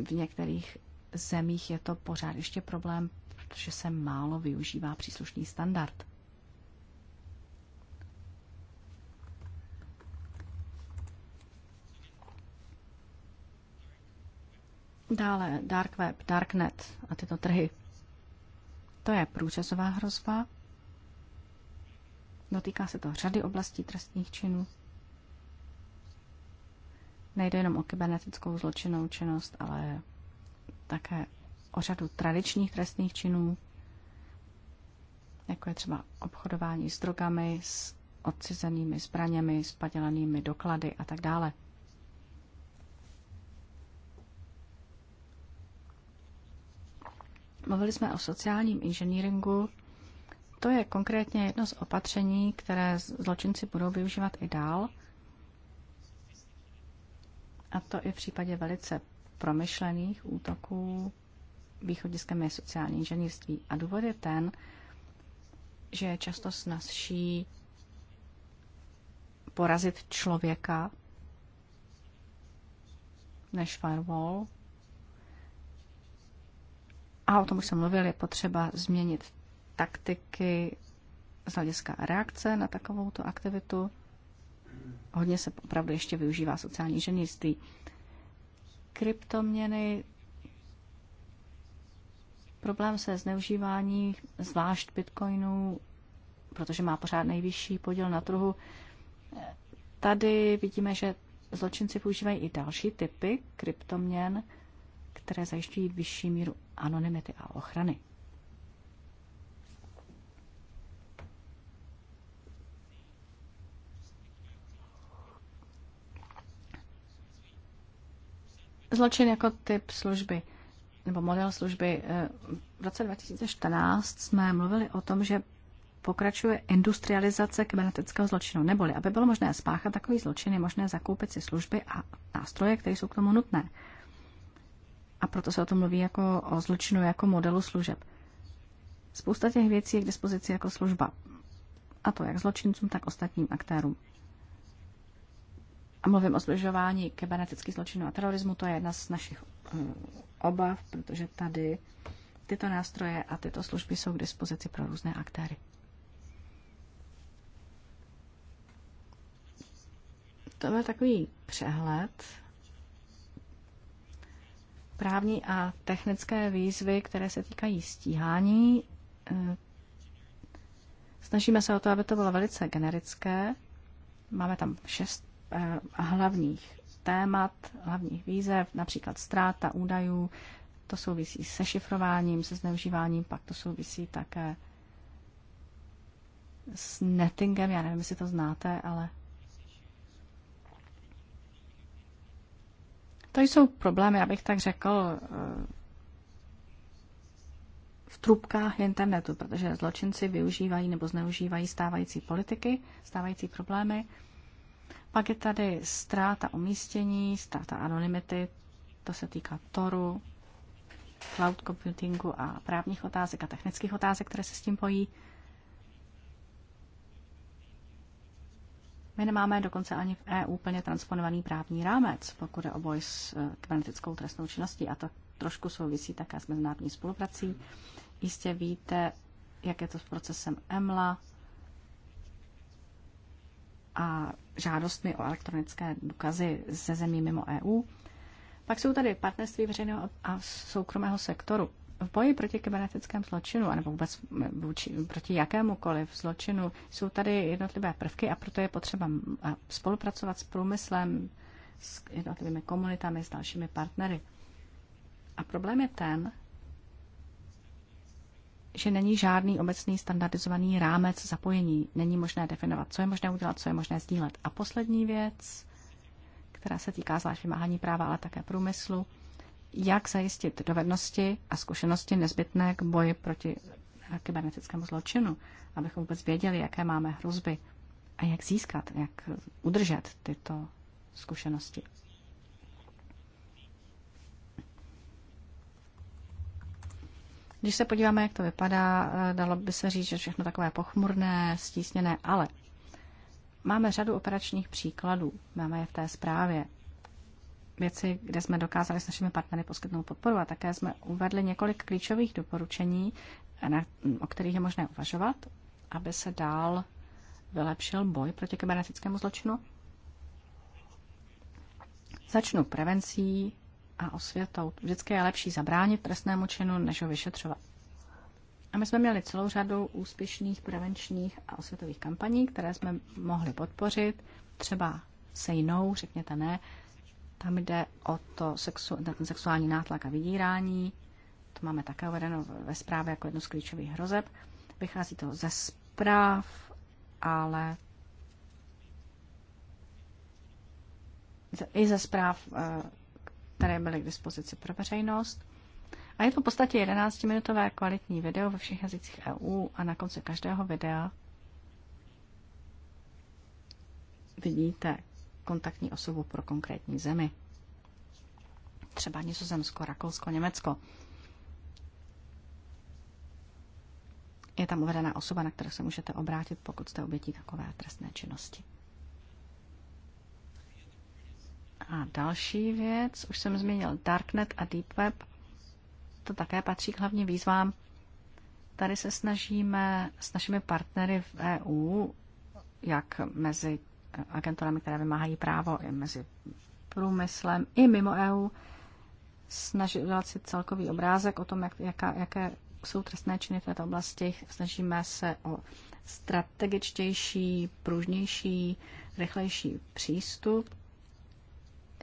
C: v některých zemích je to pořád ještě problém, protože se málo využívá příslušný standard. Dále dark web, darknet a tyto trhy. To je průčasová hrozba. Dotýká se to řady oblastí trestních činů. Nejde jenom o kybernetickou zločinnou činnost, ale také o řadu tradičních trestných činů, jako je třeba obchodování s drogami, s odcizenými zbraněmi, s padělanými doklady a tak dále. Mluvili jsme o sociálním inženýringu. To je konkrétně jedno z opatření, které zločinci budou využívat i dál. A to i v případě velice promyšlených útoků. Východiskem je sociální inženýrství. A důvod je ten, že je často snazší porazit člověka než firewall, a o tom už jsem mluvil, je potřeba změnit taktiky z hlediska reakce na takovou tu aktivitu. Hodně se opravdu ještě využívá sociální ženictví. Kryptoměny, problém se zneužívání, zvlášť bitcoinů, protože má pořád nejvyšší podíl na trhu. Tady vidíme, že zločinci používají i další typy kryptoměn, které zajišťují vyšší míru anonymity a ochrany. Zločin jako typ služby nebo model služby. Eh, v roce 2014 jsme mluvili o tom, že pokračuje industrializace kybernetického zločinu. Neboli, aby bylo možné spáchat takový zločin, je možné zakoupit si služby a nástroje, které jsou k tomu nutné. A proto se o tom mluví jako o zločinu jako modelu služeb. Spousta těch věcí je k dispozici jako služba. A to jak zločincům, tak ostatním aktérům. A mluvím o zbližování kybernetických zločinů a terorismu. To je jedna z našich eh, obav, protože tady tyto nástroje a tyto služby jsou k dispozici pro různé aktéry. To byl takový přehled právní a technické výzvy, které se týkají stíhání. Eh, snažíme se o to, aby to bylo velice generické. Máme tam šest eh, hlavních témat, hlavních výzev, například ztráta údajů, to souvisí se šifrováním, se zneužíváním, pak to souvisí také s nettingem, já nevím, jestli to znáte, ale To jsou problémy, abych tak řekl, eh, v trubkách internetu, protože zločinci využívají nebo zneužívají stávající politiky, stávající problémy. Pak je tady ztráta umístění, ztráta anonymity, to se týká Toru, cloud computingu a právních otázek a technických otázek, které se s tím pojí. My nemáme dokonce ani v EU úplně transponovaný právní rámec, pokud je o boj s eh, kybernetickou trestnou činností a to trošku souvisí také s mezinárodní spoluprací. Jistě víte, jak je to s procesem EMLA a žádostmi o elektronické důkazy ze zemí mimo EU. Pak jsou tady partnerství veřejného a soukromého sektoru v boji proti kybernetickém zločinu, anebo vůbec eh, vůči, proti jakémukoliv zločinu, jsou tady jednotlivé prvky a proto je potřeba mm, spolupracovat s průmyslem, s jednotlivými komunitami, s dalšími partnery. A problém je ten, že není žádný obecný standardizovaný rámec zapojení. Není možné definovat, co je možné udělat, co je možné sdílet. A poslední věc, která se týká zvlášť vymáhání práva, ale také průmyslu, jak zajistit dovednosti a zkušenosti nezbytné k boji proti kybernetickému zločinu, abychom vůbec věděli, jaké máme hrozby a jak získat, jak udržet tyto zkušenosti. Když se podíváme, jak to vypadá, eh, dalo by se říct, že všechno takové pochmurné, stísněné, ale máme řadu operačních příkladů, máme je v té zprávě věci, kde jsme dokázali s našimi partnery poskytnout podporu a také jsme uvedli několik klíčových doporučení, na, o kterých je možné uvažovat, aby se dál vylepšil boj proti kybernetickému zločinu. Začnu prevencí a osvětou. Vždycky je lepší zabránit trestnému činu, než ho vyšetřovat. A my jsme měli celou řadu úspěšných prevenčních a osvětových kampaní, které jsme mohli podpořit. Třeba sejnou, řekněte ne, tam jde o to sexu, ten sexuální nátlak a vydírání. To máme také uvedeno ve zprávě jako jednu z klíčových hrozeb. Vychází to ze zpráv, ale i ze zpráv, eh, které byly k dispozici pro veřejnost. A je to v podstatě 11-minutové kvalitní video ve všech jazycích EU a na konci každého videa vidíte, kontaktní osobu pro konkrétní zemi. Třeba Nizozemsko, Rakousko, Německo. Je tam uvedená osoba, na kterou se můžete obrátit, pokud jste obětí takové trestné činnosti. A další věc, už jsem zmínil Darknet a Deep Web. To také patří k hlavním výzvám. Tady se snažíme s našimi partnery v EU, jak mezi agenturami, které vymáhají právo i mezi průmyslem, i mimo EU, snažit udělat si celkový obrázek o tom, jak, jaká, jaké jsou trestné činy v této oblasti. Snažíme se o strategičtější, pružnější, rychlejší přístup.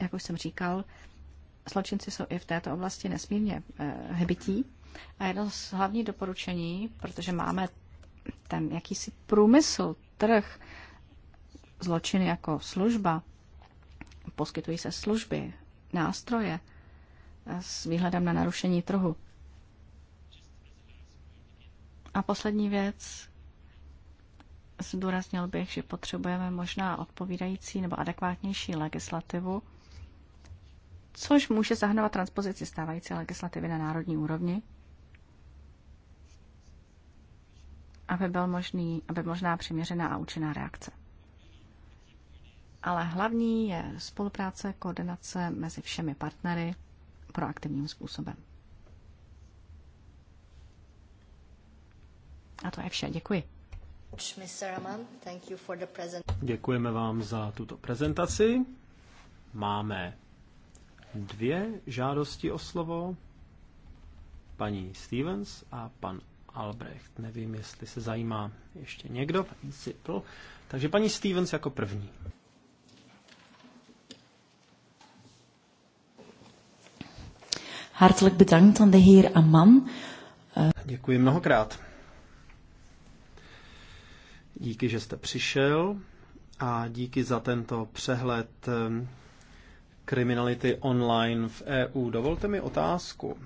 C: Jak už jsem říkal, zločinci jsou i v této oblasti nesmírně e, eh, hybití. A jedno z hlavních doporučení, protože máme ten jakýsi průmysl, trh, zločiny jako služba, poskytují se služby, nástroje eh, s výhledem na narušení trhu. A poslední věc, zdůraznil bych, že potřebujeme možná odpovídající nebo adekvátnější legislativu, což může zahrnovat transpozici stávající legislativy na národní úrovni, aby, byl možný, aby možná přiměřená a účinná reakce ale hlavní je spolupráce, koordinace mezi všemi partnery proaktivním způsobem.
A: A to je vše. Děkuji. Děkujeme vám za tuto prezentaci. Máme dvě žádosti o slovo. Paní Stevens a pan Albrecht. Nevím, jestli se zajímá ještě někdo, paní Takže paní Stevens jako první.
C: Hartelijk bedankt aan de heer Amman.
A: Děkuji mnohokrát. Díky, že jste přišel a díky za tento přehled ehm, kriminality online v EU. Dovolte mi otázku.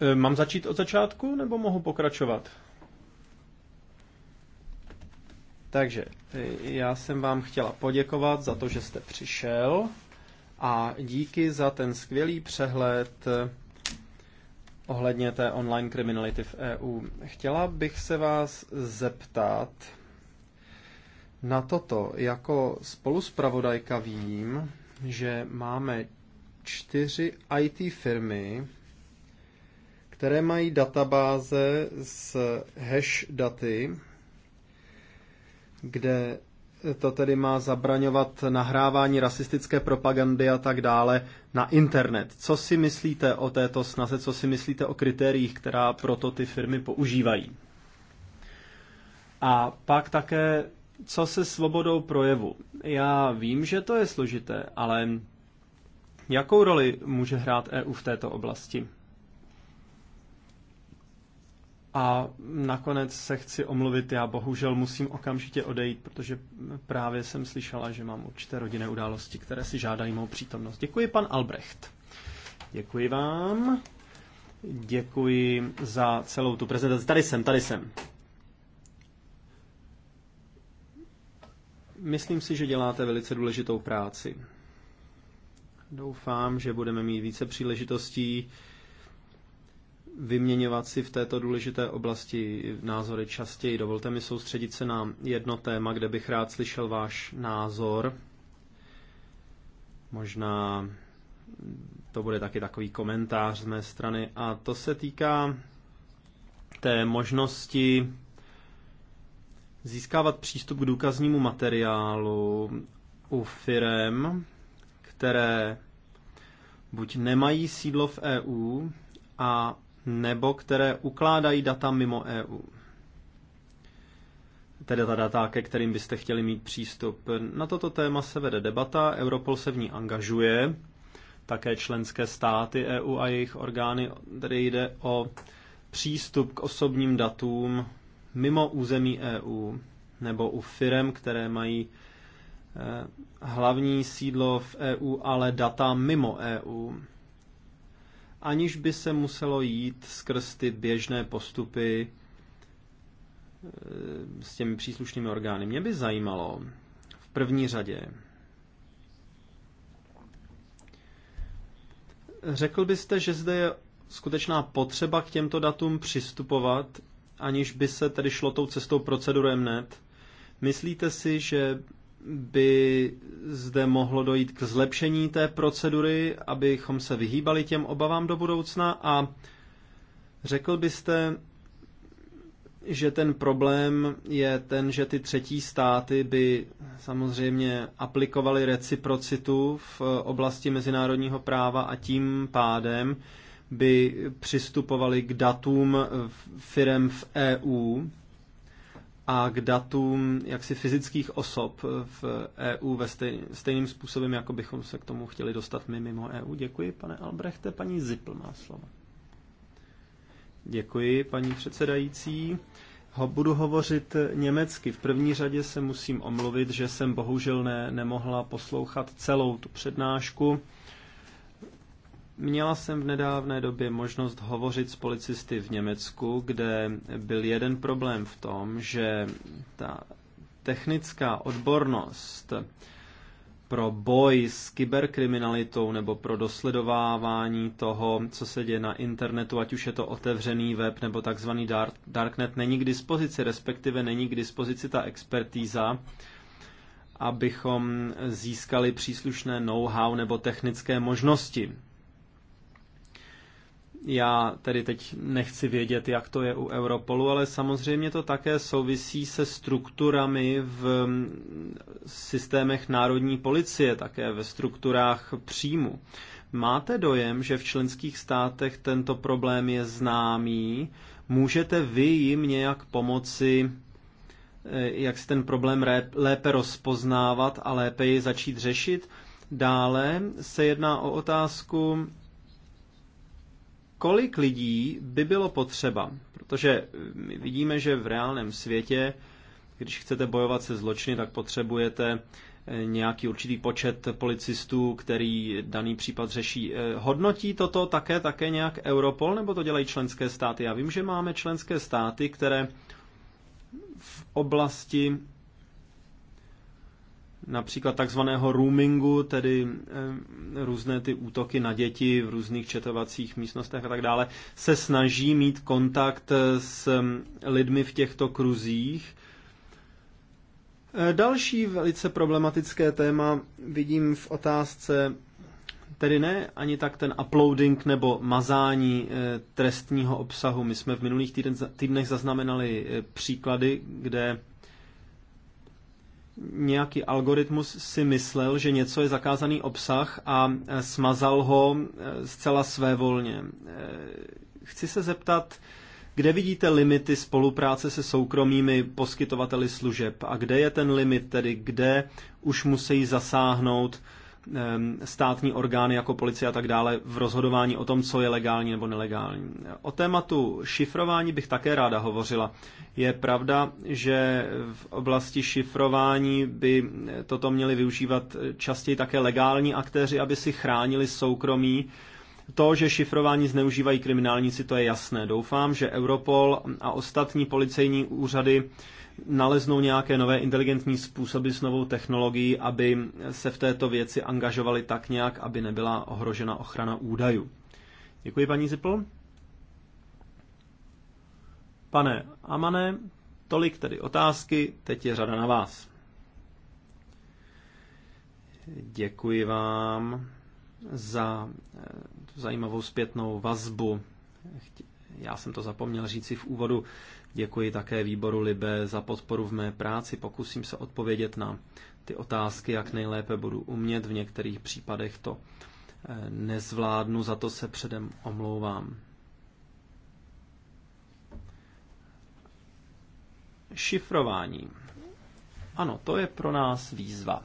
A: Ehm, mám začít od začátku nebo mohu pokračovat? Takže eh, já jsem vám chtěla poděkovat za to, že jste přišel a díky za ten skvělý přehled ohledně té online kriminality v EU. Chtěla bych se vás zeptat na toto. Jako spoluspravodajka vím, že máme čtyři IT firmy, které mají databáze s hash daty, kde to tedy má zabraňovat nahrávání rasistické propagandy a tak dále na internet. Co si myslíte o této snaze, co si myslíte o kritériích, která proto ty firmy používají? A pak také, co se svobodou projevu? Já vím, že to je složité, ale jakou roli může hrát EU v této oblasti? A nakonec se chci omluvit, já bohužel musím okamžitě odejít, protože právě jsem slyšela, že mám určité rodinné události, které si žádají mou přítomnost. Děkuji, pan Albrecht. Děkuji vám. Děkuji za celou tu prezentaci. Tady jsem, tady jsem. Myslím si, že děláte velice důležitou práci. Doufám, že budeme mít více příležitostí vyměňovat si v této důležité oblasti názory častěji. Dovolte mi soustředit se na jedno téma, kde bych rád slyšel váš názor. Možná to bude taky takový komentář z mé strany. A to se týká té možnosti získávat přístup k důkaznímu materiálu u firem, které buď nemají sídlo v EU, a nebo které ukládají data mimo EU. Tedy ta data, ke kterým byste chtěli mít přístup. Na toto téma se vede debata, Europol se v ní angažuje, také členské státy EU a jejich orgány, tedy jde o přístup k osobním datům mimo území EU nebo u firm, které mají eh, hlavní sídlo v EU, ale data mimo EU aniž by se muselo jít skrz ty běžné postupy eh, s těmi příslušnými orgány. Mě by zajímalo v první řadě, řekl byste, že zde je skutečná potřeba k těmto datům přistupovat, aniž by se tedy šlo tou cestou procedurem net? Myslíte si, že by zde mohlo dojít k zlepšení té procedury, abychom se vyhýbali těm obavám do budoucna a řekl byste, že ten problém je ten, že ty třetí státy by samozřejmě aplikovaly reciprocitu v oblasti mezinárodního práva a tím pádem by přistupovali k datům firem v EU a k datům jaksi fyzických osob v EU ve stejný, stejným způsobem, jako bychom se k tomu chtěli dostat my mimo EU. Děkuji, pane Albrechte. Paní Zipl má slovo. Děkuji, paní předsedající. Ho, budu hovořit německy. V první řadě se musím omluvit, že jsem bohužel ne, nemohla poslouchat celou tu přednášku Měla jsem v nedávné době možnost hovořit s policisty v Německu, kde byl jeden problém v tom, že ta technická odbornost pro boj s kyberkriminalitou nebo pro dosledovávání toho, co se děje na internetu, ať už je to otevřený web nebo takzvaný dark, darknet, není k dispozici, respektive není k dispozici ta expertíza, abychom získali příslušné know-how nebo technické možnosti já tedy teď nechci vědět, jak to je u Europolu, ale samozřejmě to také souvisí se strukturami v mm, systémech národní policie, také ve strukturách příjmu. Máte dojem, že v členských státech tento problém je známý? Můžete vy jim nějak pomoci, eh, jak si ten problém lépe rozpoznávat a lépe ji začít řešit? Dále se jedná o otázku kolik lidí by bylo potřeba. Protože eh, my vidíme, že v reálném světě, když chcete bojovat se zločiny, tak potřebujete eh, nějaký určitý počet policistů, který daný případ řeší. Eh, hodnotí toto také, také nějak Europol, nebo to dělají členské státy? Já vím, že máme členské státy, které v oblasti například takzvaného roomingu, tedy eh, různé ty útoky na děti v různých četovacích místnostech a tak dále, se snaží mít kontakt eh, s mm, lidmi v těchto kruzích. Eh, další velice problematické téma vidím v otázce, tedy ne ani tak ten uploading nebo mazání trestního obsahu. My jsme v minulých týdnech zaznamenali příklady, kde nějaký algoritmus si myslel, že něco je zakázaný obsah a e, smazal ho e, zcela svévolně. E, chci se zeptat, kde vidíte limity spolupráce se soukromými poskytovateli služeb a kde je ten limit, tedy kde už musí zasáhnout Ehm, státní orgány jako policie a tak dále v rozhodování o tom, co je legální nebo nelegální. O tématu šifrování bych také ráda hovořila. Je pravda, že v oblasti šifrování by toto měli využívat častěji také legální aktéři, aby si chránili soukromí to, že šifrování zneužívají kriminálníci, to je jasné. Doufám, že Europol a ostatní policejní úřady naleznou nějaké nové inteligentní způsoby s novou technologií, aby se v této věci angažovali tak nějak, aby nebyla ohrožena ochrana údajů. Děkuji, paní Zipl. Pane Amane, tolik tedy otázky, teď je řada na vás. Děkuji vám za eh, tu zajímavou zpětnou vazbu. Já jsem to zapomněl říci v úvodu. Děkuji také výboru Libe za podporu v mé práci. Pokusím se odpovědět na ty otázky, jak nejlépe budu umět. V některých případech to eh, nezvládnu, za to se předem omlouvám. Šifrování. Ano, to je pro nás výzva.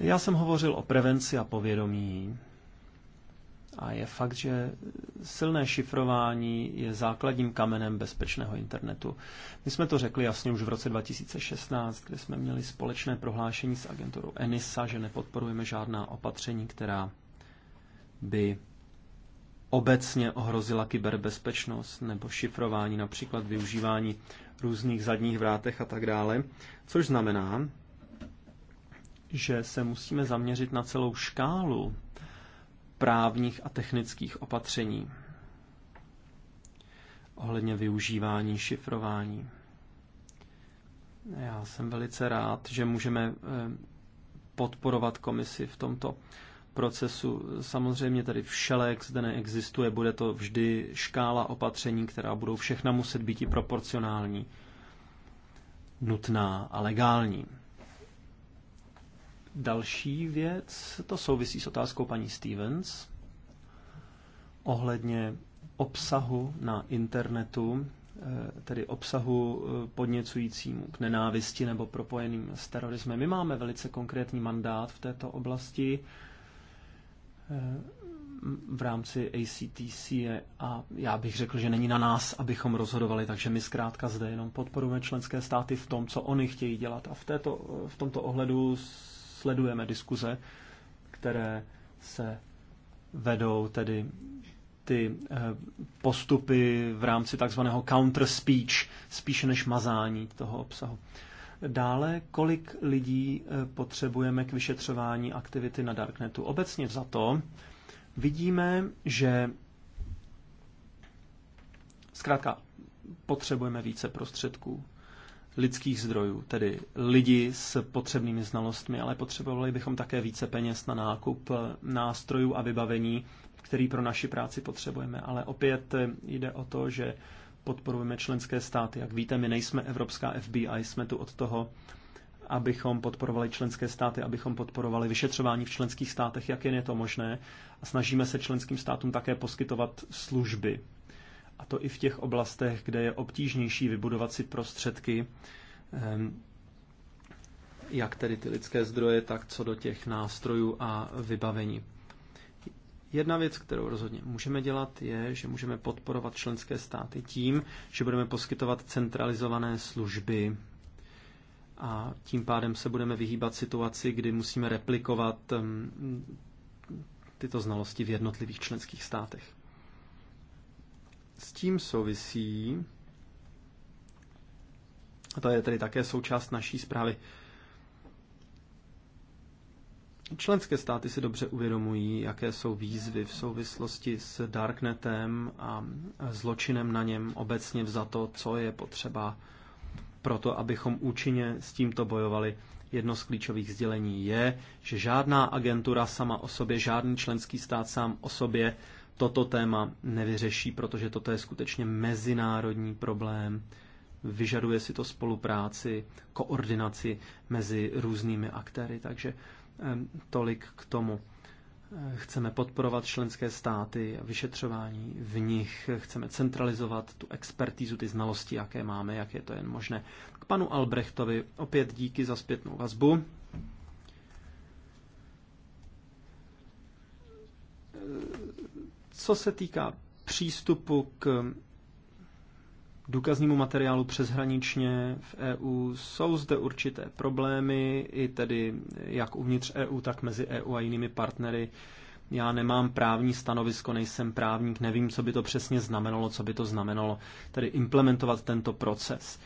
A: Já jsem hovořil o prevenci a povědomí. A je fakt, že silné šifrování je základním kamenem bezpečného internetu. My jsme to řekli jasně už v roce 2016, kdy jsme měli společné prohlášení s agenturou ENISA, že nepodporujeme žádná opatření, která by obecně ohrozila kyberbezpečnost nebo šifrování, například využívání různých zadních vrátech a tak dále. Což znamená, že se musíme zaměřit na celou škálu právních a technických opatření ohledně využívání šifrování. Já jsem velice rád, že můžeme eh, podporovat komisi v tomto procesu. Samozřejmě tady všelek zde neexistuje, bude to vždy škála opatření, která budou všechna muset být i proporcionální, nutná a legální. Další věc, to souvisí s otázkou paní Stevens ohledně obsahu na internetu, eh, tedy obsahu eh, podněcujícímu k nenávisti nebo propojeným s terorismem. My máme velice konkrétní mandát v této oblasti eh, v rámci ACTC a já bych řekl, že není na nás, abychom rozhodovali, takže my zkrátka zde jenom podporujeme členské státy v tom, co oni chtějí dělat. A v, této, v tomto ohledu sledujeme diskuze, které se vedou tedy ty eh, postupy v rámci takzvaného counter speech, spíše než mazání toho obsahu. Dále, kolik lidí eh, potřebujeme k vyšetřování aktivity na Darknetu? Obecně za to vidíme, že zkrátka potřebujeme více prostředků lidských zdrojů, tedy lidi s potřebnými znalostmi, ale potřebovali bychom také více peněz na nákup eh, nástrojů a vybavení, který pro naši práci potřebujeme. Ale opět eh, jde o to, že podporujeme členské státy. Jak víte, my nejsme Evropská FBI, jsme tu od toho, abychom podporovali členské státy, abychom podporovali vyšetřování v členských státech, jak jen je to možné. A snažíme se členským státům také poskytovat služby a to i v těch oblastech, kde je obtížnější vybudovat si prostředky, ehm, jak tedy ty lidské zdroje, tak co do těch nástrojů a vybavení. Jedna věc, kterou rozhodně můžeme dělat, je, že můžeme podporovat členské státy tím, že budeme poskytovat centralizované služby a tím pádem se budeme vyhýbat situaci, kdy musíme replikovat ehm, tyto znalosti v jednotlivých členských státech. S tím souvisí, a to je tedy také součást naší zprávy, Členské státy si dobře uvědomují, jaké jsou výzvy v souvislosti s Darknetem a zločinem na něm obecně to, co je potřeba pro to, abychom účinně s tímto bojovali. Jedno z klíčových sdělení je, že žádná agentura sama o sobě, žádný členský stát sám o sobě toto téma nevyřeší, protože toto je skutečně mezinárodní problém. Vyžaduje si to spolupráci, koordinaci mezi různými aktéry. Takže tolik k tomu. Chceme podporovat členské státy a vyšetřování v nich. Chceme centralizovat tu expertízu, ty znalosti, jaké máme, jak je to jen možné. K panu Albrechtovi opět díky za zpětnou vazbu. Co se týká přístupu k důkaznímu materiálu přeshraničně v EU, jsou zde určité problémy, i tedy jak uvnitř EU, tak mezi EU a jinými partnery. Já nemám právní stanovisko, nejsem právník, nevím, co by to přesně znamenalo, co by to znamenalo, tedy implementovat tento proces.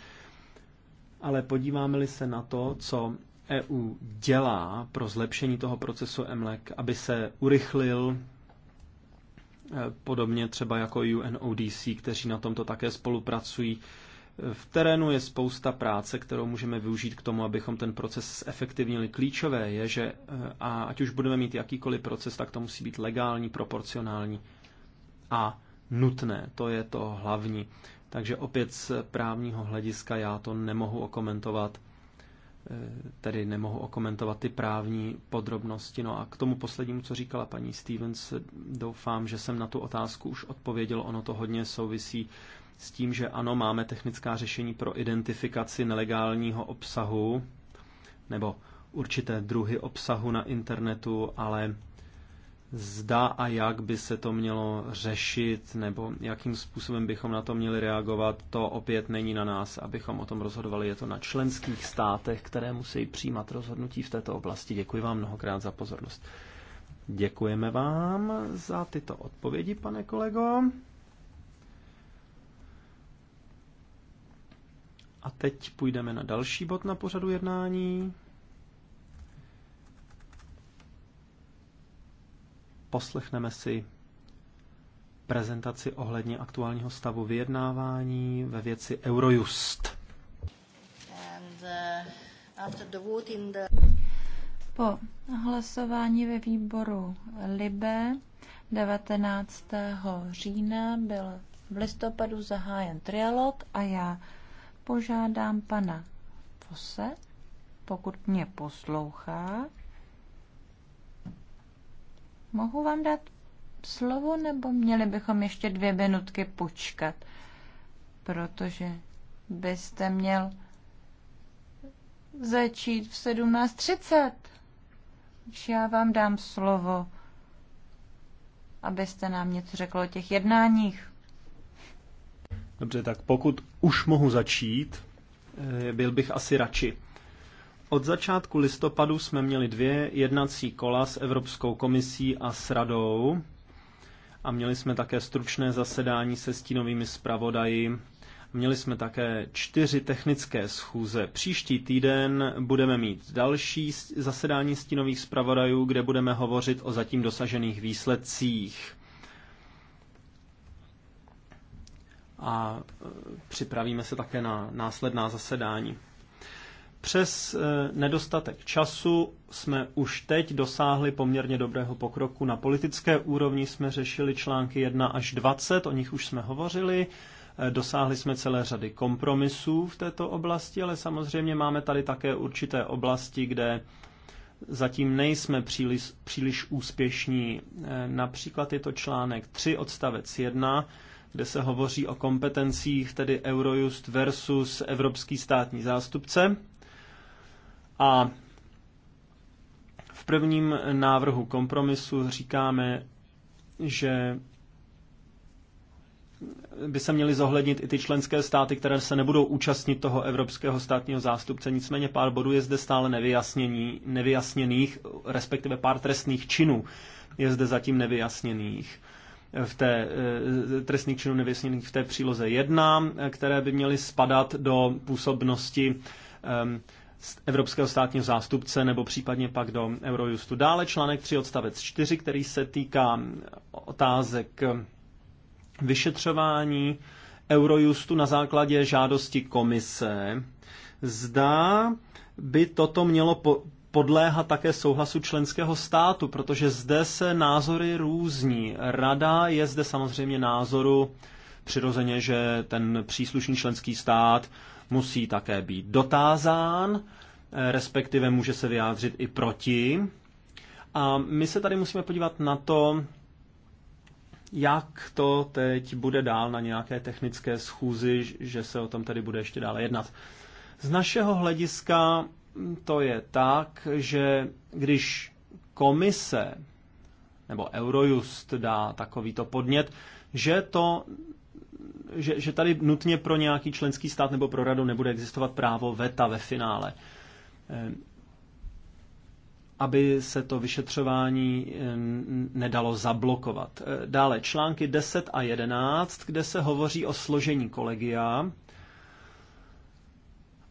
A: Ale podíváme-li se na to, co EU dělá pro zlepšení toho procesu EMLEC, aby se urychlil, podobně třeba jako UNODC, kteří na tomto také spolupracují. V terénu je spousta práce, kterou můžeme využít k tomu, abychom ten proces zefektivnili. Klíčové je, že a ať už budeme mít jakýkoliv proces, tak to musí být legální, proporcionální a nutné. To je to hlavní. Takže opět z právního hlediska já to nemohu okomentovat tedy nemohu okomentovat ty právní podrobnosti. No a k tomu poslednímu, co říkala paní Stevens, doufám, že jsem na tu otázku už odpověděl. Ono to hodně souvisí s tím, že ano, máme technická řešení pro identifikaci nelegálního obsahu nebo určité druhy obsahu na internetu, ale zda a jak by se to mělo řešit, nebo jakým způsobem bychom na to měli reagovat, to opět není na nás, abychom o tom rozhodovali. Je to na členských státech, které musí přijímat rozhodnutí v této oblasti. Děkuji vám mnohokrát za pozornost. Děkujeme vám za tyto odpovědi, pane kolego. A teď půjdeme na další bod na pořadu jednání. Poslechneme si prezentaci ohledně aktuálního stavu vyjednávání ve věci Eurojust.
C: Uh,
B: po hlasování ve výboru Libe 19. října byl v listopadu zahájen trialog a já požádám pana Fose, pokud mě poslouchá, Mohu vám dát slovo, nebo měli bychom ještě dvě minutky počkat? Protože byste měl začít v 17.30. Já vám dám slovo, abyste nám něco řekl o těch jednáních.
A: Dobře, tak pokud už mohu začít, eh, byl bych asi radši. Od začátku listopadu jsme měli dvě jednací kola s Evropskou komisí a s radou a měli jsme také stručné zasedání se stínovými zpravodaji. Měli jsme také čtyři technické schůze. Příští týden budeme mít další zasedání stínových zpravodajů, kde budeme hovořit o zatím dosažených výsledcích. A e, připravíme se také na následná zasedání. Přes eh, nedostatek času jsme už teď dosáhli poměrně dobrého pokroku. Na politické úrovni jsme řešili články 1 až 20, o nich už jsme hovořili. Eh, dosáhli jsme celé řady kompromisů v této oblasti, ale samozřejmě máme tady také určité oblasti, kde zatím nejsme příliš, příliš úspěšní. Eh, například je to článek 3 odstavec 1, kde se hovoří o kompetencích, tedy Eurojust versus Evropský státní zástupce. A v prvním návrhu kompromisu říkáme, že by se měly zohlednit i ty členské státy, které se nebudou účastnit toho evropského státního zástupce. Nicméně pár bodů je zde stále nevyjasnění, nevyjasněných, respektive pár trestných činů je zde zatím nevyjasněných. V té eh, trestných činů nevyjasněných v té příloze 1, eh, které by měly spadat do působnosti um, evropského státního zástupce nebo případně pak do Eurojustu. Dále článek 3 odstavec 4, který se týká otázek vyšetřování Eurojustu na základě žádosti komise. Zdá by toto mělo po podléhat také souhlasu členského státu, protože zde se názory různí. Rada je zde samozřejmě názoru přirozeně, že ten příslušný členský stát musí také být dotázán, eh, respektive může se vyjádřit i proti. A my se tady musíme podívat na to, jak to teď bude dál na nějaké technické schůzi, že se o tom tady bude ještě dále jednat. Z našeho hlediska to je tak, že když komise nebo Eurojust dá takovýto podnět, že to že, že tady nutně pro nějaký členský stát nebo pro radu nebude existovat právo veta ve finále. Eh, aby se to vyšetřování eh, nedalo zablokovat. Eh, dále články 10 a 11, kde se hovoří o složení kolegia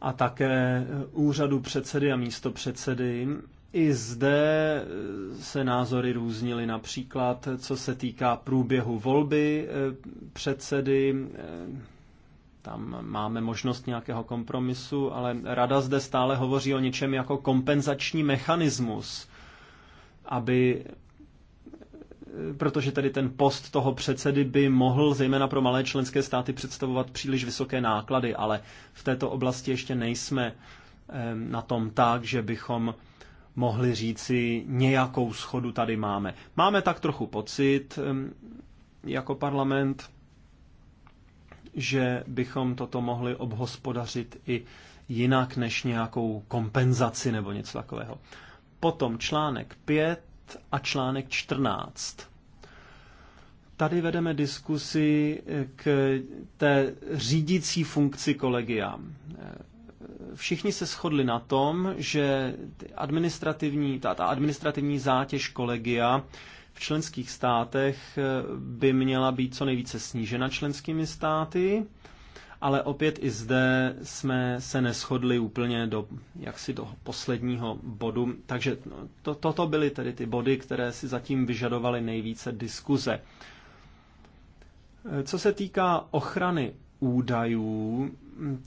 A: a také úřadu předsedy a místopředsedy i zde eh, se názory různily například, co se týká průběhu volby eh, předsedy. Eh, tam máme možnost nějakého kompromisu, ale rada zde stále hovoří o něčem jako kompenzační mechanismus, aby protože tedy ten post toho předsedy by mohl zejména pro malé členské státy představovat příliš vysoké náklady, ale v této oblasti ještě nejsme na tom tak, že bychom mohli říci, nějakou schodu tady máme. Máme tak trochu pocit jako parlament, že bychom toto mohli obhospodařit i jinak než nějakou kompenzaci nebo něco takového. Potom článek 5 a článek 14 tady vedeme diskusi k té řídící funkci kolegia všichni se shodli na tom, že administrativní, ta, ta administrativní zátěž kolegia v členských státech eh, by měla být co nejvíce snížena členskými státy, ale opět i zde jsme se neschodli úplně do jaksi do posledního bodu. Takže no, to, toto byly tedy ty body, které si zatím vyžadovaly nejvíce diskuze. Eh, co se týká ochrany údajů,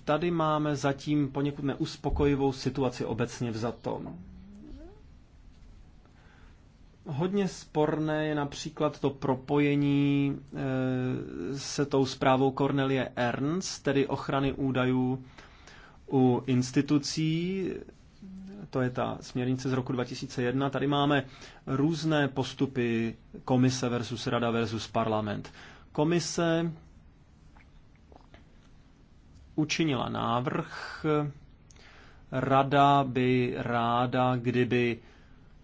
A: tady máme zatím poněkud neuspokojivou situaci obecně vzato. Hodně sporné je například to propojení eh, se tou zprávou Cornelie Ernst, tedy ochrany údajů u institucí, to je ta směrnice z roku 2001. Tady máme různé postupy komise versus rada versus parlament. Komise učinila návrh. Rada by ráda, kdyby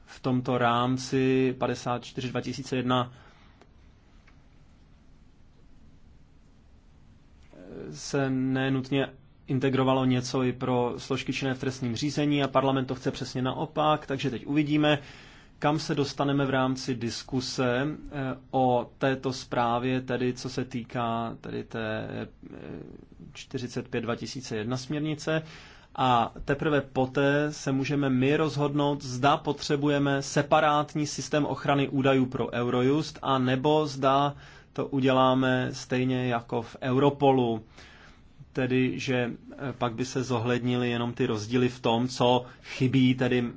A: v tomto rámci 54.2001 2001 se nenutně integrovalo něco i pro složky činné v trestním řízení a parlament to chce přesně naopak, takže teď uvidíme kam se dostaneme v rámci diskuse eh, o této zprávě, tedy co se týká tedy té 45-2001 eh, směrnice. A teprve poté se můžeme my rozhodnout, zda potřebujeme separátní systém ochrany údajů pro Eurojust, a nebo zda to uděláme stejně jako v Europolu tedy, že eh, pak by se zohlednili jenom ty rozdíly v tom, co chybí tedy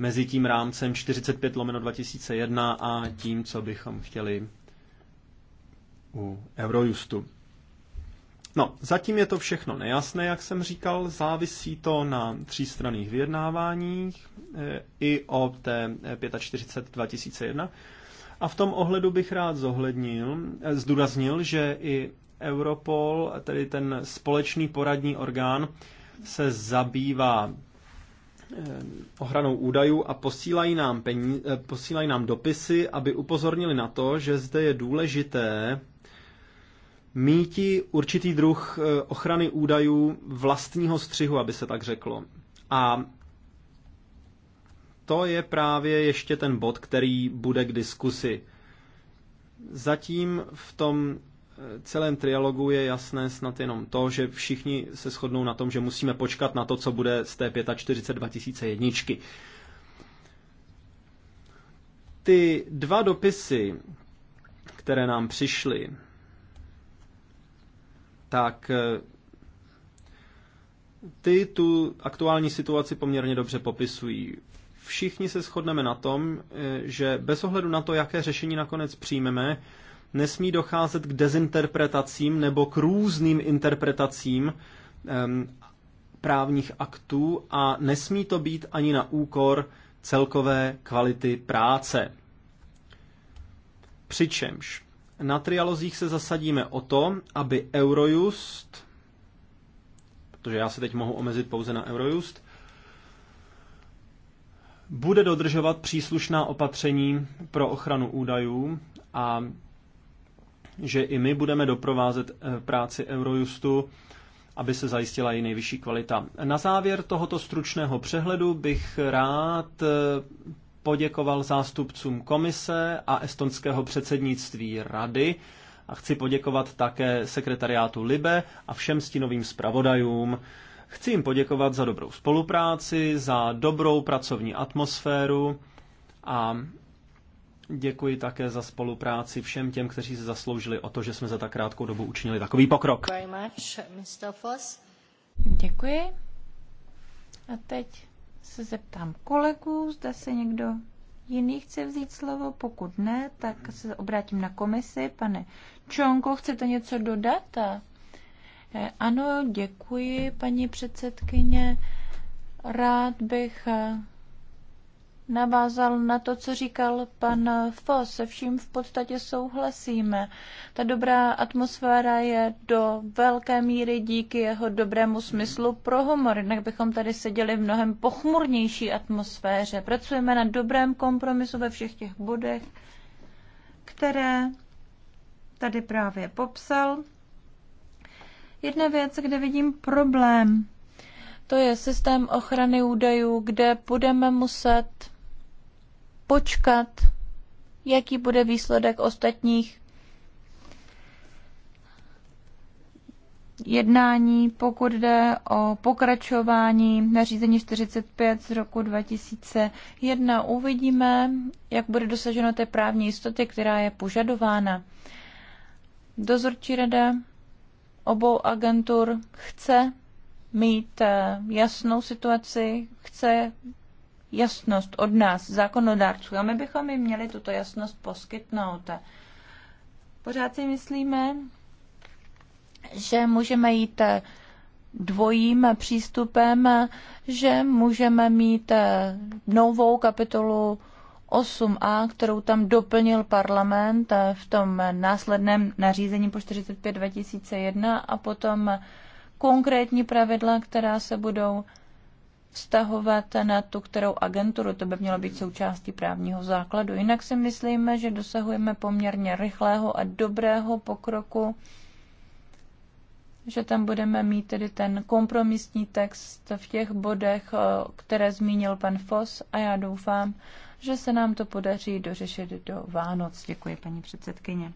A: mezi tím rámcem 45 lomeno 2001 a tím, co bychom chtěli u Eurojustu. No, zatím je to všechno nejasné, jak jsem říkal, závisí to na třístranných vyjednáváních e, i o té 45 2001. A v tom ohledu bych rád zohlednil, e, zdůraznil, že i Europol, tedy ten společný poradní orgán, se zabývá Eh, ochranou údajů a posílají nám, peníze, eh, posílají nám dopisy, aby upozornili na to, že zde je důležité míti určitý druh eh, ochrany údajů vlastního střihu, aby se tak řeklo. A to je právě ještě ten bod, který bude k diskusi. Zatím v tom celém trialogu je jasné snad jenom to, že všichni se shodnou na tom, že musíme počkat na to, co bude z té 45 2001. Ty dva dopisy, které nám přišly, tak eh, ty tu aktuální situaci poměrně dobře popisují. Všichni se shodneme na tom, eh, že bez ohledu na to, jaké řešení nakonec přijmeme, nesmí docházet k dezinterpretacím nebo k různým interpretacím právních aktů a nesmí to být ani na úkor celkové kvality práce. Přičemž na trialozích se zasadíme o to, aby Eurojust, protože já se teď mohu omezit pouze na Eurojust, bude dodržovat příslušná opatření pro ochranu údajů a že i my budeme doprovázet eh, práci Eurojustu, aby se zajistila její nejvyšší kvalita. Na závěr tohoto stručného přehledu bych rád eh, poděkoval zástupcům komise a estonského předsednictví rady a chci poděkovat také sekretariátu Libe a všem stínovým zpravodajům. Chci jim poděkovat za dobrou spolupráci, za dobrou pracovní atmosféru a Děkuji také za spolupráci všem těm, kteří se zasloužili o to, že jsme za tak krátkou dobu učinili takový pokrok.
C: Děkuji.
B: A teď se zeptám kolegů, zda se někdo jiný chce vzít slovo. Pokud ne, tak se obrátím na komisi. Pane Čonko, chcete něco dodat? Eh, ano, děkuji, paní předsedkyně. Rád bych eh, navázal na to, co říkal pan Fos, Se vším v podstatě souhlasíme. Ta dobrá atmosféra je do velké míry díky jeho dobrému smyslu pro humor. Jinak bychom tady seděli v mnohem pochmurnější atmosféře. Pracujeme na dobrém kompromisu ve všech těch bodech, které tady právě popsal. Jedna věc, kde vidím problém, to je systém ochrany údajů, kde budeme muset počkat, jaký bude výsledek ostatních jednání, pokud jde o pokračování nařízení 45 z roku 2001. Uvidíme, jak bude dosaženo té právní jistoty, která je požadována. Dozorčí rada obou agentur chce mít eh, jasnou situaci, chce jasnost od nás, zákonodárců, a my bychom jim měli tuto jasnost poskytnout. Pořád si myslíme, že můžeme jít eh, dvojím přístupem, že můžeme mít eh, novou kapitolu 8a, kterou tam doplnil parlament eh, v tom následném nařízení po 45 2001 a potom konkrétní pravidla, která se budou vztahovat na tu kterou agenturu. To by mělo být součástí právního základu. Jinak si myslíme, že dosahujeme poměrně rychlého a dobrého pokroku, že tam budeme mít tedy ten kompromisní text v těch bodech, eh, které zmínil pan Fos a já doufám, že se nám to podaří dořešit do Vánoc. Děkuji, paní předsedkyně.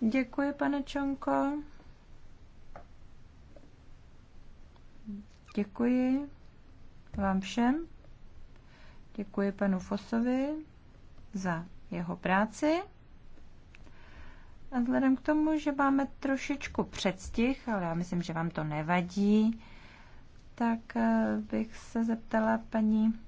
B: Děkuji, pane Čonko. Děkuji vám všem. Děkuji panu Fosovi za jeho práci. A vzhledem k tomu, že máme trošičku předstih, ale já myslím, že vám to nevadí, tak eh, bych se zeptala paní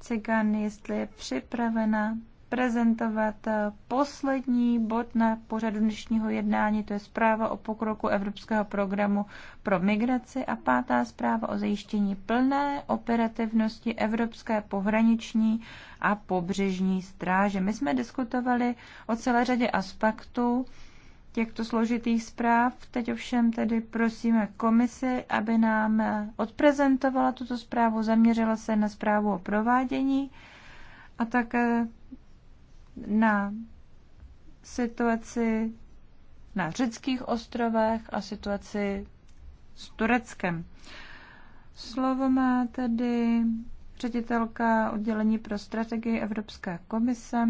B: Cigan, jestli je připravena prezentovat eh, poslední bod na pořadu dnešního jednání, to je zpráva o pokroku Evropského programu pro migraci a pátá zpráva o zajištění plné operativnosti Evropské pohraniční a pobřežní stráže. My jsme diskutovali o celé řadě aspektů těchto složitých zpráv. Teď ovšem tedy prosíme komisi, aby nám eh, odprezentovala tuto zprávu, zaměřila se na zprávu o provádění a také na situaci na řeckých ostrovech a situaci s Tureckem. Slovo má tedy ředitelka oddělení pro strategii Evropské komise,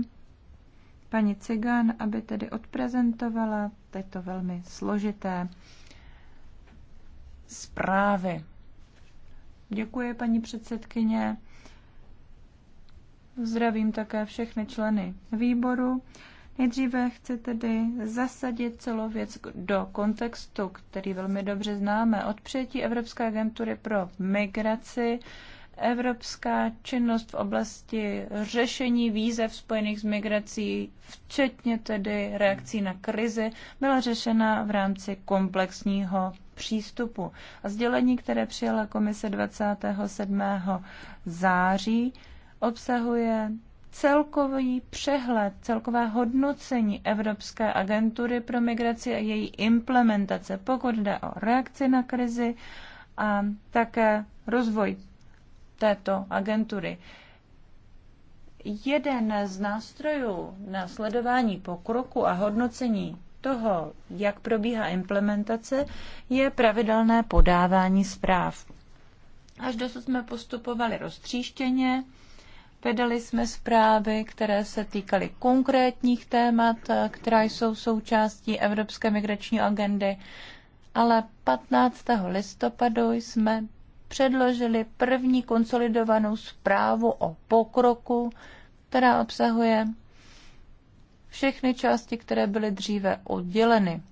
B: paní Cigán, aby tedy odprezentovala tyto velmi složité zprávy. Děkuji, paní předsedkyně. Zdravím také všechny členy výboru. Nejdříve chci tedy zasadit celou věc do kontextu, který velmi dobře známe. Od přijetí Evropské agentury pro migraci evropská činnost v oblasti řešení výzev spojených s migrací, včetně tedy reakcí na krizi, byla řešena v rámci komplexního přístupu. A sdělení, které přijala komise 27. září, obsahuje celkový přehled, celkové hodnocení Evropské agentury pro migraci a její implementace, pokud jde o reakci na krizi a také rozvoj této agentury. Jeden z nástrojů na sledování pokroku a hodnocení toho, jak probíhá implementace, je pravidelné podávání zpráv. Až dosud jsme postupovali roztříštěně, Vydali jsme zprávy, které se týkaly konkrétních témat, která jsou součástí Evropské migrační agendy, ale 15. listopadu jsme předložili první konsolidovanou zprávu o pokroku, která obsahuje všechny části, které byly dříve odděleny.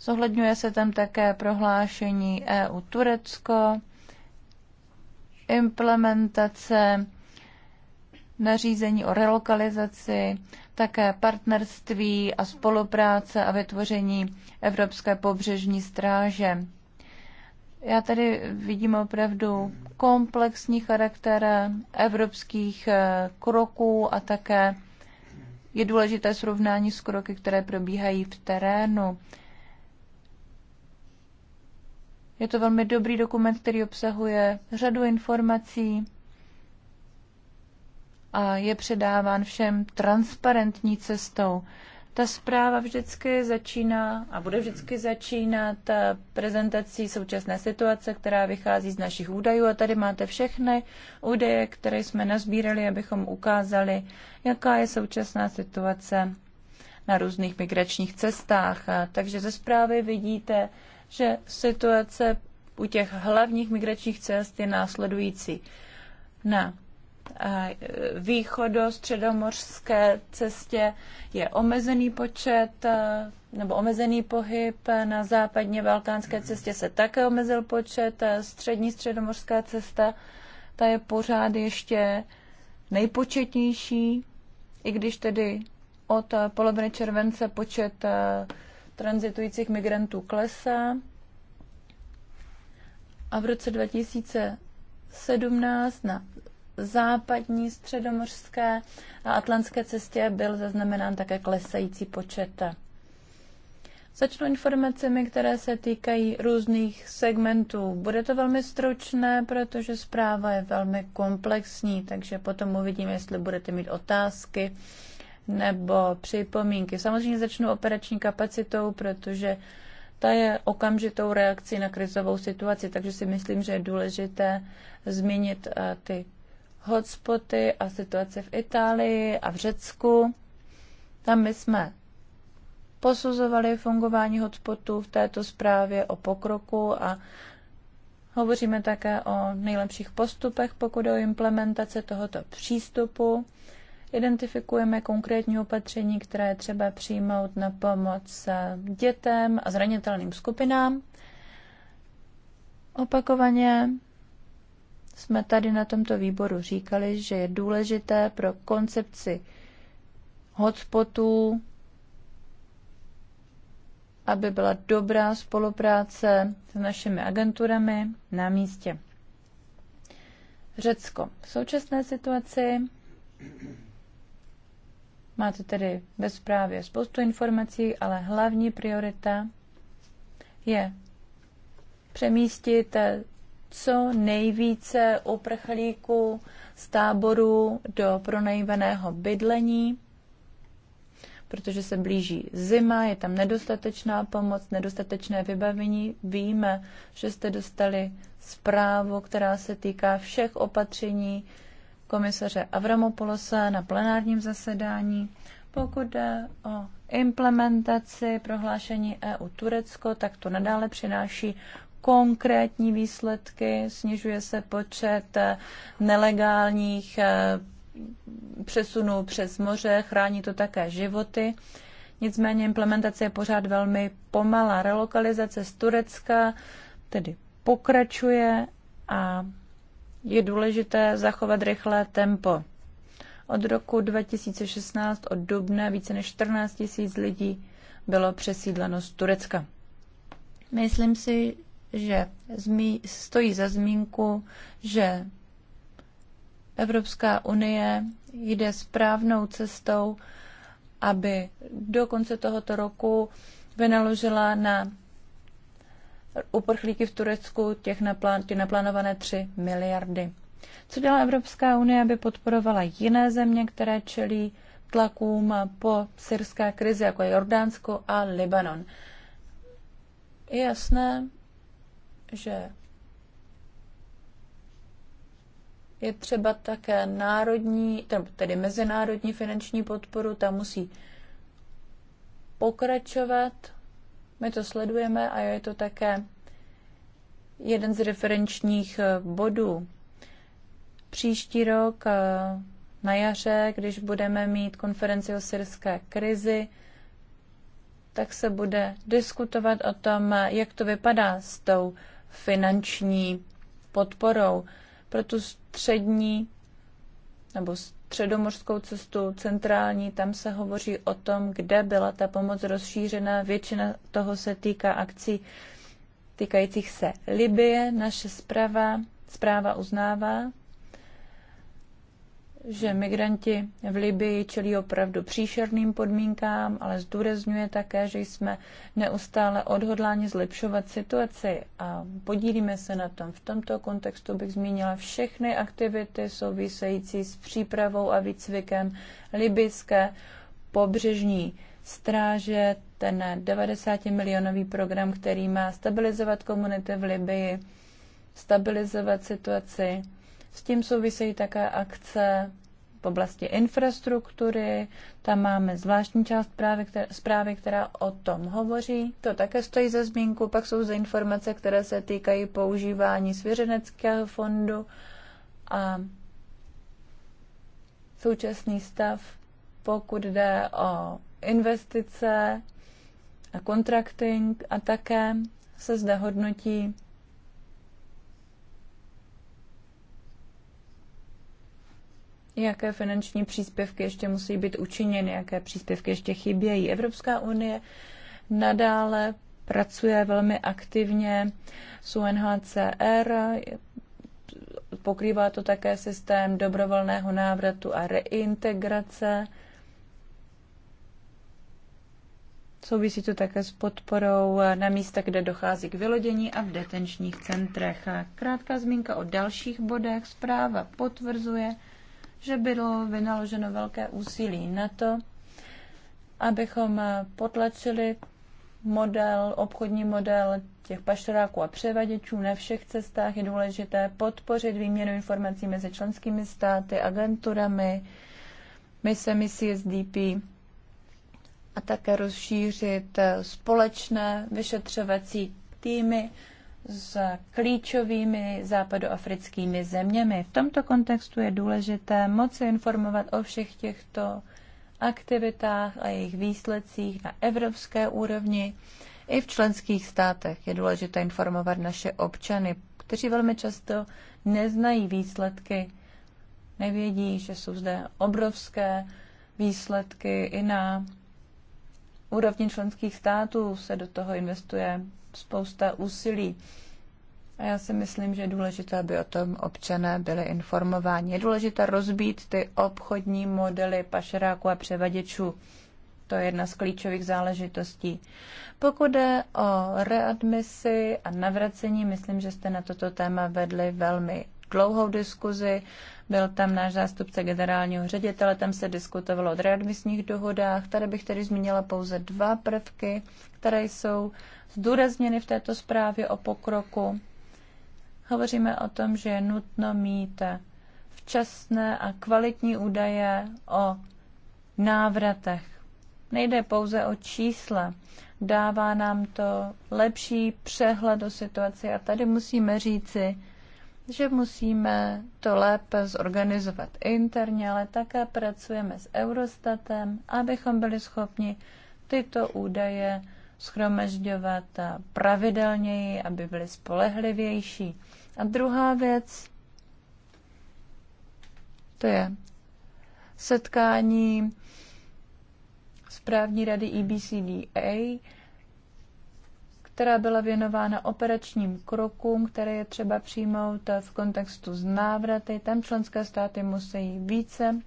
B: Zohledňuje se tam také prohlášení EU Turecko, implementace nařízení o relokalizaci, také partnerství a spolupráce a vytvoření Evropské pobřežní stráže. Já tady vidím opravdu komplexní charakter evropských eh, kroků a také je důležité srovnání s kroky, které probíhají v terénu. Je to velmi dobrý dokument, který obsahuje řadu informací a je předáván všem transparentní cestou. Ta zpráva vždycky začíná a bude vždycky začínat prezentací současné situace, která vychází z našich údajů. A tady máte všechny údaje, které jsme nazbírali, abychom ukázali, jaká je současná situace na různých migračních cestách. A takže ze zprávy vidíte, že situace u těch hlavních migračních cest je následující. Na eh, východo-středomořské cestě je omezený počet eh, nebo omezený pohyb. Na západně balkánské cestě se také omezil počet. Eh, střední středomořská cesta, ta je pořád ještě nejpočetnější, i když tedy od poloviny července počet transitujících migrantů klesá a v roce 2017 na západní středomořské a atlantské cestě byl zaznamenán také klesající počet. Začnu informacemi, které se týkají různých segmentů. Bude to velmi stručné, protože zpráva je velmi komplexní, takže potom uvidím, jestli budete mít otázky nebo připomínky. Samozřejmě začnu operační kapacitou, protože ta je okamžitou reakcí na krizovou situaci, takže si myslím, že je důležité zmínit eh, ty hotspoty a situace v Itálii a v Řecku. Tam my jsme posuzovali fungování hotspotů v této zprávě o pokroku a hovoříme také o nejlepších postupech, pokud o implementace tohoto přístupu identifikujeme konkrétní opatření, které je třeba přijmout na pomoc dětem a zranitelným skupinám. Opakovaně jsme tady na tomto výboru říkali, že je důležité pro koncepci hotspotů, aby byla dobrá spolupráce s našimi agenturami na místě. Řecko. V současné situaci Máte tedy ve zprávě spoustu informací, ale hlavní priorita je přemístit co nejvíce uprchlíků z táboru do pronajímaného bydlení, protože se blíží zima, je tam nedostatečná pomoc, nedostatečné vybavení. Víme, že jste dostali zprávu, která se týká všech opatření, komisaře Avramopolose na plenárním zasedání. Pokud jde o implementaci prohlášení EU Turecko, tak to nadále přináší konkrétní výsledky, snižuje se počet eh, nelegálních eh, přesunů přes moře, chrání to také životy. Nicméně implementace je pořád velmi pomalá. Relokalizace z Turecka tedy pokračuje a je důležité zachovat rychlé tempo. Od roku 2016 od dubna více než 14 tisíc lidí bylo přesídleno z Turecka. Myslím si, že stojí za zmínku, že Evropská unie jde správnou cestou, aby do konce tohoto roku vynaložila na uprchlíky v Turecku, těch naplán, ty naplánované 3 miliardy. Co dělá Evropská unie, aby podporovala jiné země, které čelí tlakům po syrské krizi, jako je Jordánsko a Libanon? Je jasné, že je třeba také národní, tedy mezinárodní finanční podporu, ta musí pokračovat my to sledujeme a je to také jeden z referenčních eh, bodů. Příští rok eh, na jaře, když budeme mít konferenci o syrské krizi, tak se bude diskutovat o tom, eh, jak to vypadá s tou finanční podporou pro tu střední nebo středomořskou cestu, centrální, tam se hovoří o tom, kde byla ta pomoc rozšířena. Většina toho se týká akcí týkajících se Libie. Naše zpráva, zpráva uznává, že migranti v Libii čelí opravdu příšerným podmínkám, ale zdůrazňuje také, že jsme neustále odhodláni zlepšovat situaci a podílíme se na tom. V tomto kontextu bych zmínila všechny aktivity související s přípravou a výcvikem libijské pobřežní stráže, ten 90-milionový program, který má stabilizovat komunity v Libii, stabilizovat situaci s tím souvisejí také akce v oblasti infrastruktury. Tam máme zvláštní část právě, která, zprávy, která o tom hovoří. To také stojí za zmínku. Pak jsou zde informace, které se týkají používání svěřeneckého fondu a současný stav, pokud jde o investice a contracting a také se zde hodnotí jaké finanční příspěvky ještě musí být učiněny, jaké příspěvky ještě chybějí. Evropská unie nadále pracuje velmi aktivně s UNHCR, pokrývá to také systém dobrovolného návratu a reintegrace. Souvisí to také s podporou na místa, kde dochází k vylodění a v detenčních centrech. Krátká zmínka o dalších bodech. Zpráva potvrzuje, že bylo vynaloženo velké úsilí na to, abychom potlačili model, obchodní model těch pašeráků a převaděčů na všech cestách. Je důležité podpořit výměnu informací mezi členskými státy, agenturami, misemi SDP a také rozšířit společné vyšetřovací týmy s klíčovými západoafrickými zeměmi. V tomto kontextu je důležité se informovat o všech těchto aktivitách a jejich výsledcích na evropské úrovni i v členských státech. Je důležité informovat naše občany, kteří velmi často neznají výsledky, nevědí, že jsou zde obrovské výsledky i na úrovni členských států se do toho investuje spousta úsilí. A já si myslím, že je důležité, aby o tom občané byli informováni. Je důležité rozbít ty obchodní modely pašeráků a převaděčů. To je jedna z klíčových záležitostí. Pokud jde o readmisi a navracení, myslím, že jste na toto téma vedli velmi dlouhou diskuzi. Byl tam náš zástupce generálního ředitele, tam se diskutovalo o readmisních dohodách. Tady bych tedy zmínila pouze dva prvky, které jsou zdůrazněny v této zprávě o pokroku. Hovoříme o tom, že je nutno mít včasné a kvalitní údaje o návratech. Nejde pouze o čísla, dává nám to lepší přehled o situaci a tady musíme říci, že musíme to lépe zorganizovat interně, ale také pracujeme s Eurostatem, abychom byli schopni tyto údaje schromažďovat pravidelněji, aby byly spolehlivější. A druhá věc, to je setkání správní rady EBCDA, která byla věnována operačním krokům, které je třeba přijmout v kontextu s návraty. Tam členské státy musí více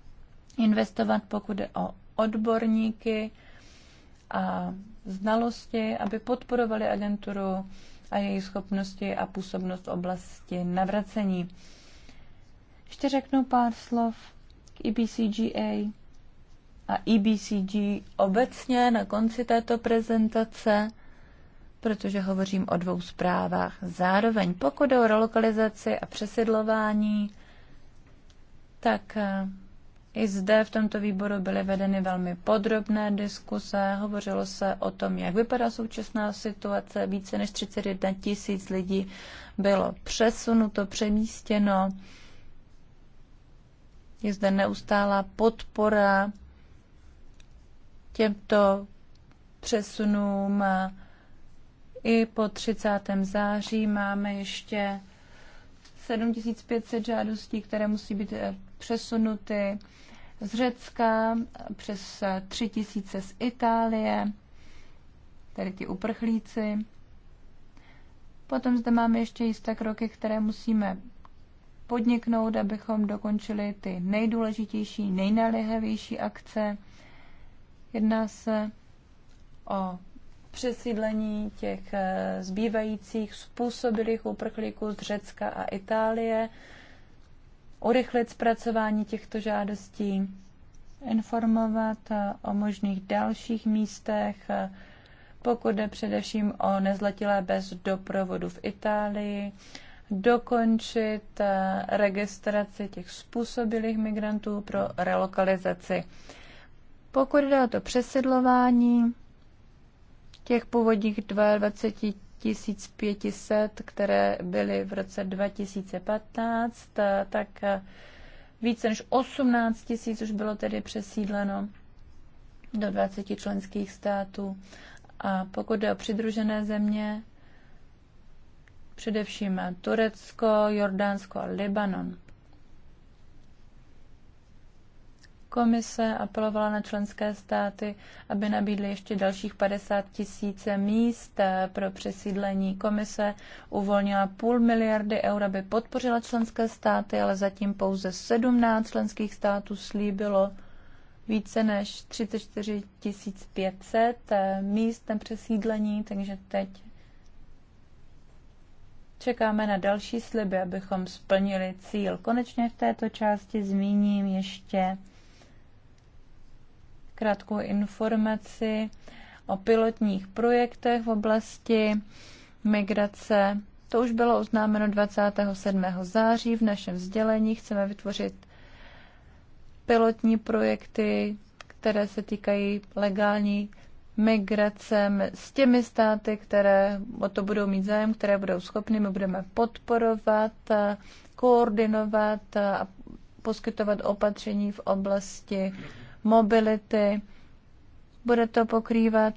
B: investovat, pokud je o odborníky a znalosti, aby podporovali agenturu a její schopnosti a působnost v oblasti navracení. Ještě řeknu pár slov k EBCGA a EBCG obecně na konci této prezentace, protože hovořím o dvou zprávách. Zároveň pokud o relokalizaci a přesidlování, tak eh, i zde v tomto výboru byly vedeny velmi podrobné diskuse, hovořilo se o tom, jak vypadá současná situace. Více než 31 tisíc lidí bylo přesunuto, přemístěno. Je zde neustálá podpora těmto přesunům. I po 30. září máme ještě 7500 žádostí, které musí být přesunuty z Řecka, přes tři tisíce z Itálie, tedy ti uprchlíci. Potom zde máme ještě jisté kroky, které musíme podniknout, abychom dokončili ty nejdůležitější, nejnaléhavější akce. Jedná se o přesídlení těch eh, zbývajících způsobilých uprchlíků z Řecka a Itálie urychlit zpracování těchto žádostí, informovat eh, o možných dalších místech, eh, pokud jde především o nezletilé bez doprovodu v Itálii, dokončit eh, registraci těch způsobilých migrantů pro relokalizaci. Pokud jde o to přesedlování těch původních 22 1500, které byly v roce 2015, tak více než 18 000 už bylo tedy přesídleno do 20 členských států. A pokud jde o přidružené země, především Turecko, Jordánsko a Libanon. Komise apelovala na členské státy, aby nabídly ještě dalších 50 tisíc míst eh, pro přesídlení. Komise uvolnila půl miliardy eur, aby podpořila členské státy, ale zatím pouze 17 členských států slíbilo více než 34 500 eh, míst na přesídlení, takže teď čekáme na další sliby, abychom splnili cíl. Konečně v této části zmíním ještě krátkou informaci o pilotních projektech v oblasti migrace. To už bylo oznámeno 27. září v našem sdělení. Chceme vytvořit pilotní projekty, které se týkají legální migrace s těmi státy, které o to budou mít zájem, které budou schopny. My budeme podporovat, koordinovat a poskytovat opatření v oblasti mobility. Bude to pokrývat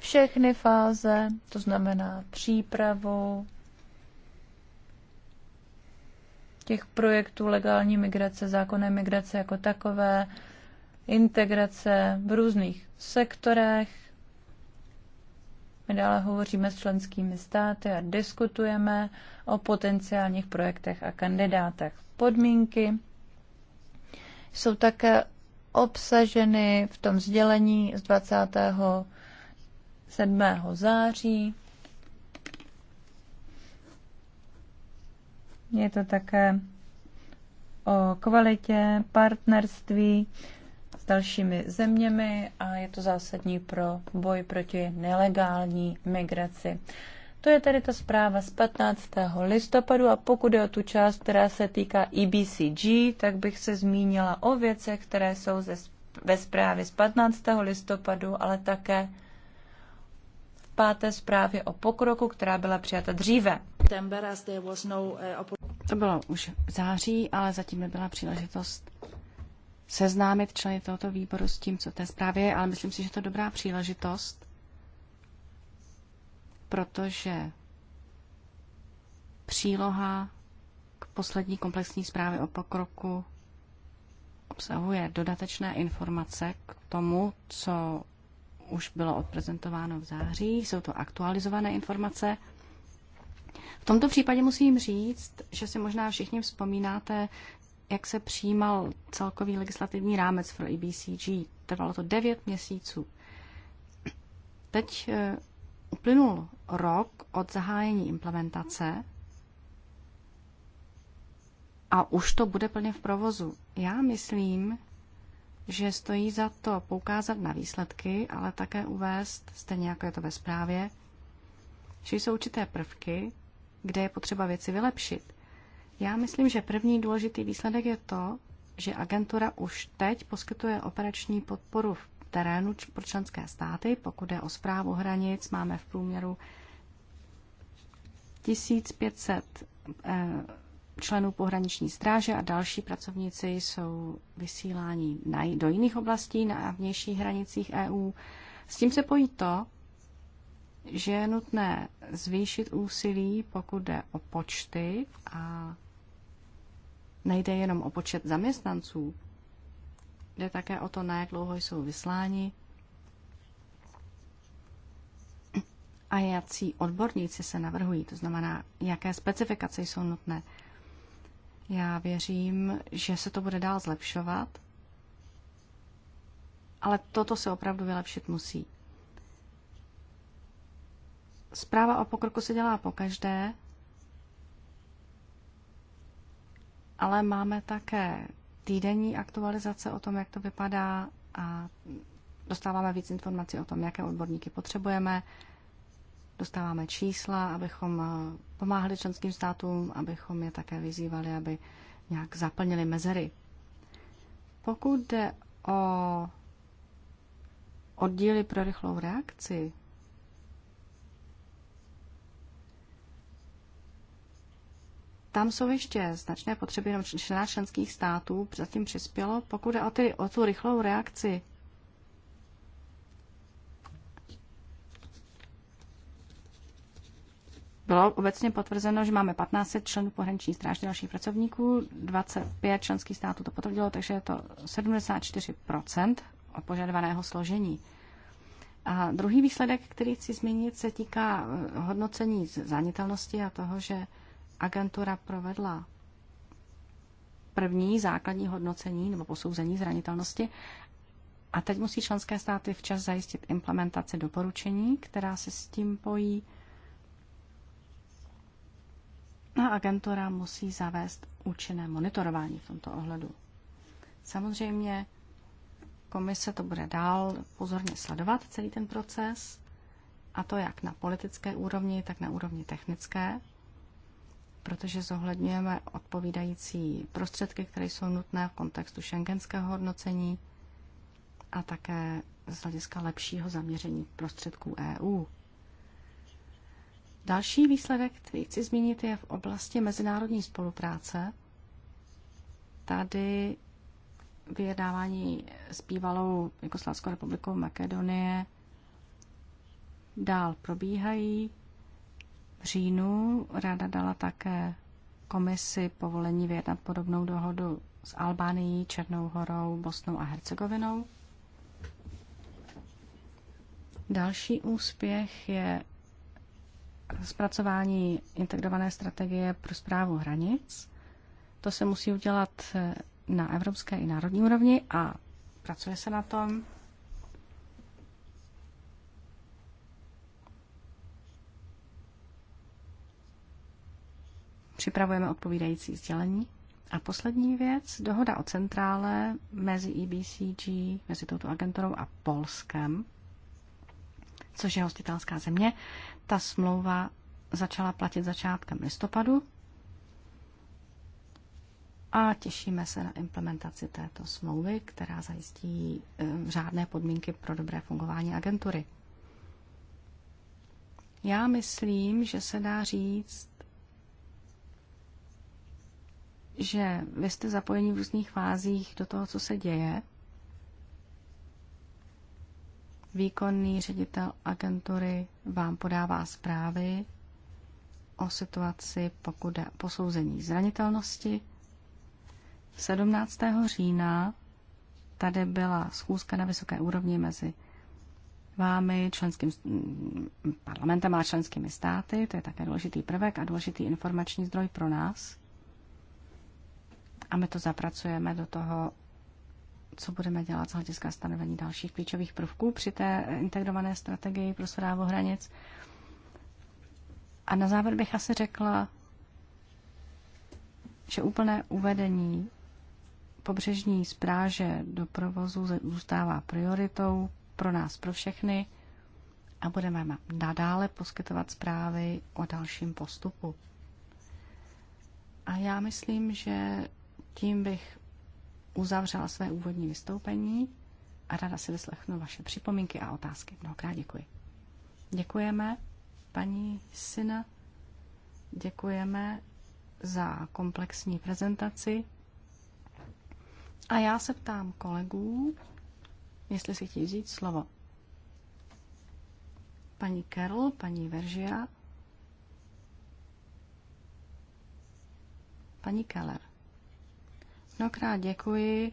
B: všechny fáze, to znamená přípravu těch projektů legální migrace, zákonné migrace jako takové, integrace v různých sektorech. My dále hovoříme s členskými státy a diskutujeme o potenciálních projektech a kandidátech. Podmínky jsou také obsaženy v tom sdělení z 27. září. Je to také o kvalitě partnerství s dalšími zeměmi a je to zásadní pro boj proti nelegální migraci. To je tedy ta zpráva z 15. listopadu a pokud je o tu část, která se týká EBCG, tak bych se zmínila o věcech, které jsou ze, ve zprávě z 15. listopadu, ale také
C: v páté zprávě o pokroku, která byla přijata dříve. To bylo už v září, ale zatím nebyla příležitost seznámit členy tohoto výboru s tím, co té zprávě je, ale myslím si, že to je dobrá příležitost protože příloha k poslední komplexní zprávě o pokroku obsahuje dodatečné informace k tomu, co už bylo odprezentováno v září. Jsou to aktualizované informace. V tomto případě musím říct, že si možná všichni vzpomínáte, jak se přijímal celkový legislativní rámec pro IBCG. E Trvalo to devět měsíců. Teď eh, Uplynul rok od zahájení implementace a už to bude plně v provozu. Já myslím, že stojí za to poukázat na výsledky, ale také uvést, stejně jako je to ve zprávě, že jsou určité prvky, kde je potřeba věci vylepšit. Já myslím, že první důležitý výsledek je to, že agentura už teď poskytuje operační podporu v terénu pro členské státy. Pokud jde o zprávu hranic, máme v průměru 1500 eh, členů pohraniční stráže a další pracovníci jsou vysíláni do jiných oblastí na vnějších hranicích EU. S tím se pojí to, že je nutné zvýšit úsilí, pokud jde o počty a nejde jenom o počet zaměstnanců, Jde také o to, na jak dlouho jsou vysláni a jací odborníci se navrhují, to znamená, jaké specifikace jsou nutné. Já věřím, že se to bude dál zlepšovat, ale toto se opravdu vylepšit musí. Zpráva o pokroku se dělá po každé, ale máme také týdenní aktualizace o tom, jak to vypadá a dostáváme víc informací o tom, jaké odborníky potřebujeme, dostáváme čísla, abychom eh, pomáhali členským státům, abychom je také vyzývali, aby nějak zaplnili mezery. Pokud jde o oddíly pro rychlou reakci, Tam jsou ještě značné potřeby jenom členských států, zatím přispělo. Pokud jde o, ty, o tu rychlou reakci, Bylo obecně potvrzeno, že máme 15 členů pohraniční stráže dalších pracovníků, 25 členských států to potvrdilo, takže je to 74 od požadovaného složení. A druhý výsledek, který chci zmínit, se týká eh, hodnocení zánitelnosti a toho, že agentura provedla první základní hodnocení nebo posouzení zranitelnosti a teď musí členské státy včas zajistit implementaci doporučení, která se s tím pojí. A agentura musí zavést účinné monitorování v tomto ohledu. Samozřejmě komise to bude dál pozorně sledovat celý ten proces, a to jak na politické úrovni, tak na úrovni technické protože zohledňujeme odpovídající prostředky, které jsou nutné v kontextu šengenského hodnocení a také z hlediska lepšího zaměření prostředků EU. Další výsledek, který chci zmínit, je v oblasti mezinárodní spolupráce. Tady vyjednávání s bývalou Jugoslávskou republikou Makedonie dál probíhají. V říjnu ráda dala také komisi povolení vyjednat podobnou dohodu s Albánií, Černou horou, Bosnou a Hercegovinou. Další úspěch je zpracování integrované strategie pro zprávu hranic. To se musí udělat na evropské i národní úrovni a pracuje se na tom. Připravujeme odpovídající sdělení. A poslední věc, dohoda o centrále mezi EBCG, mezi touto agenturou a Polskem, což je hostitelská země. Ta smlouva začala platit začátkem listopadu a těšíme se na implementaci této smlouvy, která zajistí eh, řádné podmínky pro dobré fungování agentury. Já myslím, že se dá říct, že vy jste zapojeni v různých fázích do toho, co se děje. Výkonný ředitel agentury vám podává zprávy o situaci, pokud je posouzení zranitelnosti. 17. října tady byla schůzka na vysoké úrovni mezi vámi, členským mm, parlamentem a členskými státy, to je také důležitý prvek a důležitý informační zdroj pro nás. A my to zapracujeme do toho, co budeme dělat z hlediska stanovení dalších klíčových prvků při té integrované strategii pro zprávu hranic. A na závěr bych asi řekla, že úplné uvedení pobřežní spráže do provozu zůstává prioritou pro nás, pro všechny a budeme nadále poskytovat zprávy o dalším postupu. A já myslím, že tím bych uzavřela své úvodní vystoupení a ráda si vyslechnu vaše připomínky a otázky. Mnohokrát děkuji. Děkujeme, paní Syna. Děkujeme za komplexní prezentaci. A já se ptám kolegů, jestli si chtějí vzít slovo. Paní Kerl, paní Veržia, paní Keller. Mnohokrát děkuji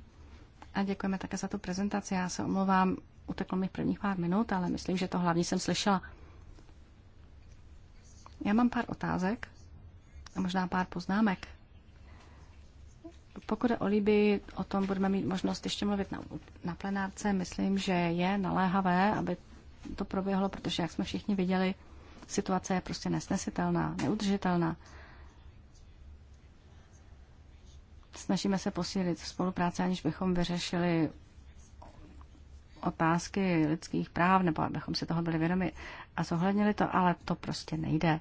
C: a děkujeme také za tu prezentaci. Já se omlouvám, uteklo mi prvních pár minut, ale myslím, že to hlavně jsem slyšela. Já mám pár otázek a možná pár poznámek. Pokud je o Libii, o tom budeme mít možnost ještě mluvit na, na plenárce. Myslím, že je naléhavé, aby to proběhlo, protože, jak jsme všichni viděli, situace je prostě nesnesitelná, neudržitelná. Snažíme se posílit spolupráci, aniž bychom vyřešili otázky lidských práv, nebo abychom si toho byli vědomi a zohlednili to, ale to prostě nejde.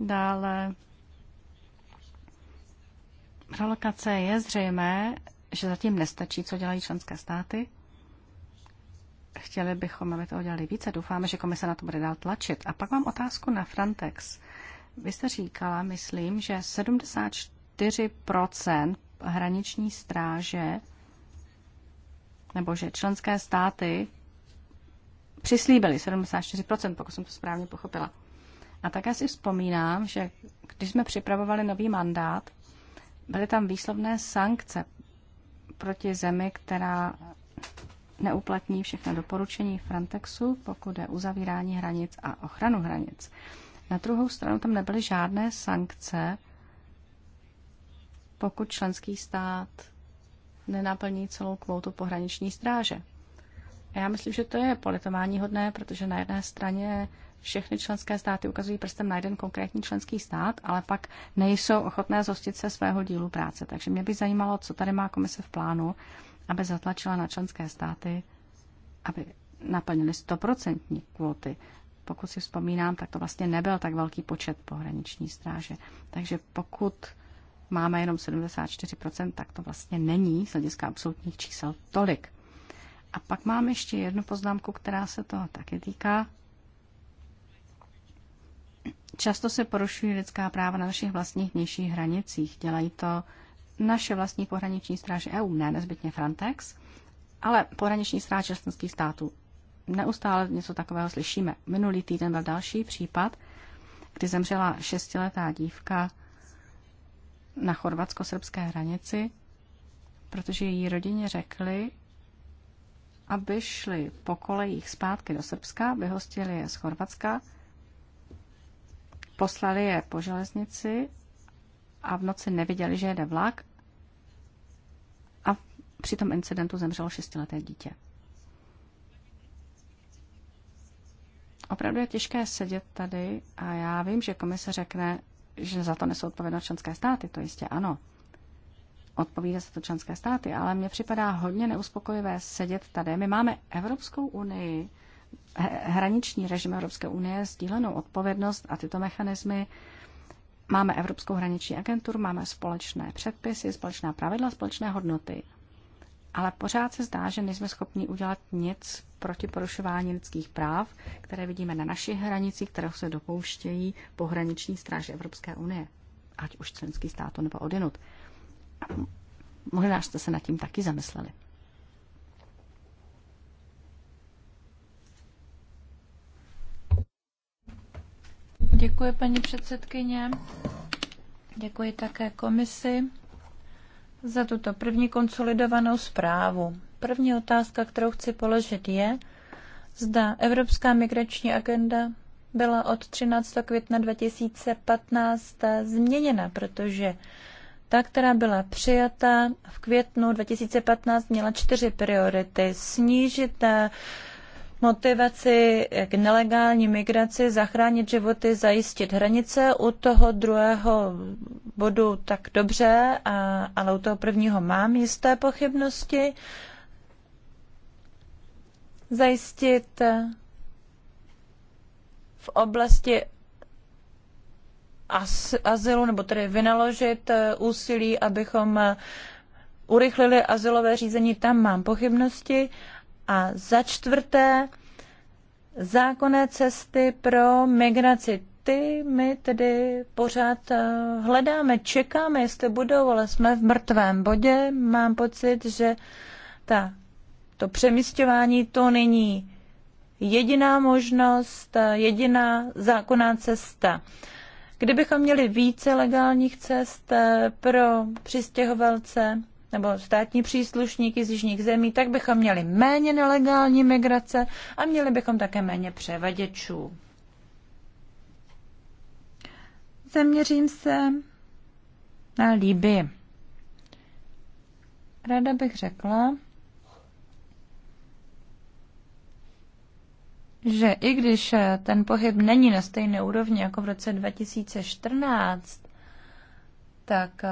C: Dále relokace je zřejmé, že zatím nestačí, co dělají členské státy. Chtěli bychom, aby to dělali více. Doufáme, že komise na to bude dál tlačit. A pak mám otázku na Frontex. Vy jste říkala, myslím, že 74 hraniční stráže nebo že členské státy přislíbily 74%, pokud jsem to správně pochopila. A také si vzpomínám, že když jsme připravovali nový mandát, byly tam výslovné sankce proti zemi, která neuplatní všechna doporučení Frontexu, pokud je uzavírání hranic a ochranu hranic. Na druhou stranu tam nebyly žádné sankce, pokud členský stát nenaplní celou kvotu pohraniční stráže. A já myslím, že to je politování hodné, protože na jedné straně všechny členské státy ukazují prstem na jeden konkrétní členský stát, ale pak nejsou ochotné zhostit se svého dílu práce. Takže mě by zajímalo, co tady má komise v plánu, aby zatlačila na členské státy, aby naplnili stoprocentní kvóty pokud si vzpomínám, tak to vlastně nebyl tak velký počet pohraniční stráže. Takže pokud máme jenom 74%, tak to vlastně není z hlediska absolutních čísel tolik. A pak mám ještě jednu poznámku, která se toho taky týká. Často se porušují lidská práva na našich vlastních vnějších hranicích. Dělají to naše vlastní pohraniční stráže EU, ne nezbytně Frontex, ale pohraniční stráže členských států neustále něco takového slyšíme. Minulý týden byl další případ, kdy zemřela šestiletá dívka na chorvatsko-srbské hranici, protože její rodině řekli, aby šli po kolejích zpátky do Srbska, vyhostili je z Chorvatska, poslali je po železnici a v noci neviděli, že jede vlak a při tom incidentu zemřelo šestileté dítě. Opravdu je těžké sedět tady a já vím, že komise řekne, že za to nesou odpovědnost členské státy, to jistě ano. Odpovídá se to členské státy, ale mně připadá hodně neuspokojivé sedět tady. My máme Evropskou unii, hraniční režim Evropské unie, sdílenou odpovědnost a tyto mechanismy. Máme Evropskou hraniční agenturu, máme společné předpisy, společná pravidla, společné hodnoty ale pořád se zdá, že nejsme schopni udělat nic proti porušování lidských práv, které vidíme na našich hranicích, kterou se dopouštějí pohraniční stráže Evropské unie, ať už členský státu nebo odinut. Možná jste se nad tím taky zamysleli.
B: Děkuji, paní předsedkyně. Děkuji také komisi za tuto první konsolidovanou zprávu. První otázka, kterou chci položit, je, zda Evropská migrační agenda byla od 13. května 2015 změněna, protože ta, která byla přijata v květnu 2015, měla čtyři priority. Snížit motivaci k nelegální migraci, zachránit životy, zajistit hranice. U toho druhého bodu tak dobře, a, ale u toho prvního mám jisté pochybnosti. Zajistit eh, v oblasti az, azylu, nebo tedy vynaložit eh, úsilí, abychom eh, urychlili azylové řízení, tam mám pochybnosti. A za čtvrté, zákonné cesty pro migraci. Ty my tedy pořád eh, hledáme, čekáme, jestli budou, ale jsme v mrtvém bodě. Mám pocit, že ta, to přemysťování to není jediná možnost, eh, jediná zákonná cesta. Kdybychom měli více legálních cest eh, pro přistěhovalce, nebo státní příslušníky z jižních zemí, tak bychom měli méně nelegální migrace a měli bychom také méně převaděčů. Zaměřím se na Líby. Ráda bych řekla, že i když ten pohyb není na stejné úrovni jako v roce 2014, tak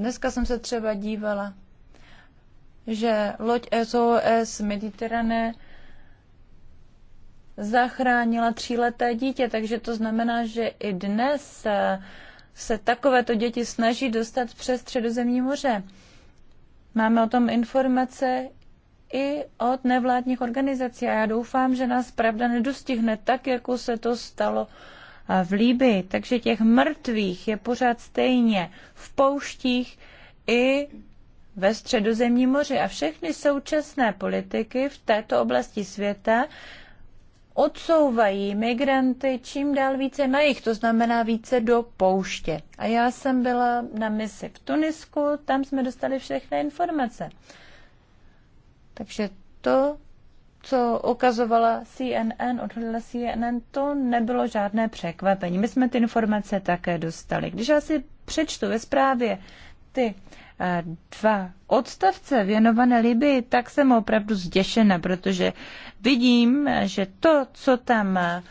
B: Dneska jsem se třeba dívala, že loď SOS Mediterrane zachránila tříleté dítě, takže to znamená, že i dnes se takovéto děti snaží dostat přes Středozemní moře. Máme o tom informace i od nevládních organizací a já doufám, že nás pravda nedostihne tak, jako se to stalo v Líbii. Takže těch mrtvých je pořád stejně v pouštích i ve středozemním moři. A všechny současné politiky v této oblasti světa odsouvají migranty čím dál více na jich, to znamená více do pouště. A já jsem byla na misi v Tunisku, tam jsme dostali všechny informace. Takže to co ukazovala CNN, odhodila CNN, to nebylo žádné překvapení. My jsme ty informace také dostali. Když já si přečtu ve zprávě ty eh, dva odstavce věnované Libii, tak jsem opravdu zděšena, protože vidím, že to, co tam eh,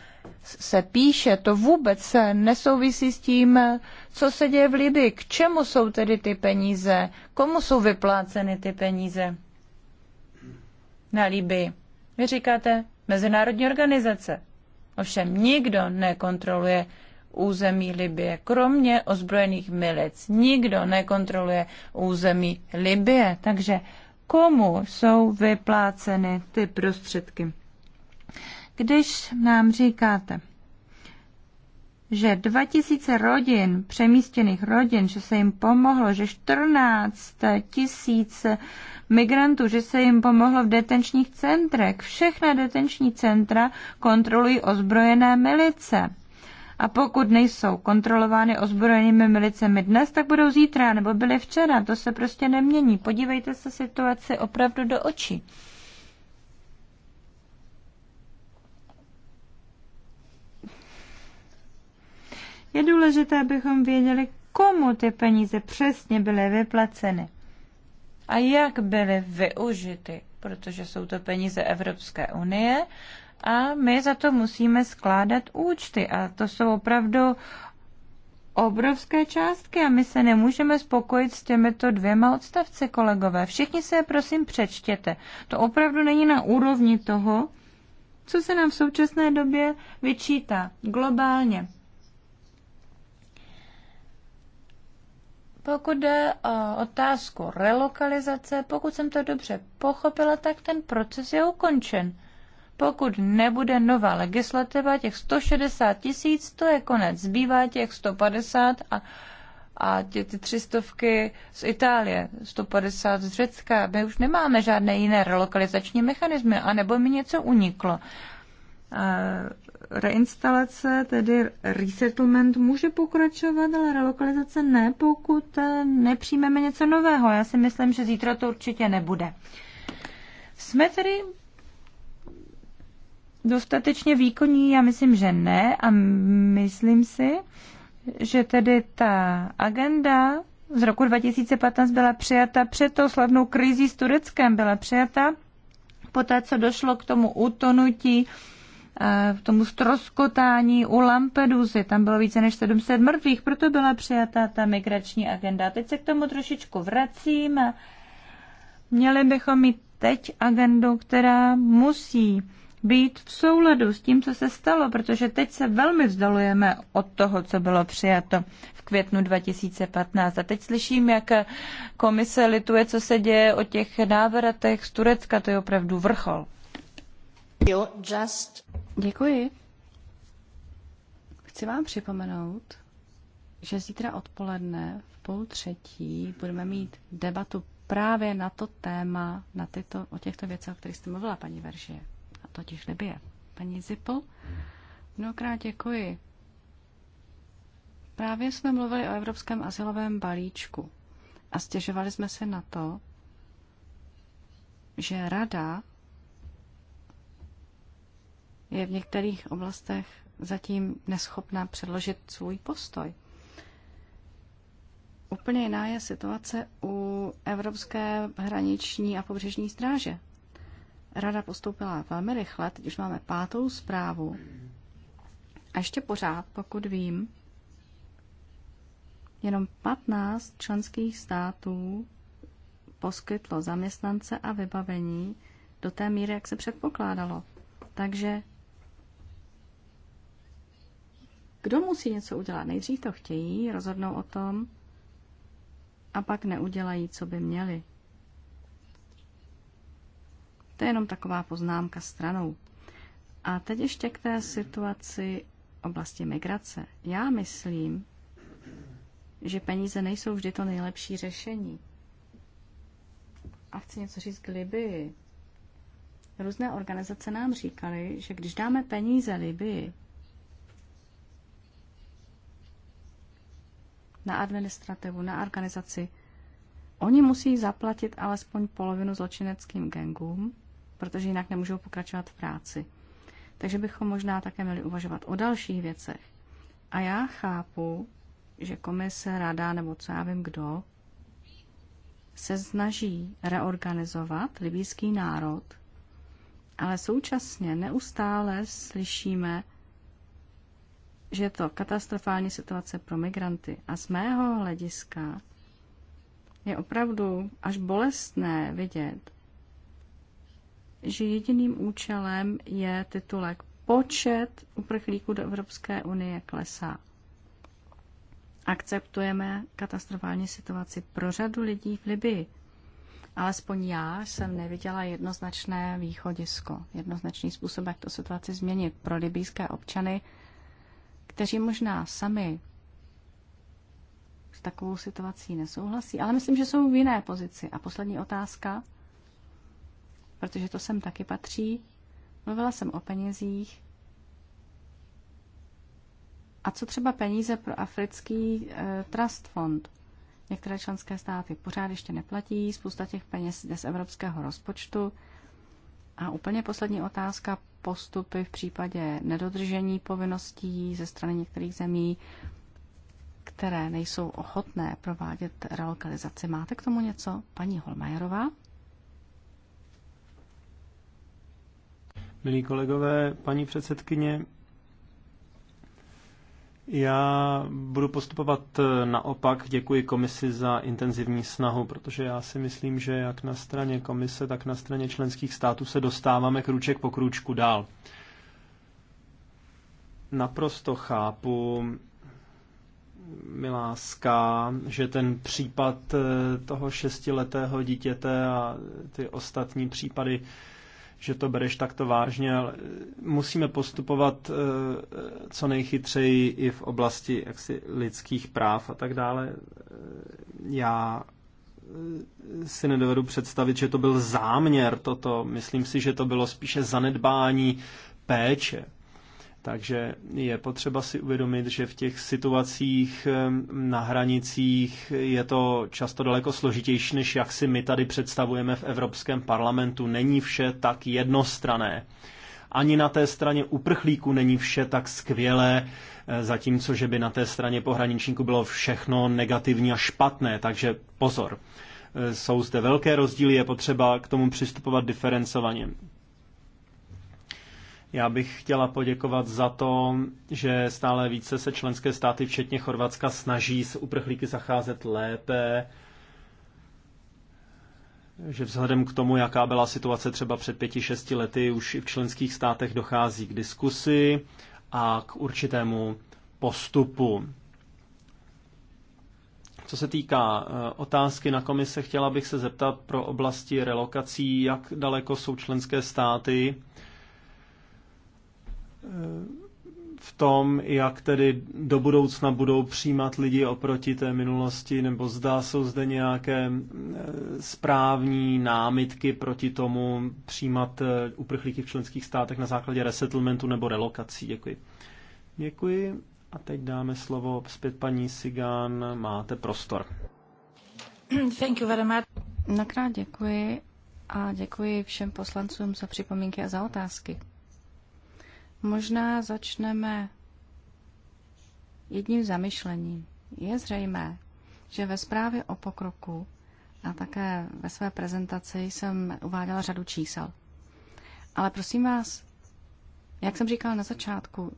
B: se píše, to vůbec nesouvisí s tím, eh, co se děje v Libii. K čemu jsou tedy ty peníze? Komu jsou vypláceny ty peníze na Libii? Vy říkáte mezinárodní organizace. Ovšem nikdo nekontroluje území Libie, kromě ozbrojených milic. Nikdo nekontroluje území Libie, takže komu jsou vypláceny ty prostředky? Když nám říkáte, že 2000 rodin, přemístěných rodin, že se jim pomohlo, že 14 tisíc migrantů, že se jim pomohlo v detenčních centrech. Všechna detenční centra kontrolují ozbrojené milice. A pokud nejsou kontrolovány ozbrojenými milicemi dnes, tak budou zítra nebo byly včera. To se prostě nemění. Podívejte se situaci opravdu do očí. Je důležité, abychom věděli, komu ty peníze přesně byly vyplaceny a jak byly využity, protože jsou to peníze Evropské unie a my za to musíme skládat účty a to jsou opravdu obrovské částky a my se nemůžeme spokojit s těmito dvěma odstavce, kolegové. Všichni se je prosím přečtěte. To opravdu není na úrovni toho, co se nám v současné době vyčítá globálně. Pokud jde o otázku relokalizace, pokud jsem to dobře pochopila, tak ten proces je ukončen. Pokud nebude nová legislativa, těch 160 tisíc, to je konec. Zbývá těch 150 a, a tě, ty třistovky z Itálie, 150 z Řecka. My už nemáme žádné jiné relokalizační mechanismy, anebo mi něco uniklo reinstalace, tedy resettlement, může pokračovat, ale relokalizace ne, pokud eh, nepřijmeme něco nového. Já si myslím, že zítra to určitě nebude. Jsme tedy dostatečně výkonní? Já myslím, že ne a myslím si, že tedy ta agenda z roku 2015 byla přijata před tou slavnou krizí s Tureckem, byla přijata poté, co došlo k tomu utonutí v tomu stroskotání u Lampedusy. Tam bylo více než 700 mrtvých, proto byla přijata ta migrační agenda. Teď se k tomu trošičku vracím. Měli bychom mít teď agendu, která musí být v souladu s tím, co se stalo, protože teď se velmi vzdalujeme od toho, co bylo přijato v květnu 2015. A teď slyším, jak komise lituje, co se děje o těch návratech z Turecka. To je opravdu vrchol.
C: Just... Děkuji. Chci vám připomenout, že zítra odpoledne v půl třetí budeme mít debatu právě na to téma, na tyto, o těchto věcech, o kterých jste mluvila, paní Veržie, a totiž Libie. Paní Zipl, mnohokrát děkuji. Právě jsme mluvili o evropském asilovém balíčku a stěžovali jsme se na to, že rada je v některých oblastech zatím neschopná předložit svůj postoj. Úplně jiná je situace u Evropské hraniční a pobřežní stráže. Rada postoupila velmi rychle, teď už máme pátou zprávu. A ještě pořád, pokud vím, jenom 15 členských států poskytlo zaměstnance a vybavení do té míry, jak se předpokládalo. Takže Kdo musí něco udělat? Nejdřív to chtějí, rozhodnou o tom a pak neudělají, co by měli. To je jenom taková poznámka stranou. A teď ještě k té situaci oblasti migrace. Já myslím, že peníze nejsou vždy to nejlepší řešení. A chci něco říct k Libii. Různé organizace nám říkaly, že když dáme peníze Libii, na administrativu, na organizaci. Oni musí zaplatit alespoň polovinu zločineckým gangům, protože jinak nemůžou pokračovat v práci. Takže bychom možná také měli uvažovat o dalších věcech. A já chápu, že komise, rada nebo co já vím kdo, se snaží reorganizovat libýský národ, ale současně neustále slyšíme, že je to katastrofální situace pro migranty. A z mého hlediska je opravdu až bolestné vidět, že jediným účelem je titulek Počet uprchlíků do Evropské unie klesá. Akceptujeme katastrofální situaci pro řadu lidí v Libii. Alespoň já jsem neviděla jednoznačné východisko, jednoznačný způsob, jak tu situaci změnit pro libijské občany, kteří možná sami s takovou situací nesouhlasí, ale myslím, že jsou v jiné pozici. A poslední otázka, protože to sem taky patří. Mluvila jsem o penězích. A co třeba peníze pro africký e, trust fond? Některé členské státy pořád ještě neplatí, spousta těch peněz jde z evropského rozpočtu. A úplně poslední otázka, postupy v případě nedodržení povinností ze strany některých zemí, které nejsou ochotné provádět relokalizaci. Máte k tomu něco, paní Holmajerová?
A: Milí kolegové, paní předsedkyně, já budu postupovat eh, naopak. Děkuji komisi za intenzivní snahu, protože já si myslím, že jak na straně komise, tak na straně členských států se dostáváme krůček po krůčku dál. Naprosto chápu, miláska, že ten případ eh, toho šestiletého dítěte a ty ostatní případy že to bereš takto vážně, ale e, musíme postupovat e, co nejchytřeji i v oblasti jaksi lidských práv a tak dále. E, já si nedovedu představit, že to byl záměr toto. Myslím si, že to bylo spíše zanedbání péče takže je potřeba si uvědomit, že v těch situacích na hranicích je to často daleko složitější, než jak si my tady představujeme v Evropském parlamentu. Není vše tak jednostrané. Ani na té straně uprchlíků není vše tak skvělé, e, zatímco, že by na té straně pohraničníku bylo všechno negativní a špatné. Takže pozor. E, jsou zde velké rozdíly, je potřeba k tomu přistupovat diferencovaně. Já bych chtěla poděkovat za to, že stále více se členské státy, včetně Chorvatska, snaží s uprchlíky zacházet lépe, že vzhledem k tomu, jaká byla situace třeba před pěti, šesti lety, už i v členských státech dochází k diskusi a k určitému postupu. Co se týká eh, otázky na komise, chtěla bych se zeptat pro oblasti relokací, jak daleko jsou členské státy Eh, v tom, jak tedy do budoucna budou přijímat lidi oproti té minulosti, nebo zdá jsou zde nějaké eh, správní námitky proti tomu přijímat eh, uprchlíky v členských státech na základě resettlementu nebo relokací. Děkuji. Děkuji a teď dáme slovo zpět paní Sigán. Máte prostor.
C: Thank you very much. Nakrát děkuji a děkuji všem poslancům za připomínky a za otázky. Možná začneme jedním zamyšlením. Je zřejmé, že ve zprávě o pokroku a také ve své prezentaci jsem uváděla řadu čísel. Ale prosím vás, jak jsem říkala na začátku,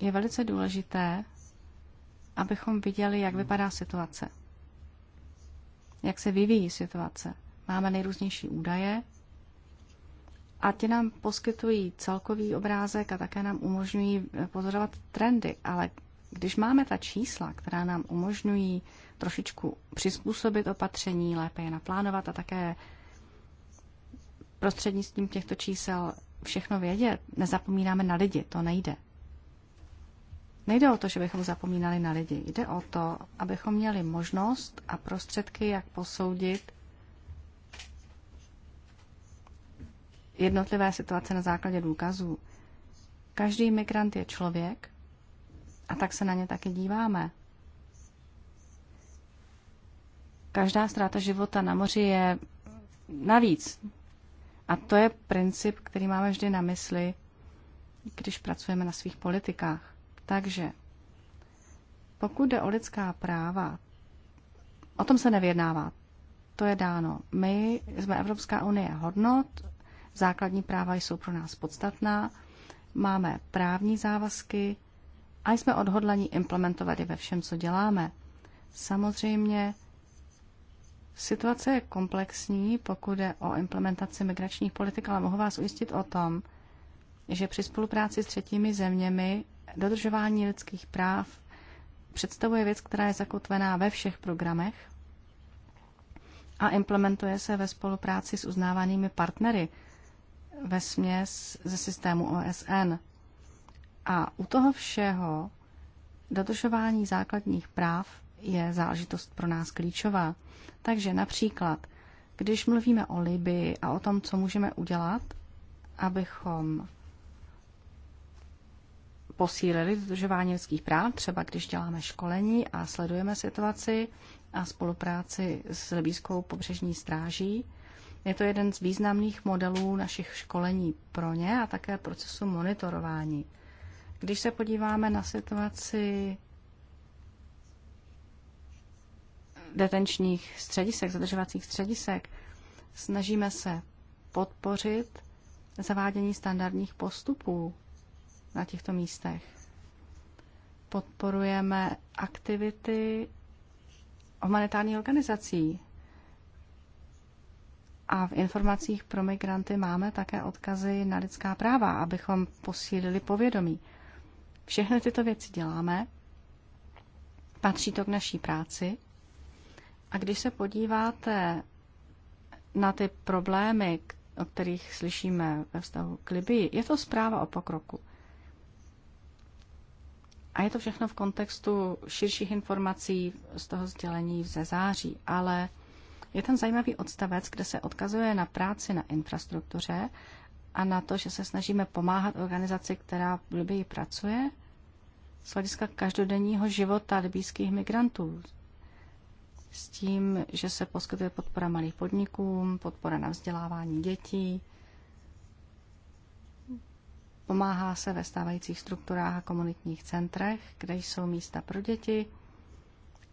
C: je velice důležité, abychom viděli, jak vypadá situace. Jak se vyvíjí situace. Máme nejrůznější údaje, a ti nám poskytují celkový obrázek a také nám umožňují eh, pozorovat trendy. Ale když máme ta čísla, která nám umožňují trošičku přizpůsobit opatření, lépe je naplánovat a také prostřednictvím těchto čísel všechno vědět, nezapomínáme na lidi, to nejde. Nejde o to, že bychom zapomínali na lidi, jde o to, abychom měli možnost a prostředky, jak posoudit, jednotlivé situace na základě důkazů. Každý migrant je člověk a tak se na ně taky díváme. Každá ztráta života na moři je navíc. A to je princip, který máme vždy na mysli, když pracujeme na svých politikách. Takže pokud jde o lidská práva, o tom se nevědnává. To je dáno. My jsme Evropská unie hodnot, Základní práva jsou pro nás podstatná, máme právní závazky a jsme odhodlaní implementovat je ve všem, co děláme. Samozřejmě situace je komplexní, pokud je o implementaci migračních politik, ale mohu vás ujistit o tom, že při spolupráci s třetími zeměmi dodržování lidských práv představuje věc, která je zakotvená ve všech programech a implementuje se ve spolupráci s uznávanými partnery, ve směs ze systému OSN. A u toho všeho dodržování základních práv je záležitost pro nás klíčová. Takže například, když mluvíme o Libii a o tom, co můžeme udělat, abychom posílili dodržování lidských práv, třeba když děláme školení a sledujeme situaci a spolupráci s libijskou pobřežní stráží, je to jeden z významných modelů našich školení pro ně a také procesu monitorování. Když se podíváme na situaci detenčních středisek, zadržovacích středisek, snažíme se podpořit zavádění standardních postupů na těchto místech. Podporujeme aktivity humanitárních organizací, a v informacích pro migranty máme také odkazy na lidská práva, abychom posílili povědomí. Všechny tyto věci děláme, patří to k naší práci. A když se podíváte na ty problémy, o kterých slyšíme ve vztahu k Libii, je to zpráva o pokroku. A je to všechno v kontextu širších informací z toho sdělení ze září, ale je tam zajímavý odstavec, kde se odkazuje na práci na infrastruktuře a na to, že se snažíme pomáhat organizaci, která v Libii pracuje z hlediska každodenního života libijských migrantů. S tím, že se poskytuje podpora malých podnikům, podpora na vzdělávání dětí, pomáhá se ve stávajících strukturách a komunitních centrech, kde jsou místa pro děti,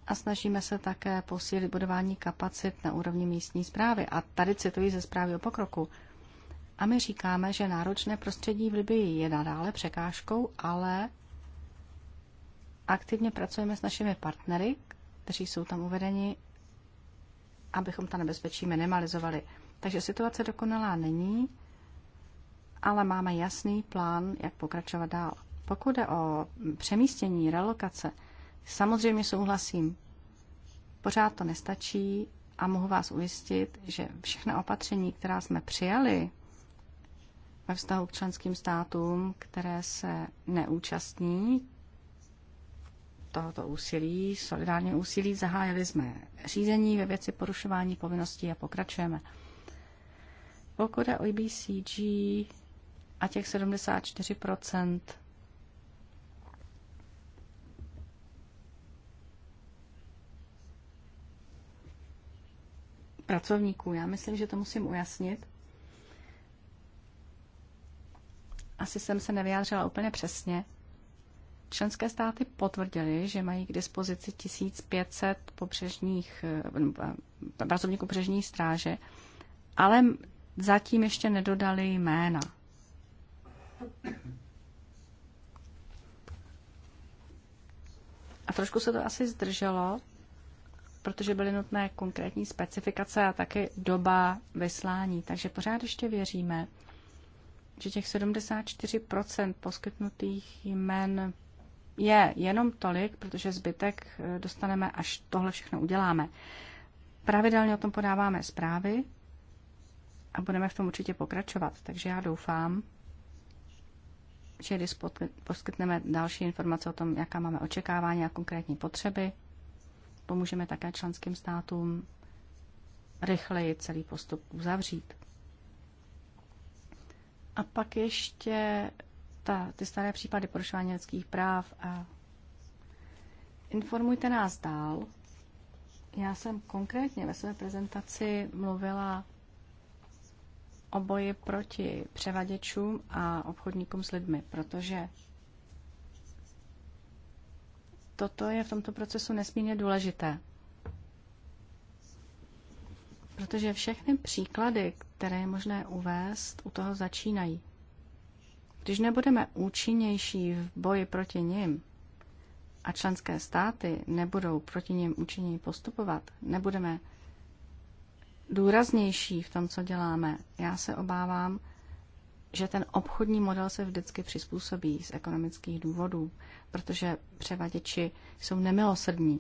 C: a snažíme se také posílit budování kapacit na úrovni místní zprávy. A tady cituji ze zprávy o pokroku. A my říkáme, že náročné prostředí v Libii je nadále překážkou, ale aktivně pracujeme s našimi partnery, kteří jsou tam uvedeni, abychom ta nebezpečí minimalizovali. Takže situace dokonalá není, ale máme jasný plán, jak pokračovat dál. Pokud jde o přemístění, relokace, Samozřejmě souhlasím. Pořád to nestačí a mohu vás ujistit, že všechna opatření, která jsme přijali ve vztahu k členským státům, které se neúčastní tohoto úsilí, solidárně úsilí, zahájili jsme řízení ve věci porušování povinností a pokračujeme. Pokud je o IBCG a těch 74 pracovníků. Já myslím, že to musím ujasnit. Asi jsem se nevyjádřila úplně přesně. Členské státy potvrdily, že mají k dispozici 1500 pobřežních, eh, eh, pracovníků pobřežní stráže, ale zatím ještě nedodali jména. A trošku se to asi zdrželo, protože byly nutné konkrétní specifikace a taky doba vyslání. Takže pořád ještě věříme, že těch 74% poskytnutých jmen je jenom tolik, protože zbytek eh, dostaneme, až tohle všechno uděláme. Pravidelně o tom podáváme zprávy a budeme v tom určitě pokračovat. Takže já doufám, že když poskytneme další informace o tom, jaká máme očekávání a konkrétní potřeby, pomůžeme také členským státům rychleji celý postup uzavřít. A pak ještě ta, ty staré případy porušování lidských práv a informujte nás dál. Já jsem konkrétně ve své prezentaci mluvila o boji proti převaděčům a obchodníkům s lidmi, protože toto je v tomto procesu nesmírně důležité. Protože všechny příklady, které je možné uvést, u toho začínají. Když nebudeme účinnější v boji proti nim a členské státy nebudou proti nim účinněji postupovat, nebudeme důraznější v tom, co děláme, já se obávám, že ten obchodní model se vždycky přizpůsobí z ekonomických důvodů, protože převaděči jsou nemilosrdní.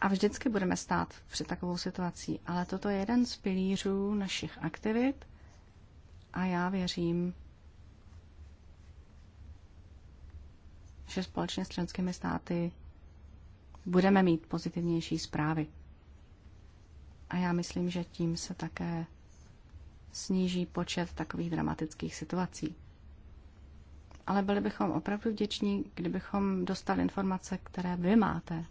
C: A vždycky budeme stát před takovou situací. Ale toto je jeden z pilířů našich aktivit a já věřím, že společně s členskými státy budeme mít pozitivnější zprávy. A já myslím, že tím se také sníží počet takových dramatických situací. Ale byli bychom opravdu vděční, kdybychom dostali informace, které vy máte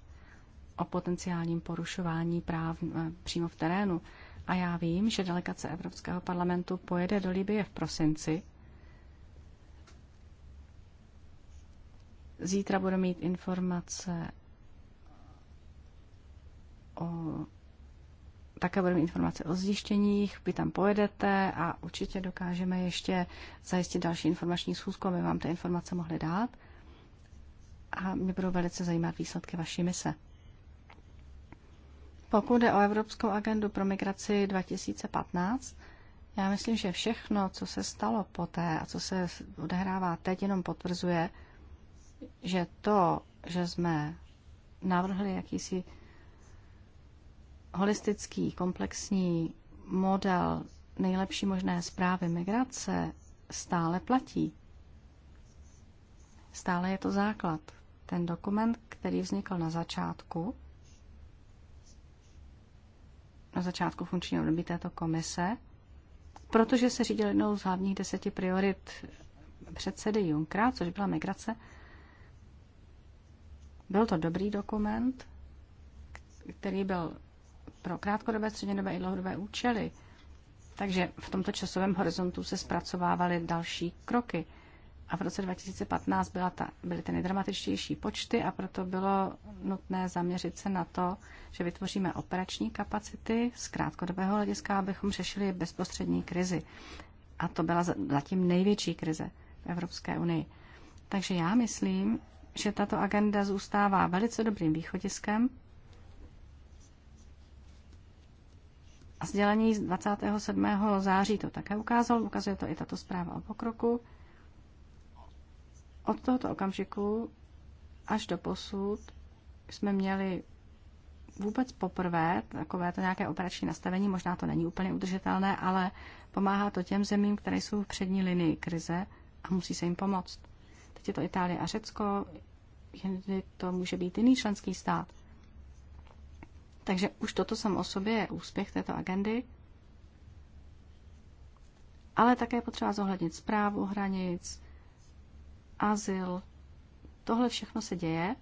C: o potenciálním porušování práv eh, přímo v terénu. A já vím, že delegace Evropského parlamentu pojede do Libie v prosinci. Zítra budu mít informace o také budeme informace o zjištěních, vy tam pojedete a určitě dokážeme ještě zajistit další informační schůzku, aby vám ty informace mohli dát. A mě budou velice zajímat výsledky vaší mise. Pokud jde o Evropskou agendu pro migraci 2015, já myslím, že všechno, co se stalo poté a co se odehrává teď, jenom potvrzuje, že to, že jsme navrhli jakýsi holistický, komplexní model nejlepší možné zprávy migrace stále platí. Stále je to základ. Ten dokument, který vznikl na začátku, na začátku funkčního období této komise, protože se řídil jednou z hlavních deseti priorit předsedy Junckera, což byla migrace, byl to dobrý dokument, který byl pro krátkodobé, střednědobé i dlouhodobé účely. Takže v tomto časovém horizontu se zpracovávaly další kroky. A v roce 2015 byla ta, byly ty nejdramatičtější počty a proto bylo nutné zaměřit se na to, že vytvoříme operační kapacity z krátkodobého hlediska, abychom řešili bezprostřední krizi. A to byla zatím největší krize v Evropské unii. Takže já myslím, že tato agenda zůstává velice dobrým východiskem A sdělení z 27. září to také ukázalo, ukazuje to i tato zpráva o pokroku. Od tohoto okamžiku až do posud jsme měli vůbec poprvé takové to nějaké operační nastavení, možná to není úplně udržitelné, ale pomáhá to těm zemím, které jsou v přední linii krize a musí se jim pomoct. Teď je to Itálie a Řecko, jindy to může být jiný členský stát. Takže už toto samo o sobě je úspěch této agendy. Ale také potřeba zohlednit zprávu hranic, azyl. Tohle všechno se děje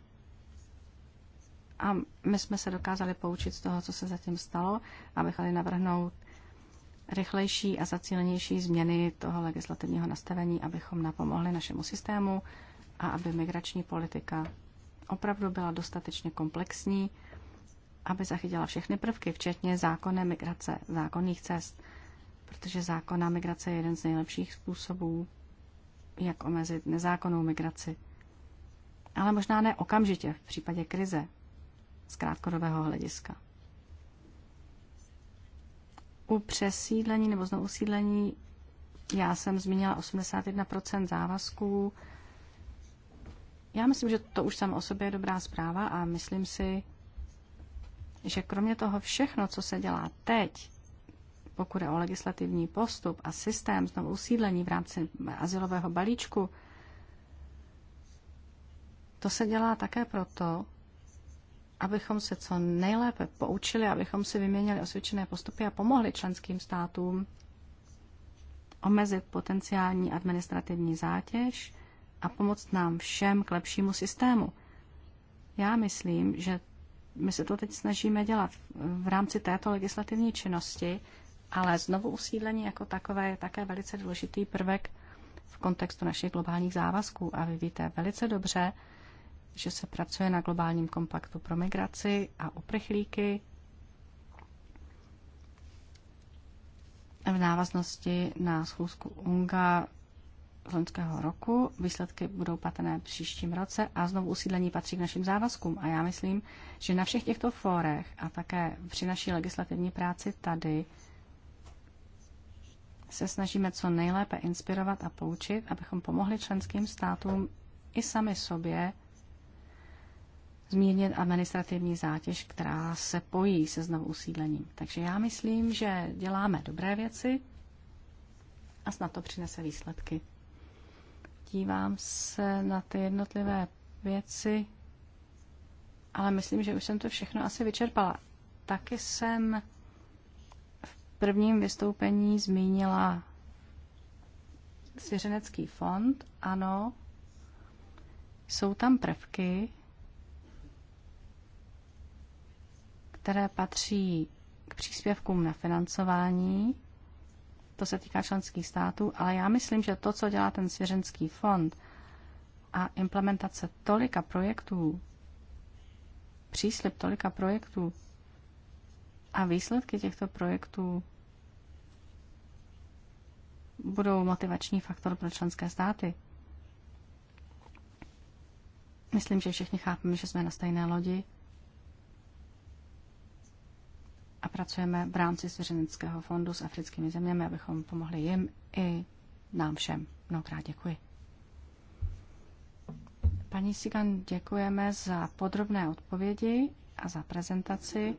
C: a my jsme se dokázali poučit z toho, co se zatím stalo a nechali navrhnout rychlejší a zacílenější změny toho legislativního nastavení, abychom napomohli našemu systému a aby migrační politika opravdu byla dostatečně komplexní aby zachytila všechny prvky, včetně zákonné migrace, zákonných cest, protože zákonná migrace je jeden z nejlepších způsobů, jak omezit nezákonnou migraci. Ale možná ne okamžitě v případě krize z krátkodobého hlediska. U přesídlení nebo znovu já jsem zmínila 81% závazků. Já myslím, že to už samo o sobě je dobrá zpráva a myslím si, že kromě toho všechno, co se dělá teď, pokud je o legislativní postup a systém znovu usídlení v rámci asilového balíčku, to se dělá také proto, abychom se co nejlépe poučili, abychom si vyměnili osvědčené postupy a pomohli členským státům omezit potenciální administrativní zátěž a pomoct nám všem k lepšímu systému. Já myslím, že my se to teď snažíme dělat v rámci této legislativní činnosti, ale znovu usídlení jako takové je také velice důležitý prvek v kontextu našich globálních závazků. A vy víte velice dobře, že se pracuje na globálním kompaktu pro migraci a uprchlíky v návaznosti na schůzku UNGA loňského roku, výsledky budou patrné příštím roce a znovu usídlení patří k našim závazkům. A já myslím, že na všech těchto fórech a také při naší legislativní práci tady se snažíme co nejlépe inspirovat a poučit, abychom pomohli členským státům i sami sobě zmírnit administrativní zátěž, která se pojí se znovu usídlením. Takže já myslím, že děláme dobré věci a snad to přinese výsledky dívám se na ty jednotlivé věci, ale myslím, že už jsem to všechno asi vyčerpala. Taky jsem v prvním vystoupení zmínila svěřenecký fond. Ano, jsou tam prvky, které patří k příspěvkům na financování to se týká členských států, ale já myslím, že to, co dělá ten svěřenský fond a implementace tolika projektů, příslip tolika projektů a výsledky těchto projektů budou motivační faktor pro členské státy. Myslím, že všichni chápeme, že jsme na stejné lodi a pracujeme v rámci Svěřenického fondu s africkými zeměmi, abychom pomohli jim i nám všem. Mnohokrát děkuji. Paní Sigan, děkujeme za podrobné odpovědi a za prezentaci.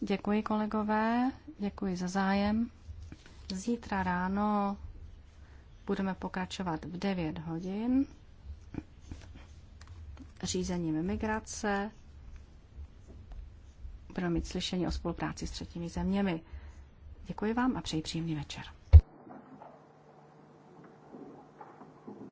C: Děkuji kolegové, děkuji za zájem. Zítra ráno budeme pokračovat v 9 hodin řízením migrace budeme mít slyšení o spolupráci s třetími zeměmi. Děkuji vám a přeji příjemný večer.